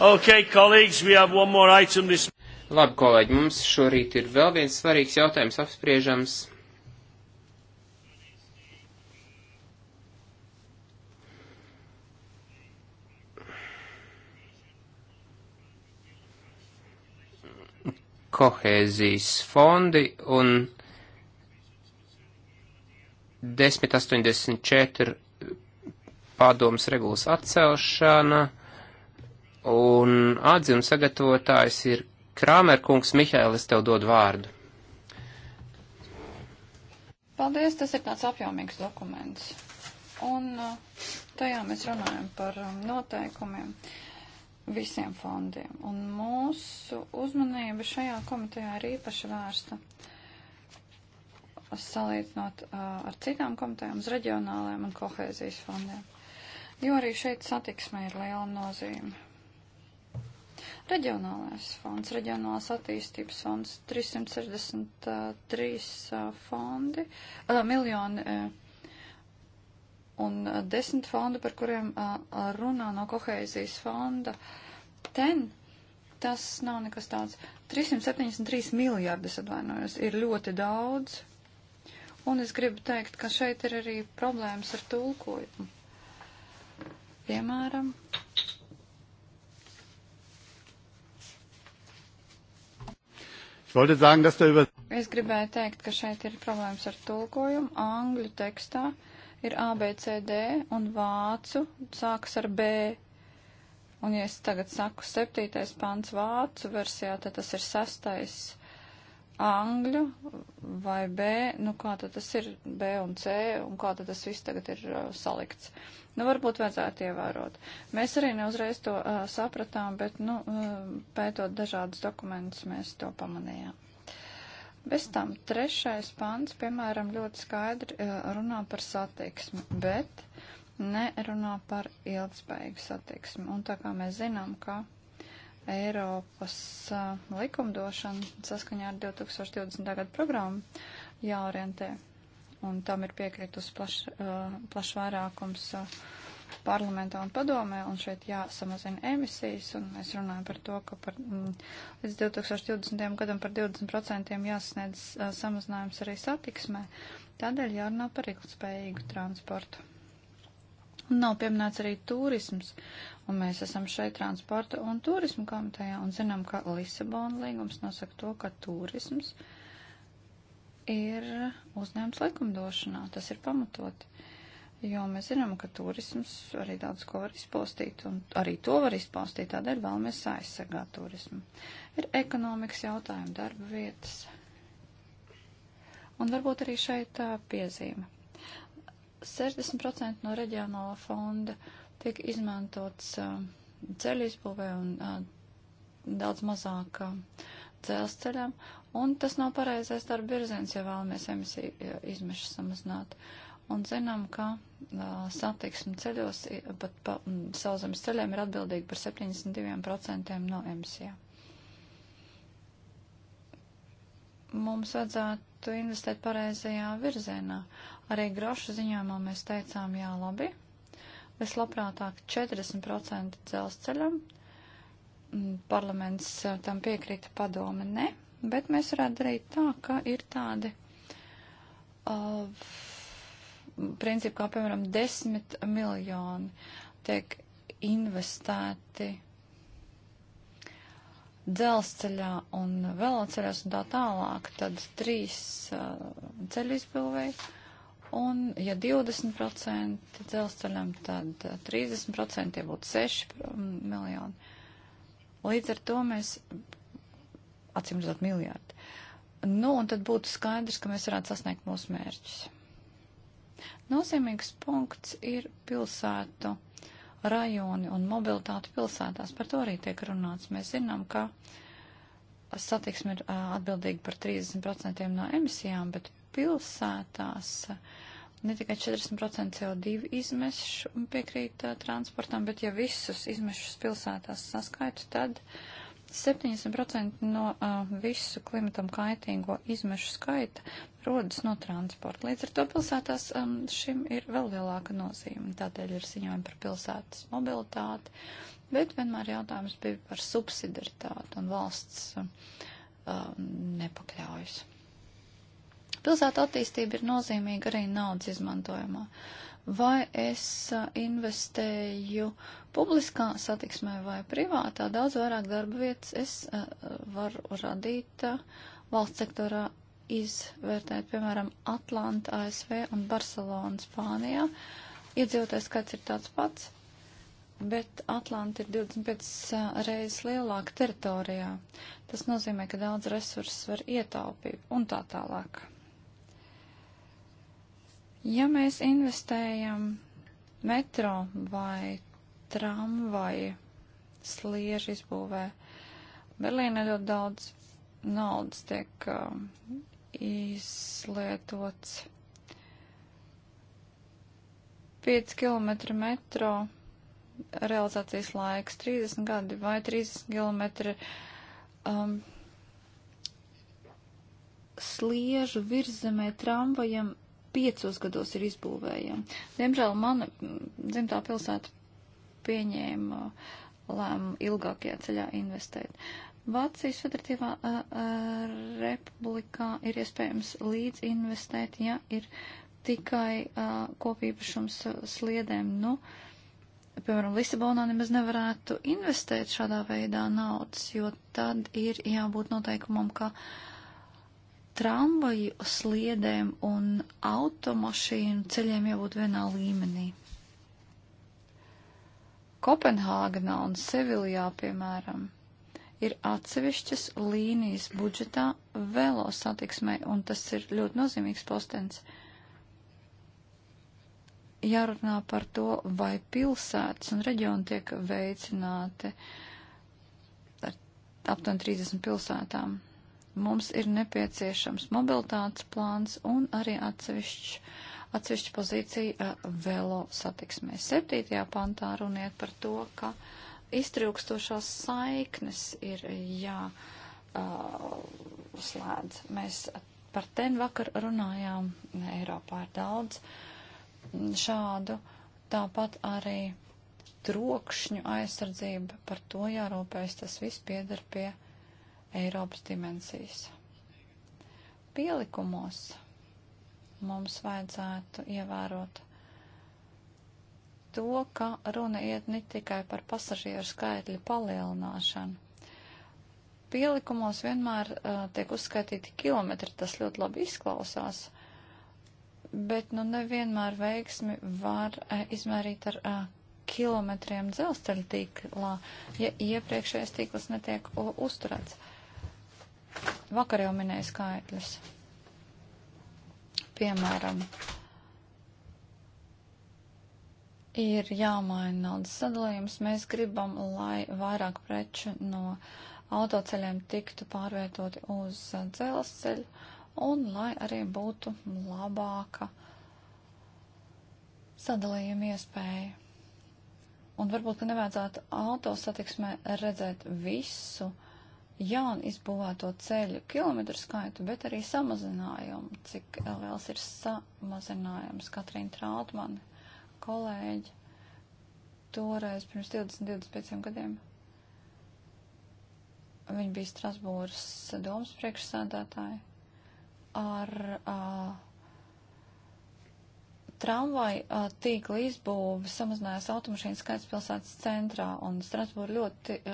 Okay, colleagues, we have one more item this. Labi, kolēģi, mums šorīt ir vēl viens svarīgs jautājums apspriežams. Kohēzijas fondi un 1084 padomas regulas atcelšana. Un atzīmes sagatavotājs ir Krāmerkungs Mihēlis, tev dod vārdu. Paldies, tas ir tāds apjomīgs dokuments. Un uh, tajā mēs runājam par um, noteikumiem visiem fondiem. Un mūsu uzmanība šajā komitejā ir īpaši vērsta salīdzinot uh, ar citām komitejām, uz reģionālajiem un kohēzijas fondiem. Jo arī šeit satiksme ir liela nozīme Reģionālais fonds, reģionālās attīstības fonds, 363 fondi, uh, miljoni uh, un desmit fondi, par kuriem uh, runā no kohēzijas fonda. Ten tas nav nekas tāds. 373 miljārdus atvainojos, ir ļoti daudz. Un es gribu teikt, ka šeit ir arī problēmas ar tulkojumu. Piemēram, Es gribēju teikt, ka šeit ir problēmas ar tulkojumu. Angļu tekstā ir ABCD un vācu sākas ar B. Un ja es tagad saku septītais pants vācu versijā, tad tas ir sastais angļu vai B, nu kā tad tas ir B un C, un kā tad tas viss tagad ir uh, salikts. Nu, varbūt vajadzētu ievērot. Mēs arī neuzreiz to uh, sapratām, bet, nu, uh, pētot dažādus dokumentus, mēs to pamanījām. Bez tam trešais pants, piemēram, ļoti skaidri uh, runā par satiksmi, bet nerunā par ilgspējīgu satiksmi. Un tā kā mēs zinām, ka Eiropas uh, likumdošana saskaņā ar 2020. gadu programmu jāorientē. Un tam ir piekritus plaš, uh, plašs vairākums uh, parlamentā un padomē, un šeit jāsamazina emisijas, un mēs runājam par to, ka par, mm, līdz 2020. gadam par 20% jāsasniedz uh, samazinājums arī satiksmē. Tādēļ jārunā par ilgspējīgu transportu. Un nav pieminēts arī turisms Un mēs esam šeit transporta un turismu komitejā un zinām, ka Lisabona līgums nosaka to, ka turisms ir uzņēmums likumdošanā. Tas ir pamatoti. Jo mēs zinām, ka turisms arī daudz ko var izpostīt, un arī to var izpostīt, tādēļ vēlamies aizsargāt turismu. Ir ekonomikas jautājumi, darba vietas. Un varbūt arī šeit tā piezīme. 60% no reģionāla fonda uh, tiek izmantots ceļu izbūvē un daudz mazāk dzelzceļam, un tas nav pareizais darba virziens, ja vēlamies emisiju izmešas samazināt. Un zinām, ka satiksmi ceļos, pat pa, sauzemes ceļiem ir atbildīgi par 72% no emisijām. Mums vajadzētu investēt pareizajā virzienā. Arī grošu ziņojumā mēs teicām, jā, labi, Es labprātāk 40% dzelzceļam. Mm, parlaments eh, tam piekrita padome ne, bet mēs varētu darīt tā, ka ir tādi uh, principi, kā piemēram 10 miljoni tiek investēti dzelzceļā un veloceļos un tā tālāk, tad trīs uh, ceļu izbūvēja Un, ja 20% dzelzceļam, tad 30% eh, ja būtu 6 mm, miljoni. Līdz ar to mēs, acīm redzot, miljārdi. Nu, un tad būtu skaidrs, ka mēs varētu sasniegt mūsu mērķus. Nozīmīgs punkts ir pilsētu rajoni un mobilitāte pilsētās. Par to arī tiek runāts. Mēs zinām, ka satiksme ir eh, atbildīga par 30% no emisijām, bet pilsētās ne tikai 40% CO2 izmešu piekrīt uh, transportam, bet ja visus izmešus pilsētās saskaitu, tad 70% no uh, visu klimatam kaitīgo izmešu skaita rodas no transporta. Līdz ar to pilsētās um, šim ir vēl lielāka nozīme. Tādēļ ir ziņojumi par pilsētas mobilitāti, bet vienmēr jautājums bija par subsidaritāti un valsts um, nepakļaujas. Pilsētu attīstība ir nozīmīga arī naudas izmantojumā. Vai es investēju publiskā satiksmē vai privātā, daudz vairāk darba vietas es varu radīt valsts sektorā izvērtēt, piemēram, Atlanta, ASV un Barcelona, Spānijā. Iedzīvotājs skaits ir tāds pats, bet Atlanta ir 25 reizes lielāka teritorijā. Tas nozīmē, ka daudz resursus var ietaupīt un tā tālāk. Ja mēs investējam metro vai tramvaju sliežu izbūvē, Berlīna ļoti daudz naudas tiek uh, izlietots. 5 km metro realizācijas laiks 30 gadi vai 30 km um, sliežu virzemē tramvajam piecos gados ir izbūvējama. Diemžēl mana dzimtā pilsēta pieņēma uh, lēmumu ilgākajā ceļā investēt. Vācijas Federatīvā uh, uh, republikā ir iespējams līdz investēt, ja ir tikai uh, kopīpašums sliedēm. Nu, piemēram, Lisabonā nemaz nevarētu investēt šādā veidā naudas, jo tad ir jābūt noteikumam, ka uh, tramvaju sliedēm un automašīnu ceļiem jābūt vienā līmenī. Kopenhāgenā un Seviljā, piemēram, ir atsevišķas līnijas budžetā velo satiksmai, un tas ir ļoti nozīmīgs postens. Jārunā par to, vai pilsētas un reģioni tiek veicināti ar aptuveni 30 pilsētām. Mums ir nepieciešams mobilitātes plāns un arī atsevišķi, atsevišķi pozīcija uh, velo satiksmē. Septītajā pantā runiet par to, ka iztrūkstošās saiknes ir jāslēdz. Uh, uh Mēs par ten vakar runājām, Eiropā ir daudz šādu, tāpat arī trokšņu aizsardzība, par to jārūpējas, tas viss piedar pie Eiropas dimensijas. Pielikumos mums vajadzētu ievērot to, ka runa iet ne tikai par pasažieru skaitļu palielināšanu. Pielikumos vienmēr uh, tiek uzskaitīti kilometri, tas ļoti labi izklausās, bet nu nevienmēr veiksmi var uh, izmērīt ar uh, kilometriem dzelzceļa tīklā, ja iepriekšējais tīkls netiek uh, uzturēts. Uh, Vakar jau minēja skaitļus. Piemēram, ir jāmaina naudas sadalījums. Mēs gribam, lai vairāk preču no autoceļiem tiktu pārvietoti uz dzelzceļu un lai arī būtu labāka sadalījuma iespēja. Un varbūt, ka nevajadzētu autosatiksmē redzēt visu uh, jaunu izbūvēto ceļu kilometru skaitu, bet arī samazinājumu, cik eh, liels ir samazinājums. Katrīna Trautmane, kolēģi, toreiz pirms 20-25 gadiem. Viņa bija Strasbūras domas priekšsādātāja ar uh, tramvaju uh, tīkla izbūve samazinājās automašīnu skaits pilsētas centrā, un Strasbūra ļoti um,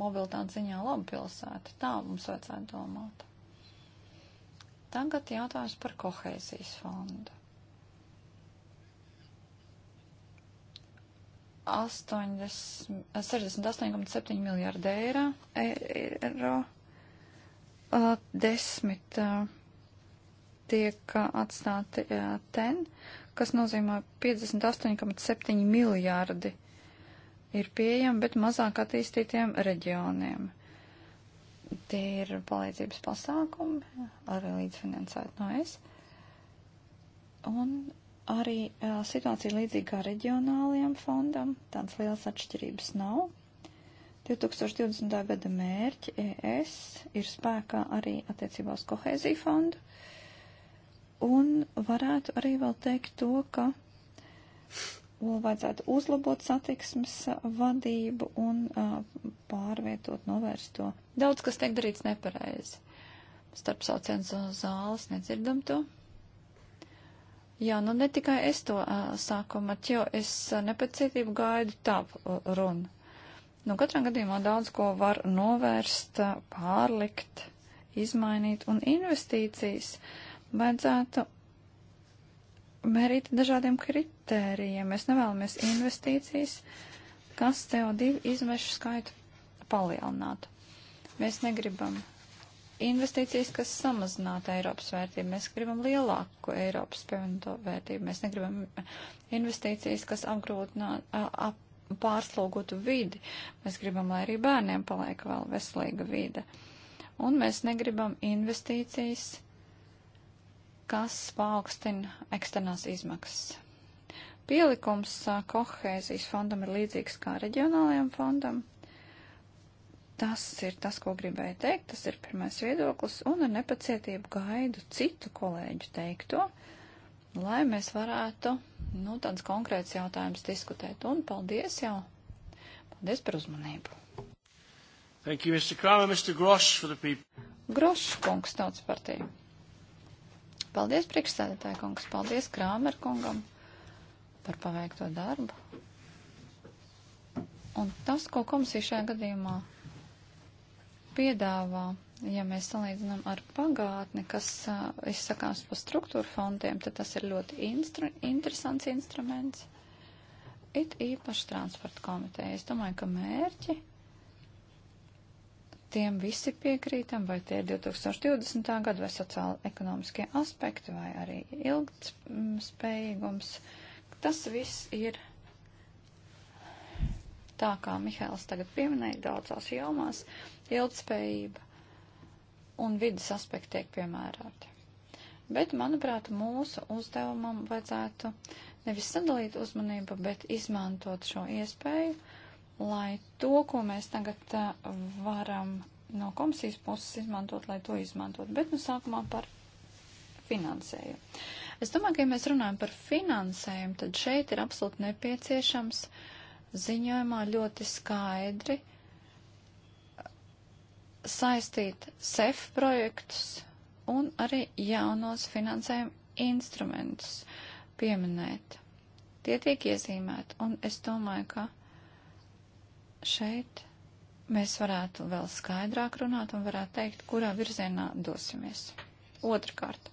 mobilitāte ziņā laba pilsēta. Tā mums vajadzētu domāt. Tagad jautājums par kohēzijas fondu. 68,7 uh, miljārdi eiro, e, e, eiro, desmit. Uh, tiek atstāti ten, kas nozīmē 58,7 miljārdi ir pieejami, bet mazāk attīstītiem reģioniem. Tie ir palīdzības pasākumi, arī līdzfinansēti no es. Un arī uh, situācija līdzīgā reģionālajiem fondam, tādas lielas atšķirības nav. 2020. gada mērķi ES ir spēkā arī attiecībā uz kohēziju fondu, Un varētu arī vēl teikt to, ka vajadzētu uzlabot satiksmes vadību un pārvietot, novērst to. Daudz, kas tiek darīts nepareizi. Starp saucienu zāles nedzirdam to. Jā, nu ne tikai es to uh, sāku, Matjo, es uh, nepacietību gaidu tavu uh, runu. Nu, katrā gadījumā daudz ko var novērst, uh, pārlikt, izmainīt un investīcijas. Uh, vajadzētu mērīt dažādiem kritērijiem. Mēs nevēlamies investīcijas, kas CO2 izmešu skaitu palielinātu. Mēs negribam investīcijas, kas samazinātu Eiropas vērtību. Mēs gribam lielāku Eiropas pievienoto vērtību. Mēs negribam investīcijas, kas apgrūtinātu, ap, pārslogotu vidi. Mēs gribam, lai arī bērniem paliek vēl veselīga vide. Un mēs negribam investīcijas, kas paaugstina eksternās izmaksas. Pielikums kohēzijas fondam ir līdzīgs kā reģionālajam fondam. Tas ir tas, ko gribēju teikt, tas ir pirmais viedoklis, un ar nepacietību gaidu citu kolēģu teikto, lai mēs varētu, nu, tāds konkrēts jautājums diskutēt. Un paldies jau! Paldies par uzmanību! Thank you, Mr. Kramer, Mr. Grosh for the people. Grosh, kungs, tautas partija. Paldies, priekšsēdētāja kungs, paldies Krāmer kungam par paveikto darbu. Un tas, ko komisija šajā gadījumā piedāvā, ja mēs salīdzinām ar pagātni, kas uh, izsakās pa struktūra fondiem, tad tas ir ļoti instru interesants instruments. It īpaši transporta komiteja. Es domāju, ka mērķi tiem visi piekrītam, vai tie ir 2020. gada vai sociāli ekonomiskie aspekti, vai arī ilgtspējīgums. Tas viss ir tā, kā Mihēls tagad pieminēja, daudzās jomās ilgtspējība un vidas aspekti tiek piemērāti. Bet, manuprāt, mūsu uzdevumam vajadzētu nevis sadalīt uzmanību, bet izmantot šo iespēju lai to, ko mēs tagad uh, varam no komisijas puses izmantot, lai to izmantot. Bet nu sākumā par finansējumu. Es domāju, ka, ja mēs runājam par finansējumu, tad šeit ir absolūti nepieciešams ziņojumā ļoti skaidri uh, saistīt SEF projektus un arī jaunos finansējuma instrumentus pieminēt. Tie tiek iezīmēti, un es domāju, ka šeit mēs varētu vēl skaidrāk runāt un varētu teikt, kurā virzienā dosimies. Otrakārt,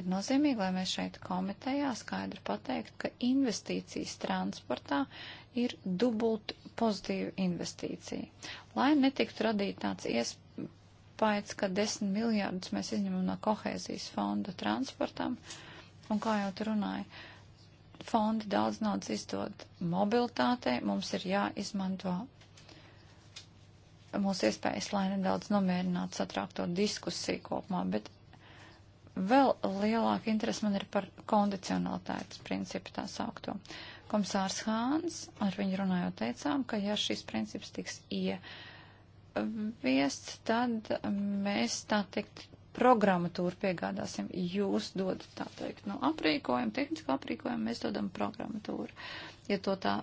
ir nozīmīgi, lai mēs šeit komitejā skaidri pateikt, ka investīcijas transportā ir dubult pozitīva investīcija. Lai netiktu radīt tāds iespējas, ka desmit miljārdus mēs izņemam no kohēzijas fonda transportam, un kā jau tu runāji, uh, fondi daudz naudas izdod mobilitātei, mums ir jāizmanto mūsu iespējas, lai nedaudz nomierinātu satraukto diskusiju kopumā, bet vēl lielāka interese man ir par kondicionalitātes principu tā saukto. Komisārs Hāns, ar viņu runājot, teicām, ka ja šis princips tiks ieviests, tad mēs tā teikt programmatūru piegādāsim. Jūs dodat, tā teikt, no aprīkojuma, tehnisko aprīkojumu, mēs dodam programmatūru. Ja to tā,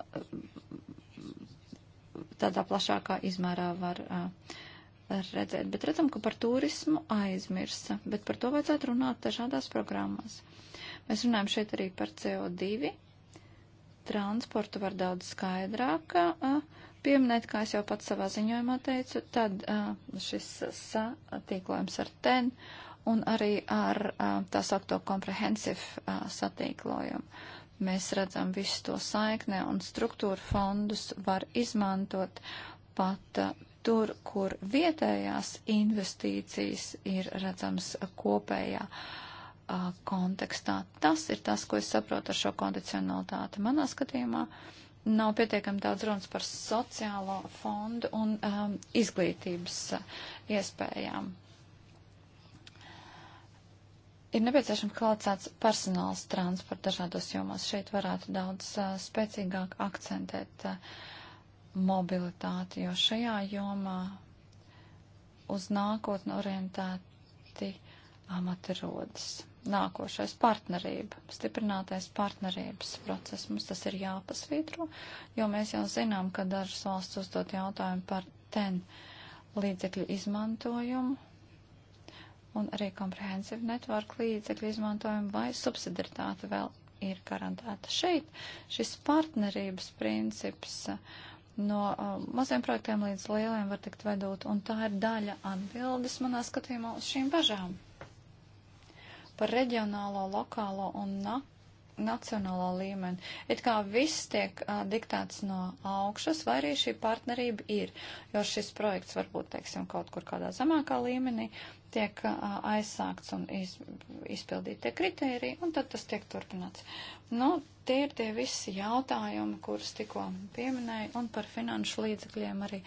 tādā plašākā izmērā var uh, redzēt. Bet redzam, ka par turismu aizmirsa, bet par to vajadzētu runāt dažādās programmās. Mēs runājam šeit arī par CO2. Transportu var daudz skaidrāk. Uh, pieminēt, kā es jau pats savā ziņojumā teicu, tad uh, šis satīklojums ar ten un arī ar uh, tā saukto comprehensive uh, satīklojumu. Mēs redzam visu to saiknē un struktūru fondus var izmantot pat uh, tur, kur vietējās investīcijas ir redzams kopējā uh, kontekstā. Tas ir tas, ko es saprotu ar šo kondicionalitāti. Manā skatījumā uh, nav pietiekami daudz runas par sociālo fondu un um, izglītības uh, iespējām. Ir nepieciešams kvalificēts personāls transporta dažādos jomās. Šeit varētu daudz uh, spēcīgāk akcentēt uh, mobilitāti, jo šajā jomā uz nākotni orientēti amati rodas nākošais partnerība, stiprinātais partnerības process. Mums tas ir jāpasvītro, jo mēs jau zinām, ka dažas valsts uzdot jautājumu par ten līdzekļu izmantojumu un arī comprehensive network līdzekļu izmantojumu vai subsidaritāte vēl ir garantēta. Šeit šis partnerības princips uh, no uh, maziem projektiem līdz lieliem var tikt vedot, un tā ir daļa atbildes manā skatījumā uz šīm bažām par reģionālo, lokālo un na nacionālo līmeni. It kā viss tiek uh, diktēts no augšas, vai arī šī partnerība ir, jo šis projekts varbūt, teiksim, kaut kur kādā zemākā līmenī tiek uh, aizsākts un iz, izpildīti tie kriteriji, un tad tas tiek turpināts. Nu, tie ir tie visi jautājumi, kurus tikko pieminēju, un par finanšu līdzekļiem arī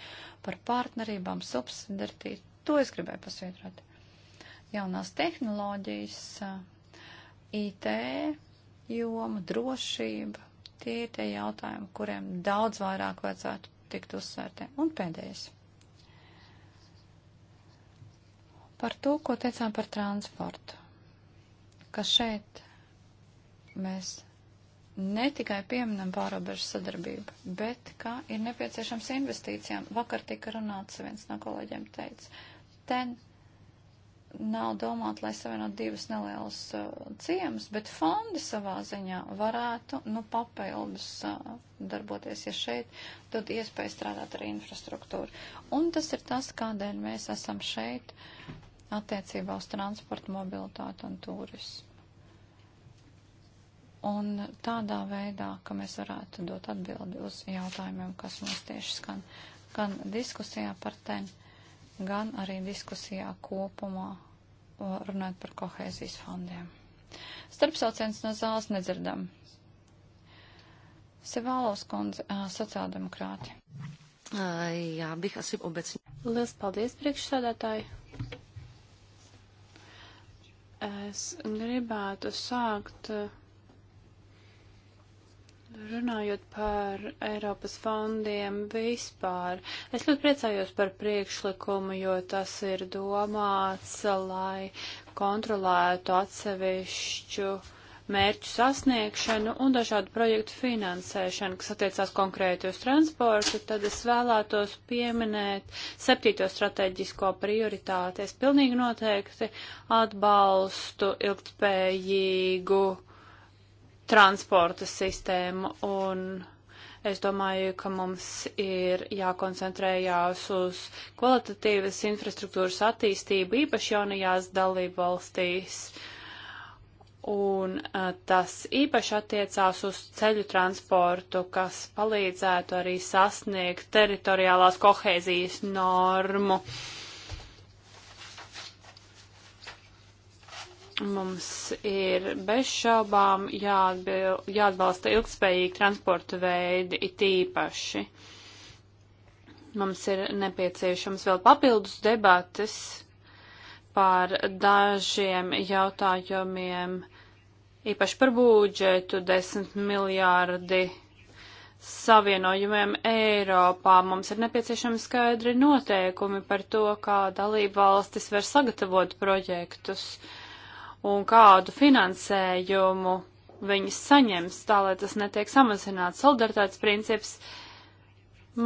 par partnerībām, subsidartīt. To es gribēju pasvietrot jaunās tehnoloģijas, IT joma, drošība. Tie ir tie jautājumi, kuriem daudz vairāk vajadzētu tikt uzsvērtiem. Un pēdējais. Par to, ko teicām par transportu. Ka šeit mēs ne tikai pieminam pārobežu sadarbību, bet ka ir nepieciešams investīcijām. Vakar tika runāts, viens no kolēģiem teica, ten nav domāta, lai savienot divas nelielas uh, ciemas, bet fondi savā ziņā varētu, nu, papildus uh, darboties, ja šeit dod iespēju strādāt ar infrastruktūru. Un tas ir tas, kādēļ mēs esam šeit attiecībā uz transportu, mobilitātu un turismu. Un tādā veidā, ka mēs varētu dot atbildi uz jautājumiem, kas mums tieši skan, gan diskusijā par tēmu gan arī diskusijā kopumā runājot par kohēzijas fondiem. Starpsauciens no zāles nedzirdam. Sevālos kundze, sociāldemokrāti. Jā, bija asi obecni. Lielas paldies, priekšsādātāji. Es gribētu sākt uh, Runājot par Eiropas fondiem vispār, es ļoti priecājos par priekšlikumu, jo tas ir domāts, lai kontrolētu atsevišķu mērķu sasniegšanu un dažādu projektu finansēšanu, kas attiecās konkrēti uz transportu, tad es vēlētos pieminēt septīto strateģisko prioritāti. Es pilnīgi noteikti atbalstu ilgtspējīgu transporta sistēmu. Un es domāju, ka mums ir jākoncentrējās uz kvalitatīvas infrastruktūras attīstību, īpaši jaunajās dalību valstīs. Un tas īpaši attiecās uz ceļu transportu, kas palīdzētu arī sasniegt teritoriālās kohēzijas normu. Uh, Mums ir bez šaubām jāatbil, jāatbalsta ilgspējīgi transporta veidi it īpaši. Mums ir nepieciešams vēl papildus debates par dažiem jautājumiem, īpaši par būdžetu 10 miljārdi savienojumiem Eiropā. Mums ir nepieciešami skaidri noteikumi par to, kā dalību valstis var sagatavot projektus. Uh, un kādu finansējumu viņas saņems, tā lai tas netiek samazināts. Solidaritātes princips,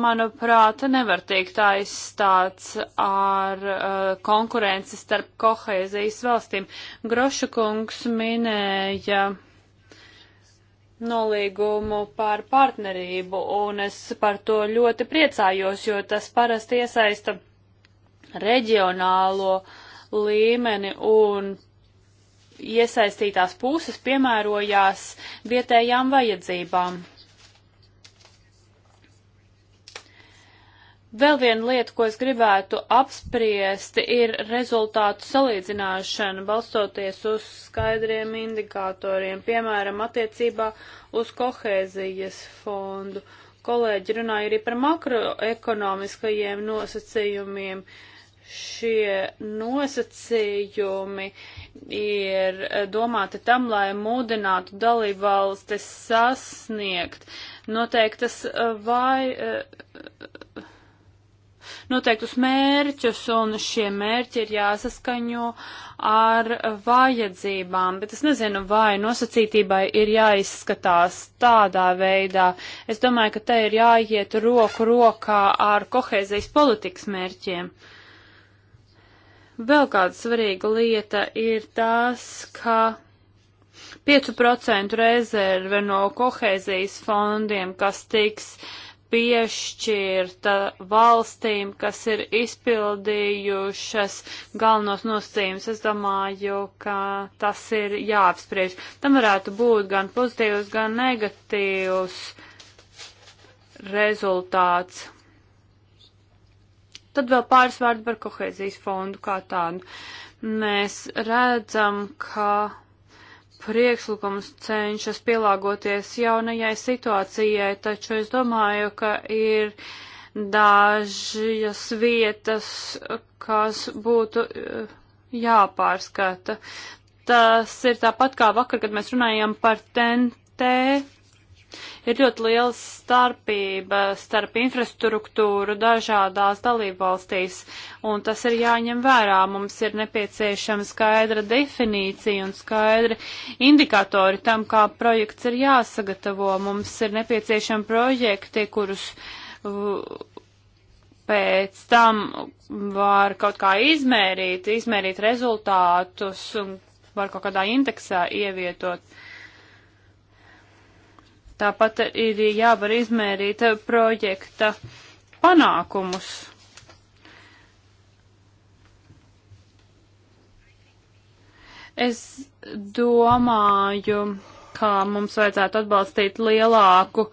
manuprāt, nevar tikt aizstāts ar uh, konkurenci starp kohēzijas valstīm. Groša kungs minēja nolīgumu par partnerību, un es par to ļoti priecājos, jo tas parasti iesaista reģionālo līmeni un iesaistītās puses piemērojās vietējām vajadzībām. Vēl viena lieta, ko es gribētu apspriest, ir rezultātu salīdzināšana, balstoties uz skaidriem indikatoriem, piemēram, attiecībā uz kohēzijas fondu. Kolēģi runāja arī par makroekonomiskajiem nosacījumiem. Uh, šie nosacījumi ir domāti tam, lai mudinātu dalībvalstis sasniegt noteiktas eh, vai eh, noteiktus mērķus, un šie mērķi ir jāsaskaņo ar vajadzībām, bet es nezinu, vai nosacītībai ir jāizskatās tādā veidā. Es domāju, ka te ir jāiet roku rokā ar kohēzijas politikas mērķiem. Uh, Vēl kāda svarīga lieta ir tas, ka 5% rezerve no kohēzijas fondiem, kas tiks piešķirta valstīm, kas ir izpildījušas galvenos nosacījumus, es domāju, ka tas ir jāapspriež. Tam varētu būt gan pozitīvs, gan negatīvs rezultāts. Tad vēl pāris vārdi par kohēzijas fondu kā tādu. Mēs redzam, ka priekšlikums cenšas pielāgoties jaunajai situācijai, taču es domāju, ka ir dažas vietas, kas būtu eh, jāpārskata. Tas ir tāpat kā vakar, kad mēs runājām par TNT Ir ļoti liela starpība starp infrastruktūru dažādās dalībvalstīs, un tas ir jāņem vērā. Mums ir nepieciešama skaidra definīcija un skaidri indikatori tam, kā projekts ir jāsagatavo. Mums ir nepieciešama projekti, kurus pēc tam var kaut kā izmērīt, izmērīt rezultātus un var kaut kādā indeksā ievietot. Tāpat ir jāvar izmērīt projekta panākumus. Es domāju, ka mums vajadzētu atbalstīt lielāku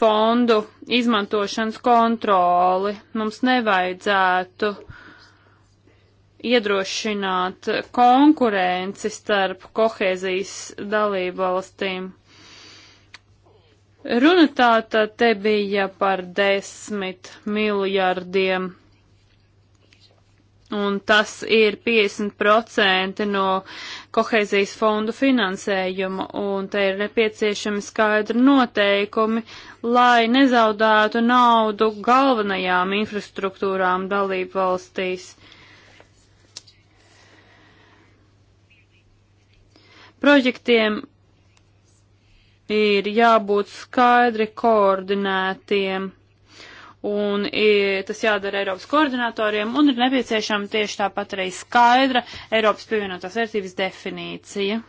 fondu izmantošanas kontroli. Mums nevajadzētu iedrošināt konkurenci starp kohēzijas dalību valstīm. Runa tāda te bija par desmit miljardiem, un tas ir 50% no kohēzijas fondu finansējuma, un te ir nepieciešami skaidri noteikumi, lai nezaudētu naudu galvenajām infrastruktūrām dalību valstīs. Projektiem ir jābūt skaidri koordinētiem. Un i, tas jādara Eiropas koordinatoriem, un ir nepieciešama tieši tāpat arī skaidra Eiropas pievienotās vērtības definīcija.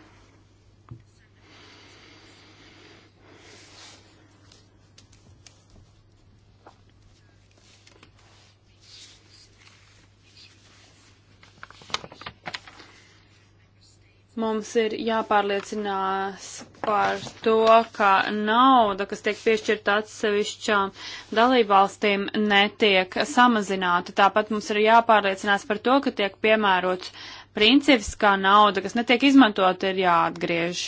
Mums ir jāpārliecinās par to, ka nauda, kas tiek piešķirta atsevišķām dalībvalstīm, netiek samazināta. Tāpat mums ir jāpārliecinās par to, ka tiek piemērots princips, kā nauda, kas netiek izmantota, ir jāatgriež.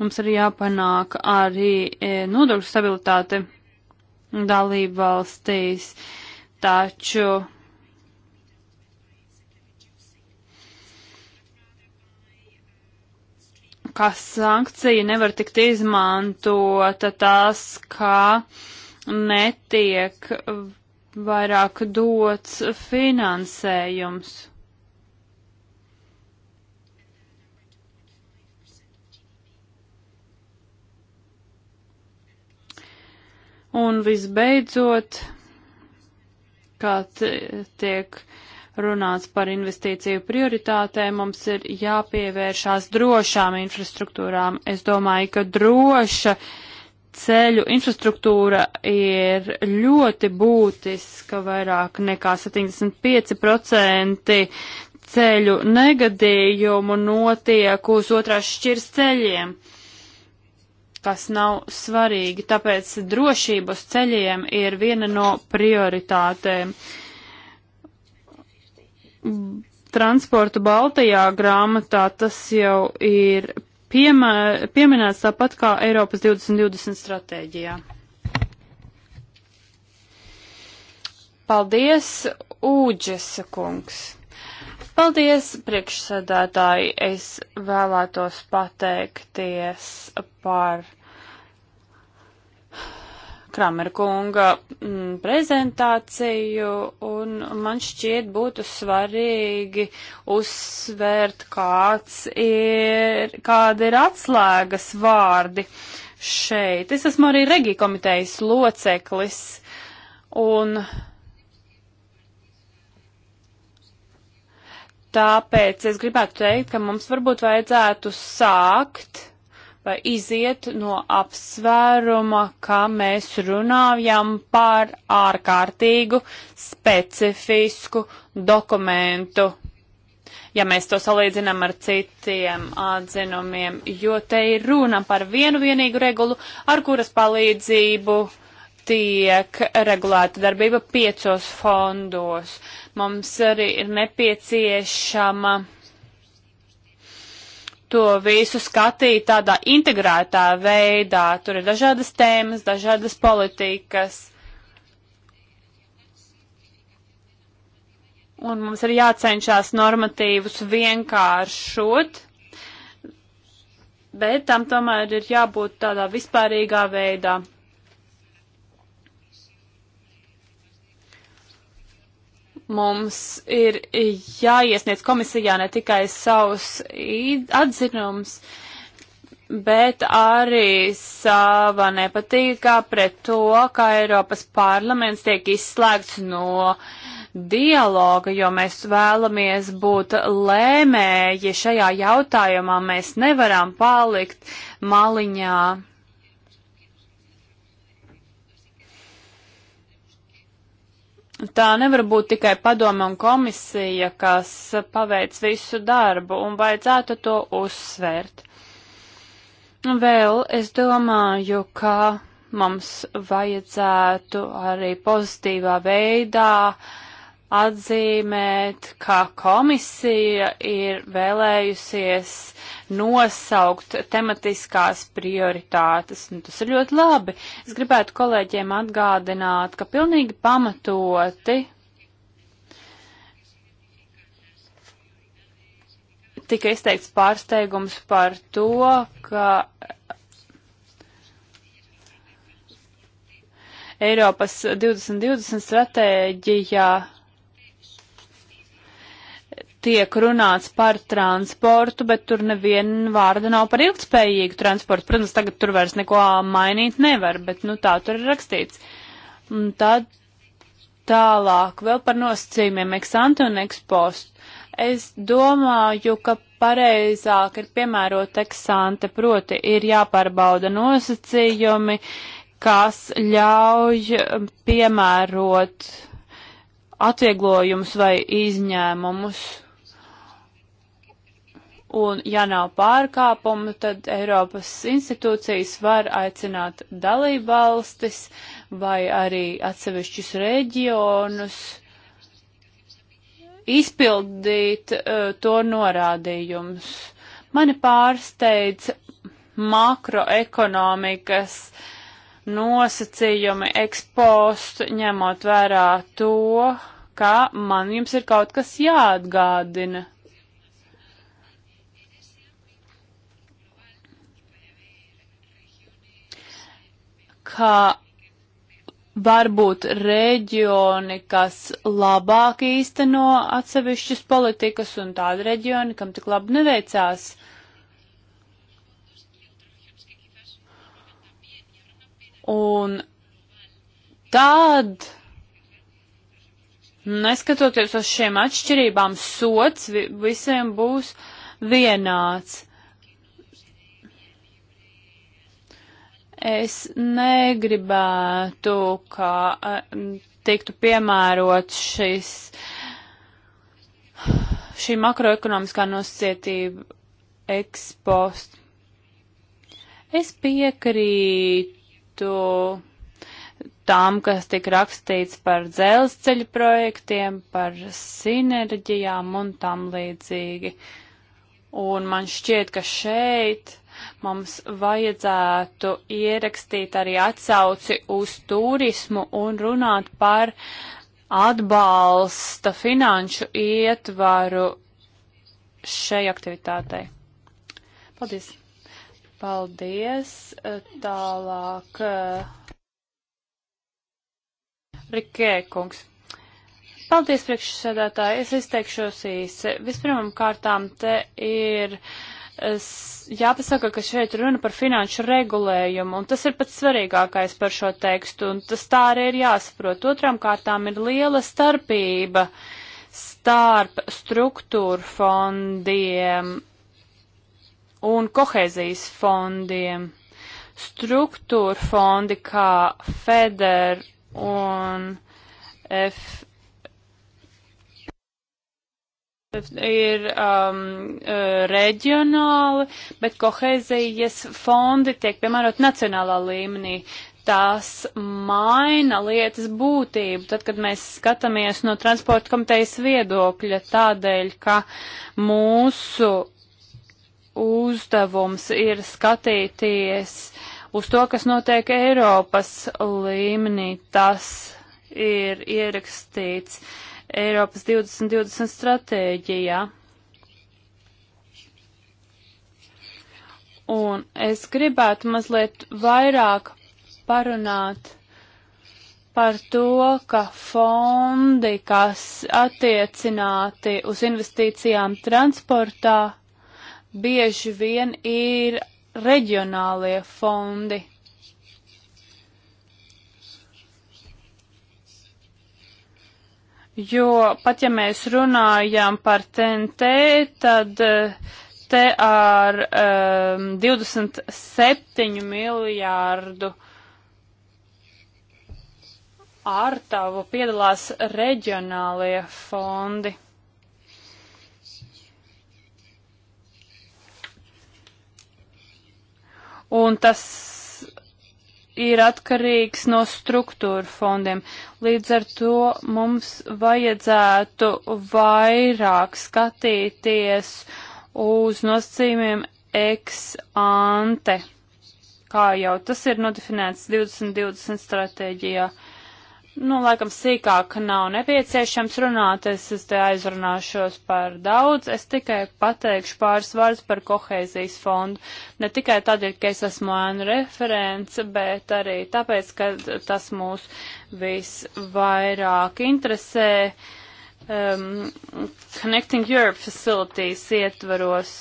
Mums ir jāpanāk arī e, nodokļu stabilitāte dalībvalstīs, taču kā sankcija nevar tikt izmantota tas, kā netiek vairāk dots finansējums. Un visbeidzot, kā tiek runāts par investīciju prioritātēm, mums ir jāpievēršās drošām infrastruktūrām. Es domāju, ka droša ceļu infrastruktūra ir ļoti būtiska, vairāk nekā 75% ceļu negadījumu notiek uz otrās šķirs ceļiem, kas nav svarīgi, tāpēc drošības ceļiem ir viena no prioritātēm. Uh, transportu Baltajā grāmatā tas jau ir piemē, pieminēts tāpat kā Eiropas 2020 stratēģijā. Paldies, Ūģesa kungs! Paldies, priekšsēdētāji! Es vēlētos pateikties par Kramer kunga mm, prezentāciju, un man šķiet būtu svarīgi uzsvērt, kāds ir, kāda ir atslēgas vārdi šeit. Es esmu arī Regī komitejas loceklis, un tāpēc es gribētu teikt, ka mums varbūt vajadzētu sākt vai iziet no apsvēruma, ka mēs runājam par ārkārtīgu specifisku dokumentu. Ja mēs to salīdzinām ar citiem atzinumiem, jo te ir runa par vienu vienīgu regulu, ar kuras palīdzību tiek regulēta darbība piecos fondos. Mums arī ir nepieciešama to visu skatīt tādā integrētā veidā. Tur ir dažādas tēmas, dažādas politikas. Un mums ir jācenšas normatīvus vienkāršot, bet tam tomēr ir jābūt tādā vispārīgā veidā. mums ir jāiesniedz komisijā ne tikai savus atzinums, bet arī sava nepatīkā pret to, ka Eiropas parlaments tiek izslēgts no dialoga, jo mēs vēlamies būt lēmēji šajā jautājumā. Mēs nevaram palikt maliņā. Tā nevar būt tikai padoma un komisija, kas paveic visu darbu, un vajadzētu to uzsvērt. Vēl es domāju, ka mums vajadzētu arī pozitīvā veidā uh, atzīmēt, ka komisija ir vēlējusies nosaukt tematiskās prioritātes. Nu, tas ir ļoti labi. Es gribētu kolēģiem atgādināt, ka pilnīgi pamatoti tika izteikts pārsteigums par to, ka Eiropas 2020 stratēģijā tiek runāts par transportu, bet tur neviena vārda nav par ilgspējīgu transportu. Protams, tagad tur vairs neko mainīt nevar, bet nu tā tur ir rakstīts. Un tad tālāk vēl par nosacījumiem eksante un ekspost. Es domāju, ka pareizāk ir piemērot eksante, proti ir jāpārbauda nosacījumi, kas ļauj um, piemērot atvieglojumus vai izņēmumus Un, ja nav pārkāpumu, tad Eiropas institūcijas var aicināt dalībvalstis vai arī atsevišķus reģionus izpildīt uh, to norādījumus. Mani pārsteidz makroekonomikas nosacījumi ekspost, ņemot vērā to, ka man jums ir kaut kas jāatgādina kā varbūt reģioni, kas labāk īsteno atsevišķas politikas un tādi reģioni, kam tik labi neveicās. Un tad, neskatoties uz šiem atšķirībām, sots visiem būs vienāds. Es negribētu, ka eh, tiktu piemērots šis, šī makroekonomiskā nosacietība ekspost. Es piekrītu tām, kas tika rakstīts par dzelzceļu projektiem, par sinerģijām un tam līdzīgi. Un man šķiet, ka šeit Mums vajadzētu ierakstīt arī atsauci uz turismu un runāt par atbalsta finanšu ietvaru šai aktivitātei. Paldies! Paldies! Tālāk. Eh, Rikē kungs. Paldies, priekšsēdētāji. Es izteikšos īsi. Vispirmām kārtām te ir uh, jāpasaka, ka šeit runa par finanšu regulējumu, un tas ir pats svarīgākais par šo tekstu, un tas tā arī ir jāsaprot. Otram kārtām ir liela starpība starp struktūru fondiem un kohēzijas fondiem. Struktūra fondi kā FEDER un F, ir um, uh, reģionāli, bet kohēzijas fondi tiek piemērot nacionālā līmenī. Tās maina lietas būtību, tad, kad mēs skatāmies no transporta komitejas viedokļa, tādēļ, ka mūsu uzdevums ir skatīties uz to, kas notiek Eiropas līmenī. Tas ir ierakstīts uh, Eiropas 2020 stratēģijā. Un es gribētu mazliet vairāk parunāt par to, ka fondi, kas attiecināti uz investīcijām transportā, bieži vien ir reģionālie fondi. jo pat ja mēs runājam par TNT, tad eh, te ar um, ehm, 27 miljārdu ārtavu piedalās reģionālie fondi. Un tas ir atkarīgs no struktūra fondiem. Līdz ar to mums vajadzētu vairāk skatīties uz nosacījumiem ex ante, kā jau tas ir nodefinēts 2020 stratēģijā. Nu, laikam sīkāk nav nepieciešams runāt, es, es te aizrunāšos par daudz, es tikai pateikšu pāris vārdus par kohēzijas fondu. Ne tikai tādēļ, ka es esmu ēnu referents, bet arī tāpēc, ka tas mūs visvairāk interesē um, Connecting Europe facilities ietvaros.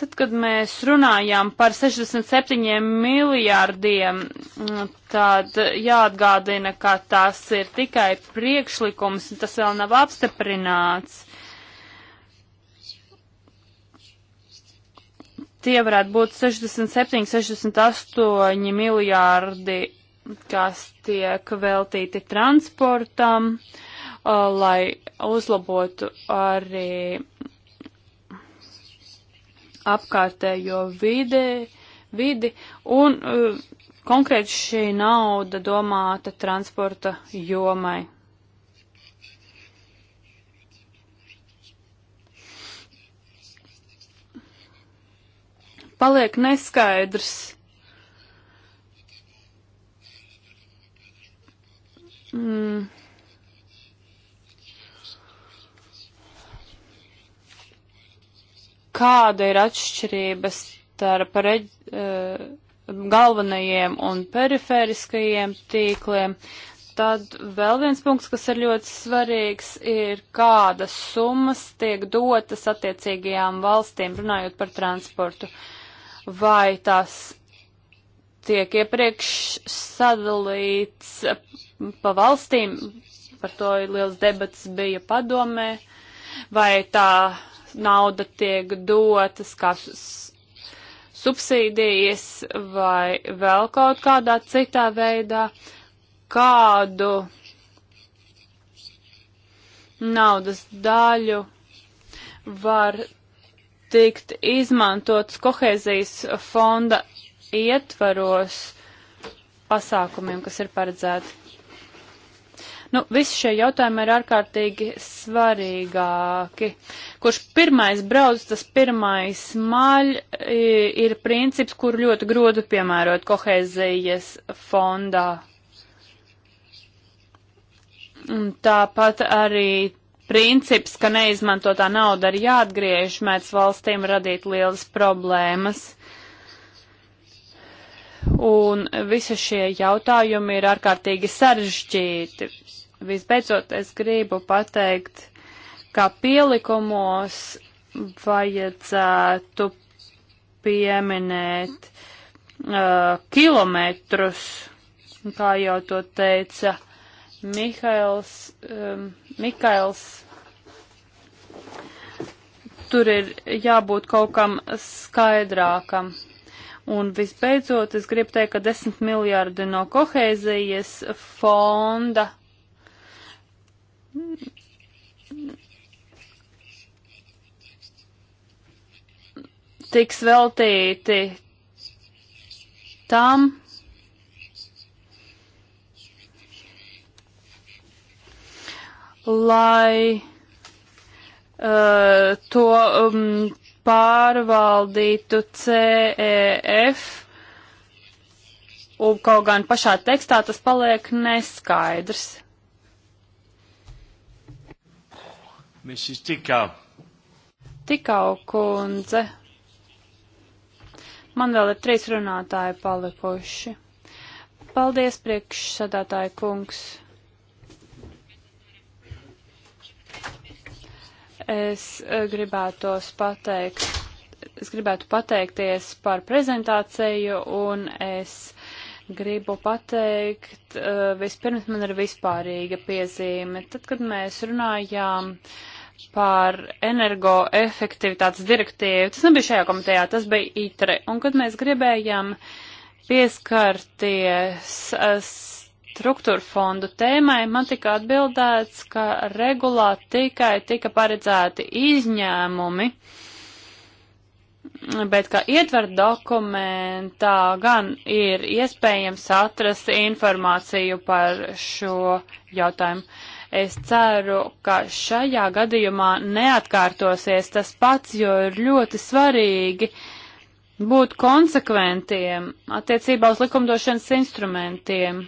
Tad, kad mēs runājām par 67 miljārdiem, tad jāatgādina, ka tas ir tikai priekšlikums, un tas vēl nav apstiprināts. Tie varētu būt 67, 68 miljārdi, kas tiek veltīti transportam, uh, lai uzlabotu arī apkārtējo vidi, vidi un uh, konkrēti šī nauda domāta transporta jomai. Paliek neskaidrs, mm, kāda ir atšķirība starp reģ, uh, galvenajiem un perifēriskajiem tīkliem. Tad vēl viens punkts, kas ir ļoti svarīgs, ir kādas summas tiek dotas attiecīgajām valstīm, runājot par transportu. Vai tas tiek iepriekš sadalīts pa valstīm, par to liels debats bija padomē, vai tā nauda tiek dotas kā subsīdijas vai vēl kaut kādā citā veidā, kādu naudas daļu var tikt izmantots kohēzijas fonda ietvaros pasākumiem, kas ir paredzēti. Nu, visi šie jautājumi ir ārkārtīgi svarīgāki. Kurš pirmais brauc, tas pirmais maļ ir princips, kur ļoti grodu piemērot kohēzijas fondā. Un tāpat arī princips, ka neizmantotā nauda ir jāatgriež, mēdz valstīm radīt lielas problēmas. Un visi šie jautājumi ir ārkārtīgi sarežģīti visbeidzot es gribu pateikt, ka pielikumos vajadzētu pieminēt uh, kilometrus, kā jau to teica Mihails. Um, Mikails. Tur ir jābūt kaut kam skaidrākam. Un visbeidzot, es gribu teikt, ka 10 miljārdi no kohēzijas fonda tiks veltīti tam, lai uh, to um, pārvaldītu CEF, un kaut gan pašā tekstā tas paliek neskaidrs. Mrs. Tikau. Tikau kundze. Man vēl ir trīs runātāji palikuši. Paldies, priekšsādātāja kungs. Es eh, gribētos pateikt, es gribētu pateikties par prezentāciju un es gribu pateikt, eh, vispirms man ir vispārīga piezīme. Tad, kad mēs runājām par energoefektivitātes direktīvu, tas nebija šajā komitejā, tas bija ITRE, un kad mēs gribējām pieskarties eh, struktūra fondu tēmai, man tika atbildēts, ka regulā tikai tika paredzēti izņēmumi, uh, bet ka ietver dokumentā gan ir iespējams atrast informāciju par šo jautājumu. Es ceru, ka šajā gadījumā neatkārtosies tas pats, jo ir ļoti svarīgi būt konsekventiem attiecībā uz likumdošanas instrumentiem.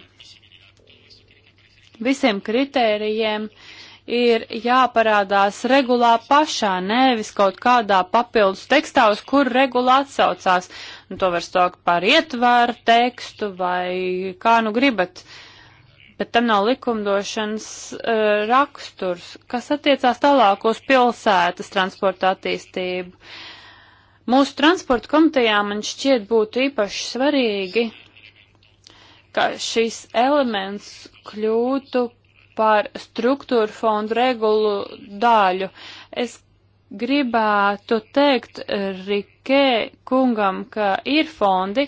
Visiem kritērijiem uh, ir jāparādās regulā pašā, nevis kaut kādā papildus tekstā, uz kur regula atsaucās. Nu, to var saukt par ietvaru tekstu vai kā nu gribat, bet tam nav likumdošanas uh, raksturs, kas attiecās tālāk uz pilsētas transporta attīstību. Mūsu transporta komitejā man šķiet būtu īpaši svarīgi, ka šis elements kļūtu par struktūru fondu regulu daļu. Es gribētu teikt Rikē kungam, ka ir fondi,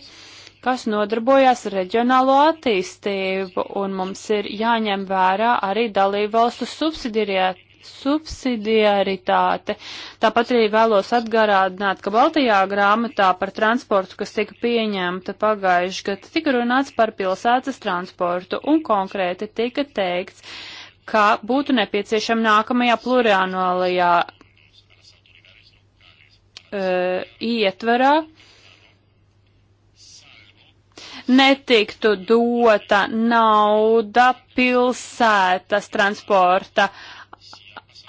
kas nodarbojas ar reģionālo attīstību, un mums ir jāņem vērā arī dalībvalstu subsidiariet, subsidiaritāte. Tāpat arī vēlos atgādināt, ka Baltijā grāmatā par transportu, kas tika pieņemta pagājuši gadu, tika runāts par pilsētas transportu un konkrēti tika teikts, ka būtu nepieciešama nākamajā plurianuālajā uh, e, ietverā netiktu dota nauda pilsētas transporta uh,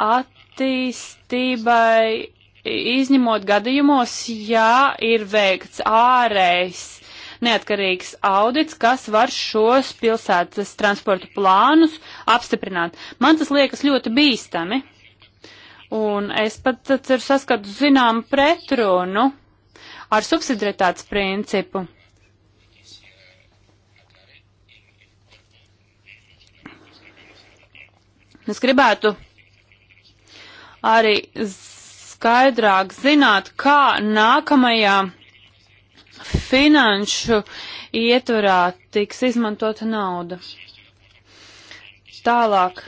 attīstībai, izņemot gadījumos, ja ir veikts ārējs neatkarīgs audits, kas var šos pilsētas transporta plānus apstiprināt. Man tas liekas ļoti bīstami. Un es pat ceru saskatu zinām pretrunu ar subsidiritātes principu. Es gribētu arī skaidrāk zināt, kā nākamajā finanšu ietvarā tiks izmantota nauda. Tālāk,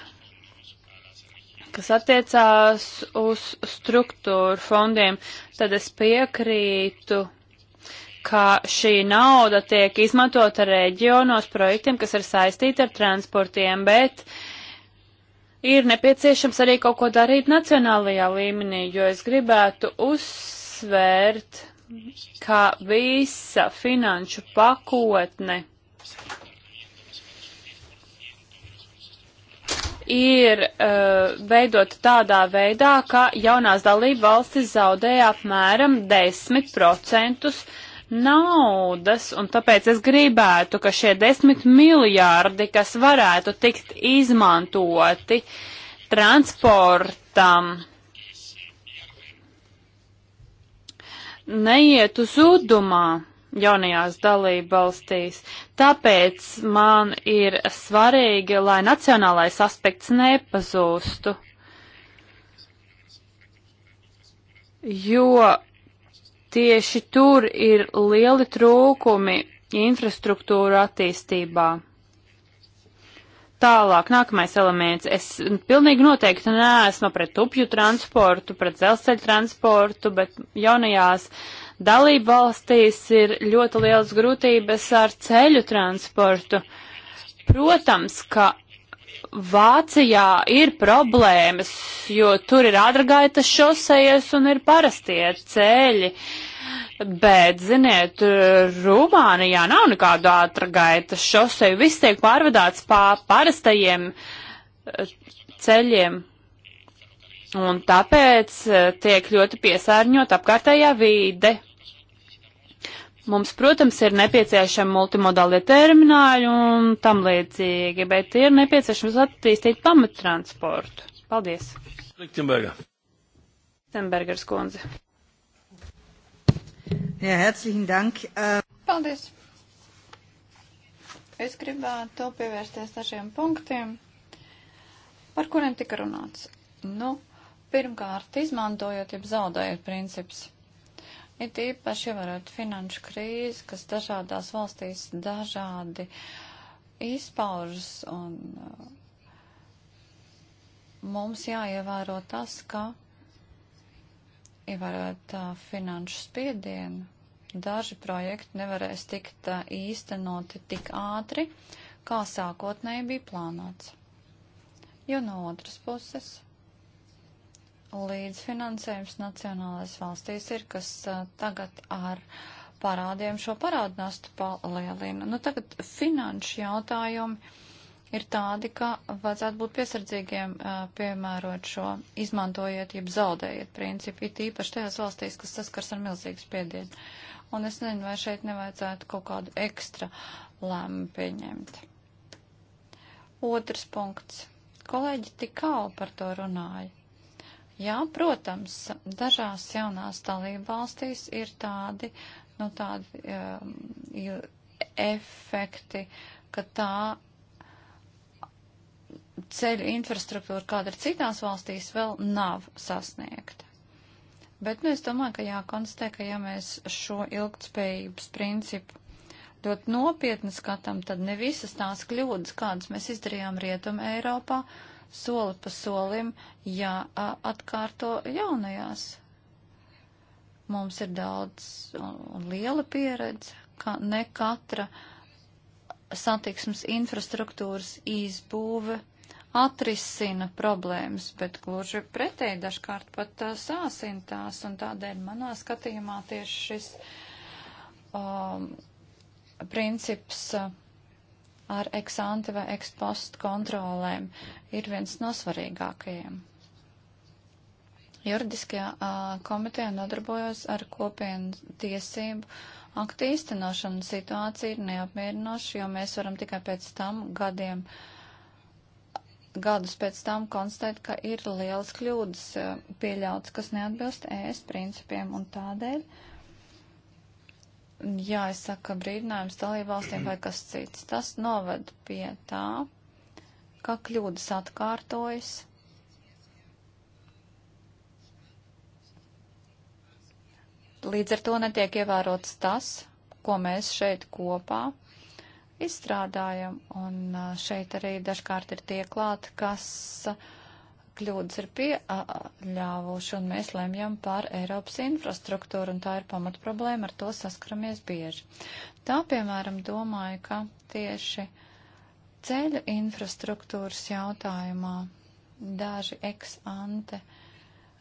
kas attiecās uz struktūru fondiem, tad es piekrītu, ka šī nauda tiek izmantota reģionos projektiem, kas ir saistīti ar transportiem, bet uh, ir nepieciešams arī kaut ko darīt nacionālajā līmenī, jo es gribētu uzsvērt, ka visa finanšu pakotne ir uh, veidota tādā veidā, ka jaunās dalība valstis zaudēja apmēram 10% naudas, un tāpēc es gribētu, ka šie desmit miljārdi, kas varētu tikt izmantoti transportam, neietu zudumā jaunajās dalībvalstīs. Tāpēc man ir svarīgi, lai nacionālais aspekts nepazūstu. Jo Tieši tur ir lieli trūkumi infrastruktūra attīstībā. Tālāk, nākamais elements. Es pilnīgi noteikti neesmu pret upju transportu, pret dzelzceļu transportu, bet jaunajās dalību valstīs ir ļoti liels grūtības ar ceļu transportu. Protams, ka Vācijā ir problēmas, jo tur ir ādragaitas šosejas un ir parastie ceļi. Uh, Bet, ziniet, Rumānijā nav nekādu ātra gaita šoseju. Viss tiek pārvadāts pa parastajiem eh, ceļiem. Un tāpēc eh, tiek ļoti piesārņot apkārtējā vīde. Mums, protams, ir nepieciešami multimodālie termināļi un tam līdzīgi, bet ir nepieciešams attīstīt pamattransportu. Paldies! Liktenberga. Liktenbergers kundze. Jā, herzlichen dank. Uh... Paldies. Es gribētu pievērsties dažiem punktiem, par kuriem tika runāts. Nu, pirmkārt, izmantojot, ja zaudējot princips. Ir īpaši ievērot finanšu krīzi, kas dažādās valstīs dažādi izpaužas un mums jāievēro tas, ka ievērot finanšu spiedienu. Daži projekti nevarēs tikt īstenoti tik ātri, kā sākotnēji bija plānots. Jo no otras puses līdzfinansējums nacionālais valstīs ir, kas tagad ar parādiem šo parādnastu palielina. Nu, tagad finanšu jautājumi ir tādi, ka vajadzētu būt piesardzīgiem, piemērot šo izmantojiet, jeb zaudējiet principu, it īpaši tajās valstīs, kas saskars ar milzīgu spiedienu. Un es nezinu, vai šeit nevajadzētu kaut kādu ekstra lēmumu pieņemt. Otrs punkts. Kolēģi tikau par to runāja. Jā, protams, dažās jaunās dalība valstīs ir tādi, nu tādi uh, efekti, ka tā ceļu infrastruktūra, kāda ir citās valstīs, vēl nav sasniegta. Bet, nu, es domāju, ka jākonstatē, ka ja mēs šo ilgtspējības principu ļoti nopietni skatām, tad ne visas tās kļūdas, kādas mēs izdarījām Rietum Eiropā, soli pa solim jāatkārto ja, jaunajās. Mums ir daudz un liela pieredze, ka ne katra satiksmes infrastruktūras izbūve atrisina problēmas, bet gluži pretēji dažkārt pat uh, sāsina tās, un tādēļ manā skatījumā tieši šis um, princips uh, ar eksante vai ekspostu kontrolēm ir viens no svarīgākajiem. Juridiskajā uh, komitejā nodarbojos ar kopienu tiesību aktu īstenošanu. Situācija ir neapmierinoša, jo mēs varam tikai pēc tam gadiem uh, gadus pēc tam konstatēt, ka ir lielas kļūdas e, pieļauts, kas neatbilst ES principiem un tādēļ jāizsaka brīdinājums dalībvalstīm vai kas cits. Tas noved pie tā, ka kļūdas atkārtojas. Līdz ar to netiek ievērots tas, ko mēs šeit kopā izstrādājam, un šeit arī dažkārt ir tie klāt, kas kļūdas ir pieļāvuši, un mēs lemjam par Eiropas infrastruktūru, un tā ir pamat problēma, ar to saskaramies bieži. Tā, piemēram, domāju, ka tieši ceļu infrastruktūras jautājumā daži ex-ante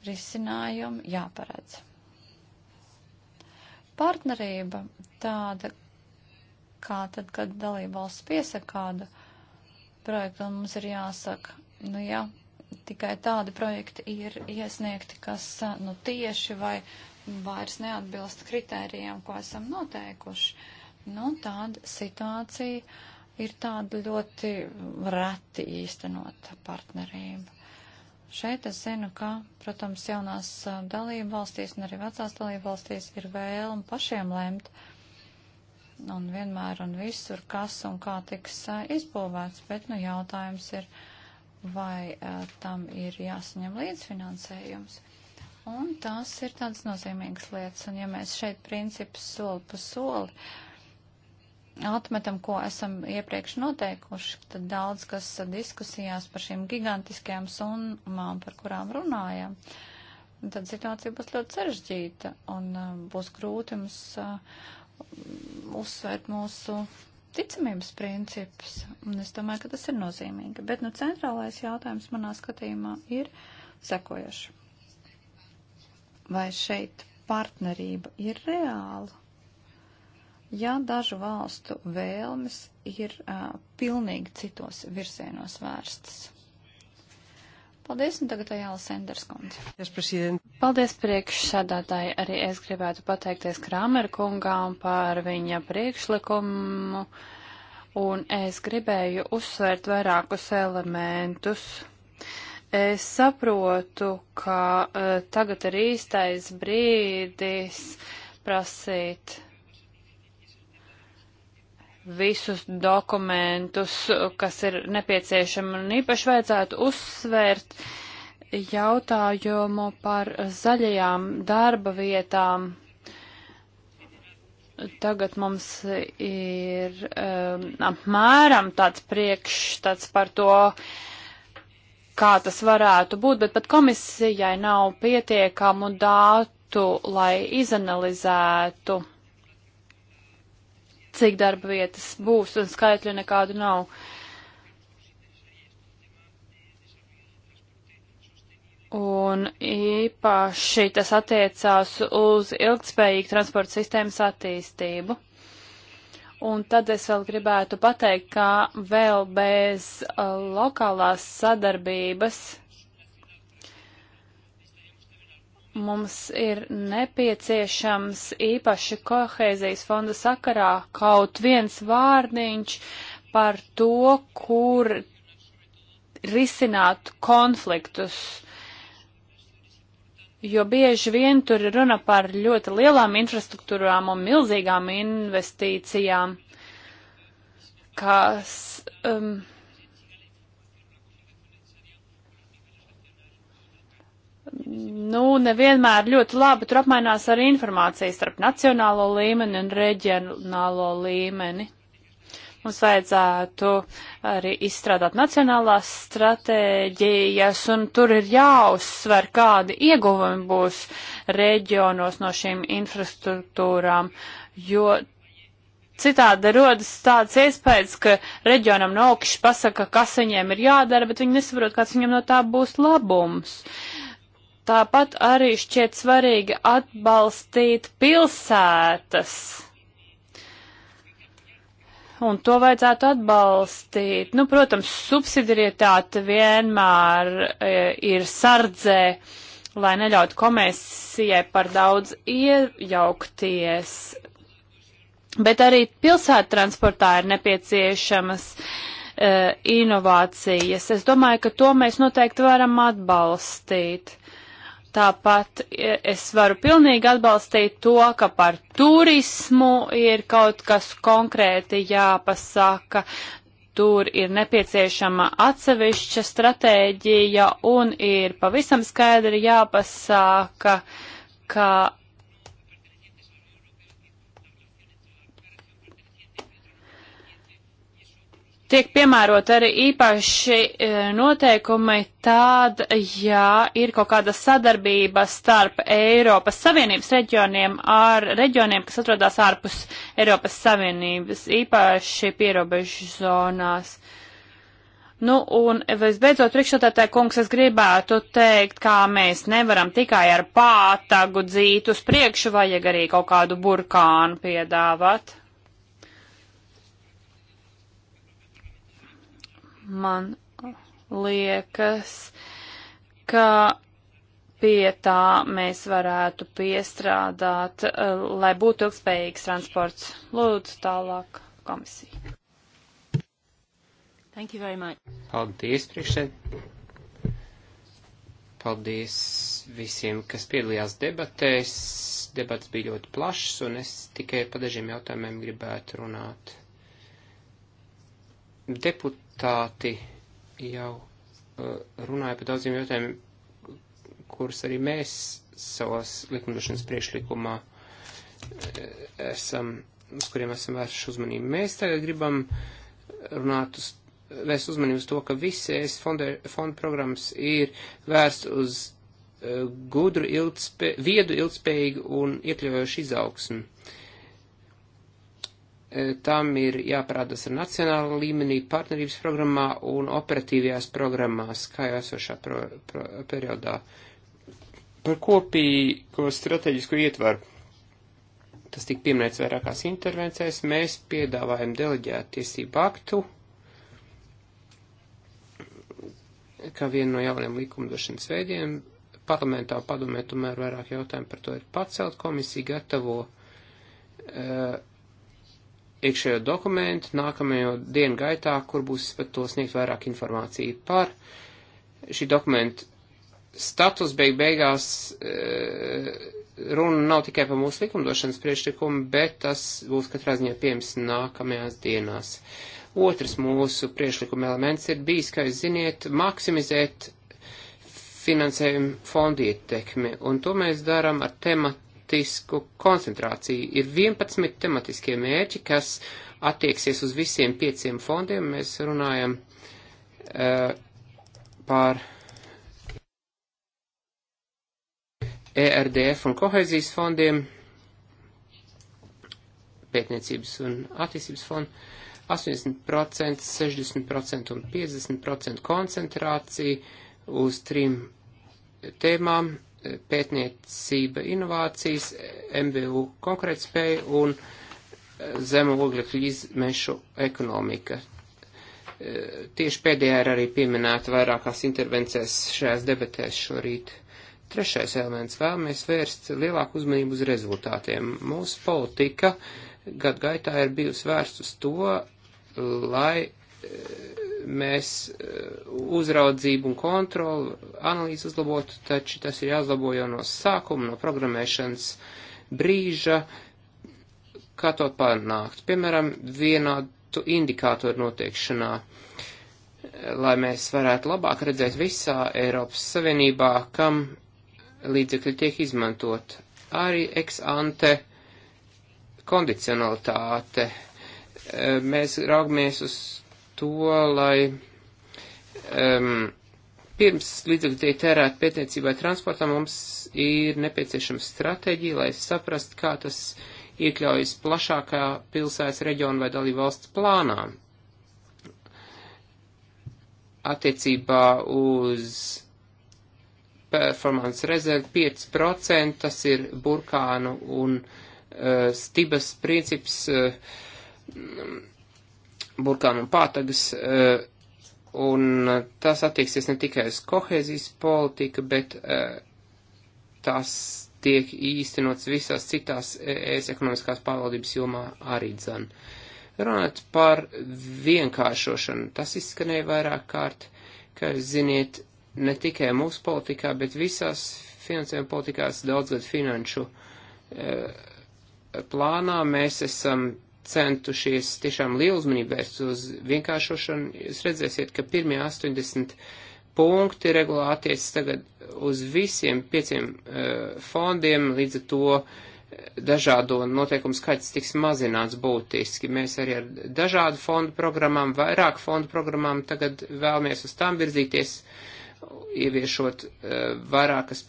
risinājumi jāparedz. Partnerība tāda, kā tad, kad dalībvalsts piesaka kādu projektu, un mums ir jāsaka, nu jā, tikai tādi projekti ir iesniegti, kas nu tieši vai vairs neatbilst kritērijiem, ko esam noteikuši. Nu, tāda situācija ir tāda ļoti reti īstenota partnerība. Šeit es zinu, ka, protams, jaunās dalība valstīs un arī vecās dalība valstīs ir vēlme pašiem lemt. Uh, un vienmēr un visur, kas un kā tiks uh, izbūvēts, bet nu jautājums ir, vai uh, tam ir jāsaņem līdzfinansējums. Un tās ir tādas nozīmīgas lietas, un ja mēs šeit principus soli pa soli atmetam, ko esam iepriekš noteikuši, tad daudz kas diskusijās par šīm gigantiskajām summām, par kurām runājam, tad situācija būs ļoti sarežģīta un uh, būs grūti mums uh, uzsvērt mūsu ticamības principus, un es domāju, ka tas ir nozīmīgi. Bet nu, centrālais jautājums manā skatījumā ir sekojoši. Vai šeit partnerība ir reāla? Ja dažu valstu vēlmes ir uh, pilnīgi citos virsienos vērstas. Paldies, un tagad Ajāla Senders kundze. Paldies priekšsādātāji. Arī es gribētu pateikties Kramer kungām par viņa priekšlikumu, un es gribēju uzsvērt vairākus elementus. Es saprotu, ka uh, tagad ir īstais brīdis prasīt visus dokumentus, kas ir nepieciešami, un īpaši vajadzētu uzsvērt jautājumu par zaļajām darba vietām. Tagad mums ir um, apmēram tāds priekšstats par to, kā tas varētu būt, bet pat komisijai nav pietiekamu dātu, lai izanalizētu cik darba vietas būs, un skaitļu nekādu nav. Un īpaši tas attiecās uz ilgspējīgu transporta sistēmas attīstību. Un tad es vēl gribētu pateikt, ka vēl bez uh, lokālās sadarbības mums ir nepieciešams īpaši kohēzijas fonda sakarā kaut viens vārdiņš par to, kur risināt konfliktus. Jo bieži vien tur ir runa par ļoti lielām infrastruktūrām un milzīgām investīcijām, kas um, nu, nevienmēr ļoti labi tur apmainās arī informācija starp nacionālo līmeni un reģionālo līmeni. Mums vajadzētu arī izstrādāt nacionālās stratēģijas, un tur ir jāuzsver, kādi ieguvumi būs reģionos no šīm infrastruktūrām, jo Citādi rodas tāds iespējas, ka reģionam no augšas pasaka, kas viņiem ir jādara, bet viņi nesaprot, kāds viņam no tā būs labums. Uh, Tāpat arī šķiet svarīgi atbalstīt pilsētas. Un to vajadzētu atbalstīt. Nu, protams, subsidiarietāte vienmēr e, ir sardzē, lai neļautu komisijai par daudz iejaukties. Bet arī pilsētu transportā ir nepieciešamas e, inovācijas. Es domāju, ka to mēs noteikti varam atbalstīt. Tāpat e, es varu pilnīgi atbalstīt to, ka par turismu ir kaut kas konkrēti jāpasaka. Tur ir nepieciešama atsevišķa stratēģija un ir pavisam skaidri jāpasaka, ka tiek piemērot arī īpaši e, noteikumi tād, ja ir kaut kāda sadarbība starp Eiropas Savienības reģioniem ar reģioniem, kas atrodas ārpus Eiropas Savienības, īpaši pierobežu zonās. Nu, un visbeidzot, priekšstādātāja kungs, es gribētu teikt, kā mēs nevaram tikai ar pātagu dzīt uz priekšu, vajag arī kaut kādu burkānu piedāvāt. man liekas, ka pie tā mēs varētu piestrādāt, eh, lai būtu ilgspējīgs transports. Lūdzu, tālāk komisija. Thank you very much. Paldies, priekšsēd. Paldies visiem, kas piedalījās debatēs. Debats bija ļoti plašs, un es tikai pa dažiem jautājumiem gribētu runāt. Deputāti deputāti jau eh, runāja par daudziem jautājumiem, kurus arī mēs savās likumdošanas priekšlikumā eh, esam, uz kuriem esam vērsuši uzmanību. Mēs tagad gribam runāt uz, vērst uzmanību uz to, ka visi ES fonda, fonda programmas ir vērst uz uh, gudru, ilgspē, viedu, ilgspējīgu un iekļaujošu izaugsmu. Uh, E, tam ir jāparādās ar nacionālu līmenī partnerības programmā un operatīvajās programmās, kā jau esošā pro, pro, periodā. Par kopīgo strateģisko ietvaru, tas tika pieminēts vairākās intervencēs, mēs piedāvājam deleģētu tiesību aktu, kā vienu no jauniem likumdošanas veidiem. Parlamentā padomē tomēr vairāk jautājumu par to ir pacelt, komisija gatavo uh, iekšējo dokumentu nākamajo dienu gaitā, kur būs pat to sniegt vairāk informāciju par šī dokumentu status beig beigās. E, Runa nav tikai par mūsu likumdošanas priekšlikumu, bet tas būs katrā ziņā pieejams nākamajās dienās. Otrs mūsu priekšlikuma elements ir bijis, kā jūs ziniet, maksimizēt finansējumu fondu ietekmi, un to mēs darām ar tematu tematisku koncentrāciju. Ir 11 tematiskie mērķi, kas attieksies uz visiem pieciem fondiem. Mēs runājam uh, par ERDF un kohēzijas fondiem, pētniecības un attīstības fondu. 80%, 60% un 50% koncentrācija uz trim tēmām pētniecība, inovācijas, MBU konkurētspēja un eh, zemu oglekļu izmešu ekonomika. Eh, tieši pēdējā ir arī pieminēta vairākās intervencēs šajās debatēs šorīt. Trešais elements vēlamies vērst lielāku uzmanību uz rezultātiem. Mūsu politika gadu gaitā ir bijusi vērsta uz to, lai eh, mēs eh, uzraudzību un kontroli, analīzi uzlabotu, taču tas ir jāuzlabo jau no sākuma, no programmēšanas brīža, kā to panākt. Piemēram, vienādu indikātoru noteikšanā, lai mēs varētu labāk redzēt visā Eiropas Savienībā, kam līdzekļi tiek izmantot. Arī ex ante kondicionalitāte. Eh, mēs raugamies uz to, lai um, pirms līdzekļu tiek tērēt pētniecībai transportā, mums ir nepieciešama stratēģija, lai saprast, kā tas iekļaujas plašākā pilsētas reģiona vai dalību valsts plānā attiecībā uz performance rezervi 5%, tas ir burkānu un uh, stibas princips. Uh, burkām un pātagas, eh, un tas attieksies ne tikai uz kohēzijas politiku, bet eh, tas tiek īstenots visās citās ES e ekonomiskās pārvaldības jomā arī dzan. Runāt par vienkāršošanu, tas izskanēja vairāk kārt, ka, ziniet, ne tikai mūsu politikā, bet visās finansējuma politikās daudzgad finanšu eh, plānā mēs esam centušies tiešām lielu uzmanību vērst uz vienkāršošanu, jūs redzēsiet, ka pirmie 80 punkti regulā attiecas tagad uz visiem pieciem uh, fondiem, līdz ar to eh, dažādo noteikumu skaits tiks mazināts būtiski. Mēs arī ar dažādu fondu programmām, vairāk fondu programmām tagad vēlamies uz tām virzīties, ieviešot uh, vairākas,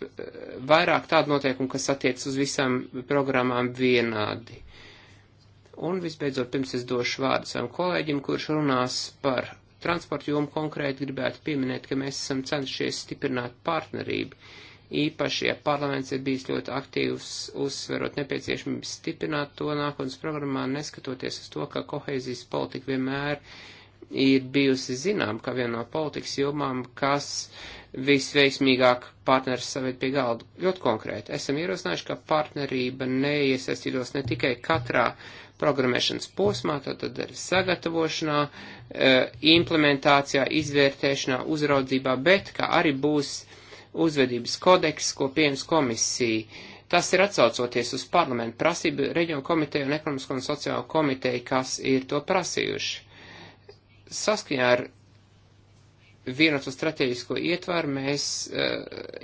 vairāk tādu noteikumu, kas attiec uz visām programmām vienādi Un visbeidzot, pirms es došu vārdu savam kolēģim, kurš runās par transporta jomu konkrēti gribētu pieminēt, ka mēs esam cenšies stiprināt partnerību. Īpaši, ja parlaments ir bijis ļoti aktīvs, uzsverot nepieciešamību stiprināt to nākotnes programmā, neskatoties uz to, ka kohēzijas politika vienmēr ir bijusi zinām, ka viena no politikas jomām, kas visveiksmīgāk partneris saved pie galda. Ļoti konkrēti, esam ierosinājuši, ka partnerība neiesaistītos ne tikai katrā uh, programmēšanas posmā, tātad arī sagatavošanā, eh, implementācijā, izvērtēšanā, uzraudzībā, bet ka arī būs uzvedības kodeks, ko pieņems komisija. Tas ir atsaucoties uz parlamentu prasību reģionu komiteju un ekonomisko un sociālo komiteju, kas ir to prasījuši. Saskaņā ar vienotu strateģisko ietvaru, mēs eh,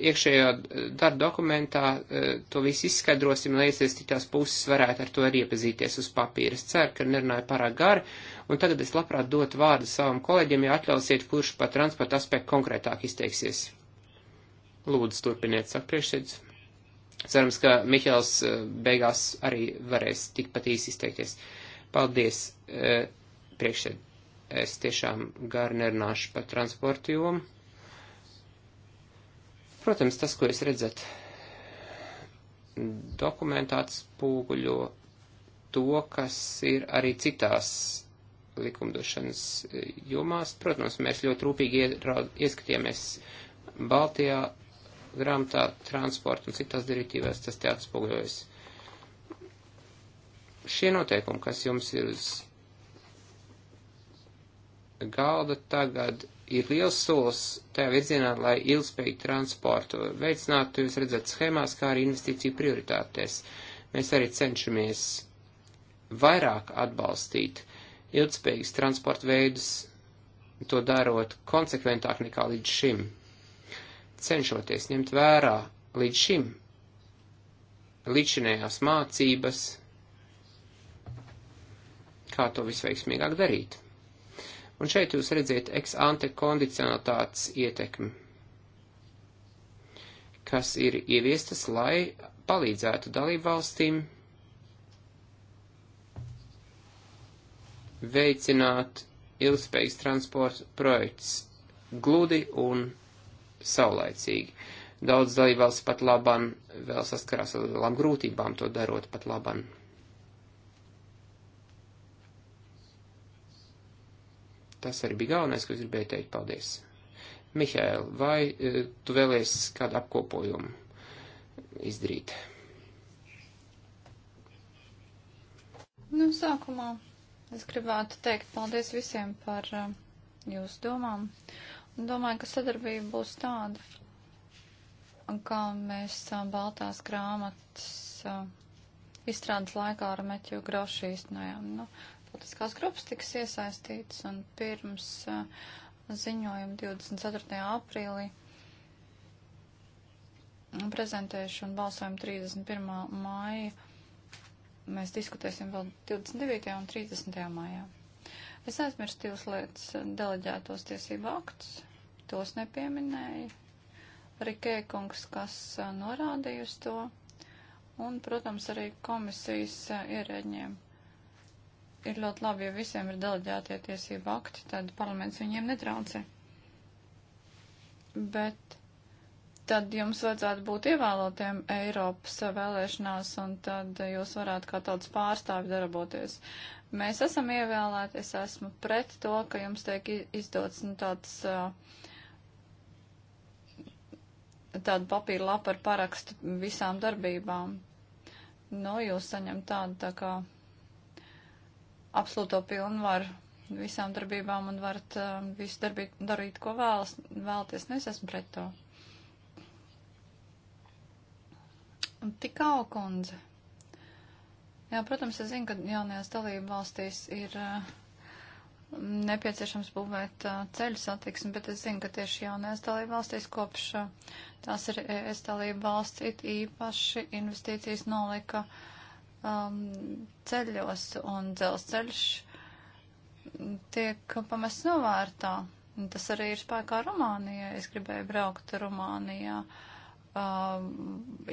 iekšējā darba dokumentā eh, to visu izskaidrosim, lai iesaistītās puses varētu ar to arī iepazīties uz papīra. Es ceru, ka nerunāju pārāk gari, un tagad es labprāt dotu vārdu savam kolēģim, ja atļausiet, kurš par transporta aspektu konkrētāk izteiksies. Lūdzu, turpiniet, saka priekšsēdus. Cerams, ka Mihēls eh, beigās arī varēs tikpat īsi izteikties. Paldies, priekšsēdus Es tiešām gari nerunāšu par transportu jomu. Protams, tas, ko jūs redzat dokumentā, atspoguļo to, kas ir arī citās likumdošanas e, jomās. Protams, mēs ļoti rūpīgi ieskatījāmies Baltijā grāmatā transporta un citās direktīvās, tas te atspoguļojas. Šie noteikumi, kas jums ir uz galda tagad ir liels solis tajā virzienā, lai ilgspējīgi transportu veicinātu, jūs redzat schēmās, kā arī investīciju prioritātēs. Mēs arī cenšamies vairāk atbalstīt ilgspējīgus transporta veidus, to darot konsekventāk nekā līdz šim. Cenšoties ņemt vērā līdz šim līdzinējās mācības, kā to visveiksmīgāk darīt. Un šeit jūs redziet ex ante kondicionatātes ietekmi, kas ir ieviestas, lai palīdzētu dalību valstīm veicināt ilgspējīgs transporta projekts gludi un saulaicīgi. Daudz dalībvalsts pat laban vēl saskarās ar lielām grūtībām to darot pat laban. Tas arī bija galvenais, ko gribēju teikt. Paldies! Mihēl, vai e, tu vēlies kādu apkopojumu izdarīt? Nu, sākumā es gribētu teikt paldies visiem par uh, jūsu domām. Un domāju, ka sadarbība būs tāda, kā mēs uh, Baltās grāmatas uh, izstrādes laikā ar Meķu Grošu īstenojām. Nu, politiskās grupas tiks iesaistītas un pirms uh, ziņojuma 24. aprīlī prezentēšu un balsojumu 31. māja. Mēs diskutēsim vēl 29. un 30. maijā. Es aizmirstu divas lietas - deleģētos tiesību aktus, tos nepieminēju. Rikē kungs, kas uh, norādīja uz to, un, protams, arī komisijas uh, ierēģiem ir ļoti labi, ja visiem ir deleģētie tiesību akti, tad parlaments viņiem netraucē. Bet tad jums vajadzētu būt ievēlotiem Eiropas vēlēšanās, un tad jūs varētu kā tāds pārstāvi darboties. Mēs esam ievēlēti, es esmu pret to, ka jums tiek izdots nu, tāds. Tāda papīra lapa ar parakstu visām darbībām. Nu, jūs saņemat tādu tā kā absolūto pilnvaru visām darbībām un varat uh, visu darbīt, darīt, ko vēlas, vēlaties. Nu, es esmu pret to. Un tikā kundze. Jā, protams, es zinu, ka jaunajās dalību valstīs ir uh, nepieciešams būvēt uh, ceļu satiksmi, bet es zinu, ka tieši jaunajās dalību valstīs kopš uh, tās ir es dalību valsts it īpaši investīcijas nolika. Uh, um, ceļos un dzelzceļš tiek pamests novārtā. Un tas arī ir spēkā Rumānijā. Es gribēju braukt Rumānijā, um,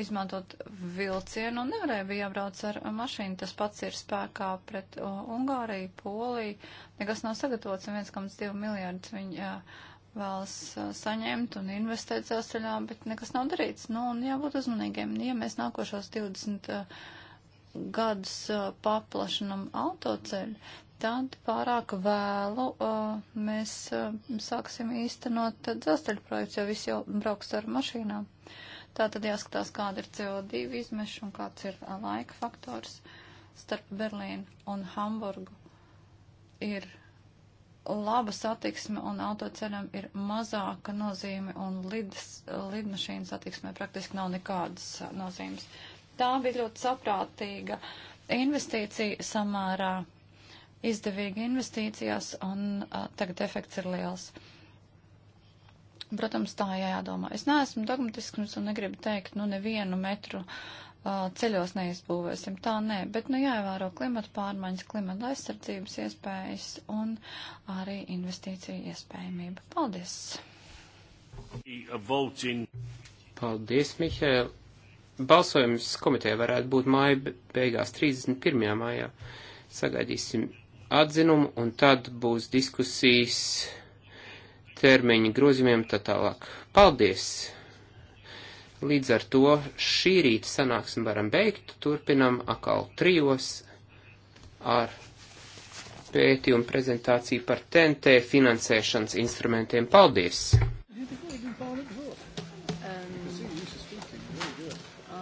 izmantot vilcienu un nevarēju bija jābrauc ar mašīnu. Tas pats ir spēkā pret uh, Ungāriju, Poliju. Nekas nav sagatavots un 1,2 miljārdus viņi uh, vēlas uh, saņemt un investēt dzelzceļā, bet nekas nav darīts. Nu, un jābūt uzmanīgiem. Ja mēs nākošos 20. Uh, gadus paplašinam autoceļu, tad pārāk vēlu mēs sāksim īstenot dzelzceļu projekts, jo visi jau brauks ar mašīnām. Tā tad jāskatās, kāda ir CO2 izmeša un kāds ir laika faktors starp Berlīnu un Hamburgu. Ir laba satiksme un autoceļam ir mazāka nozīme un lidas, lidmašīnas satiksmē praktiski nav nekādas nozīmes. Uh, tā bija ļoti saprātīga investīcija samērā izdevīga investīcijās, un a, tagad efekts ir liels. Protams, tā jādomā. Es neesmu dogmatisks un negribu teikt, nu, nevienu metru a, ceļos neizbūvēsim. Tā nē, bet, nu, jāievēro klimata pārmaiņas, klimata aizsardzības iespējas un arī investīciju iespējamība. Paldies! Paldies, Mihēl! Balsojums komitē varētu būt māja beigās 31. mājā. Sagaidīsim atzinumu un tad būs diskusijas termiņi grozījumiem tā tālāk. Paldies! Līdz ar to šī rīta sanāksim varam beigt, turpinam akal trijos ar pētījumu prezentāciju par TNT finansēšanas instrumentiem. Paldies!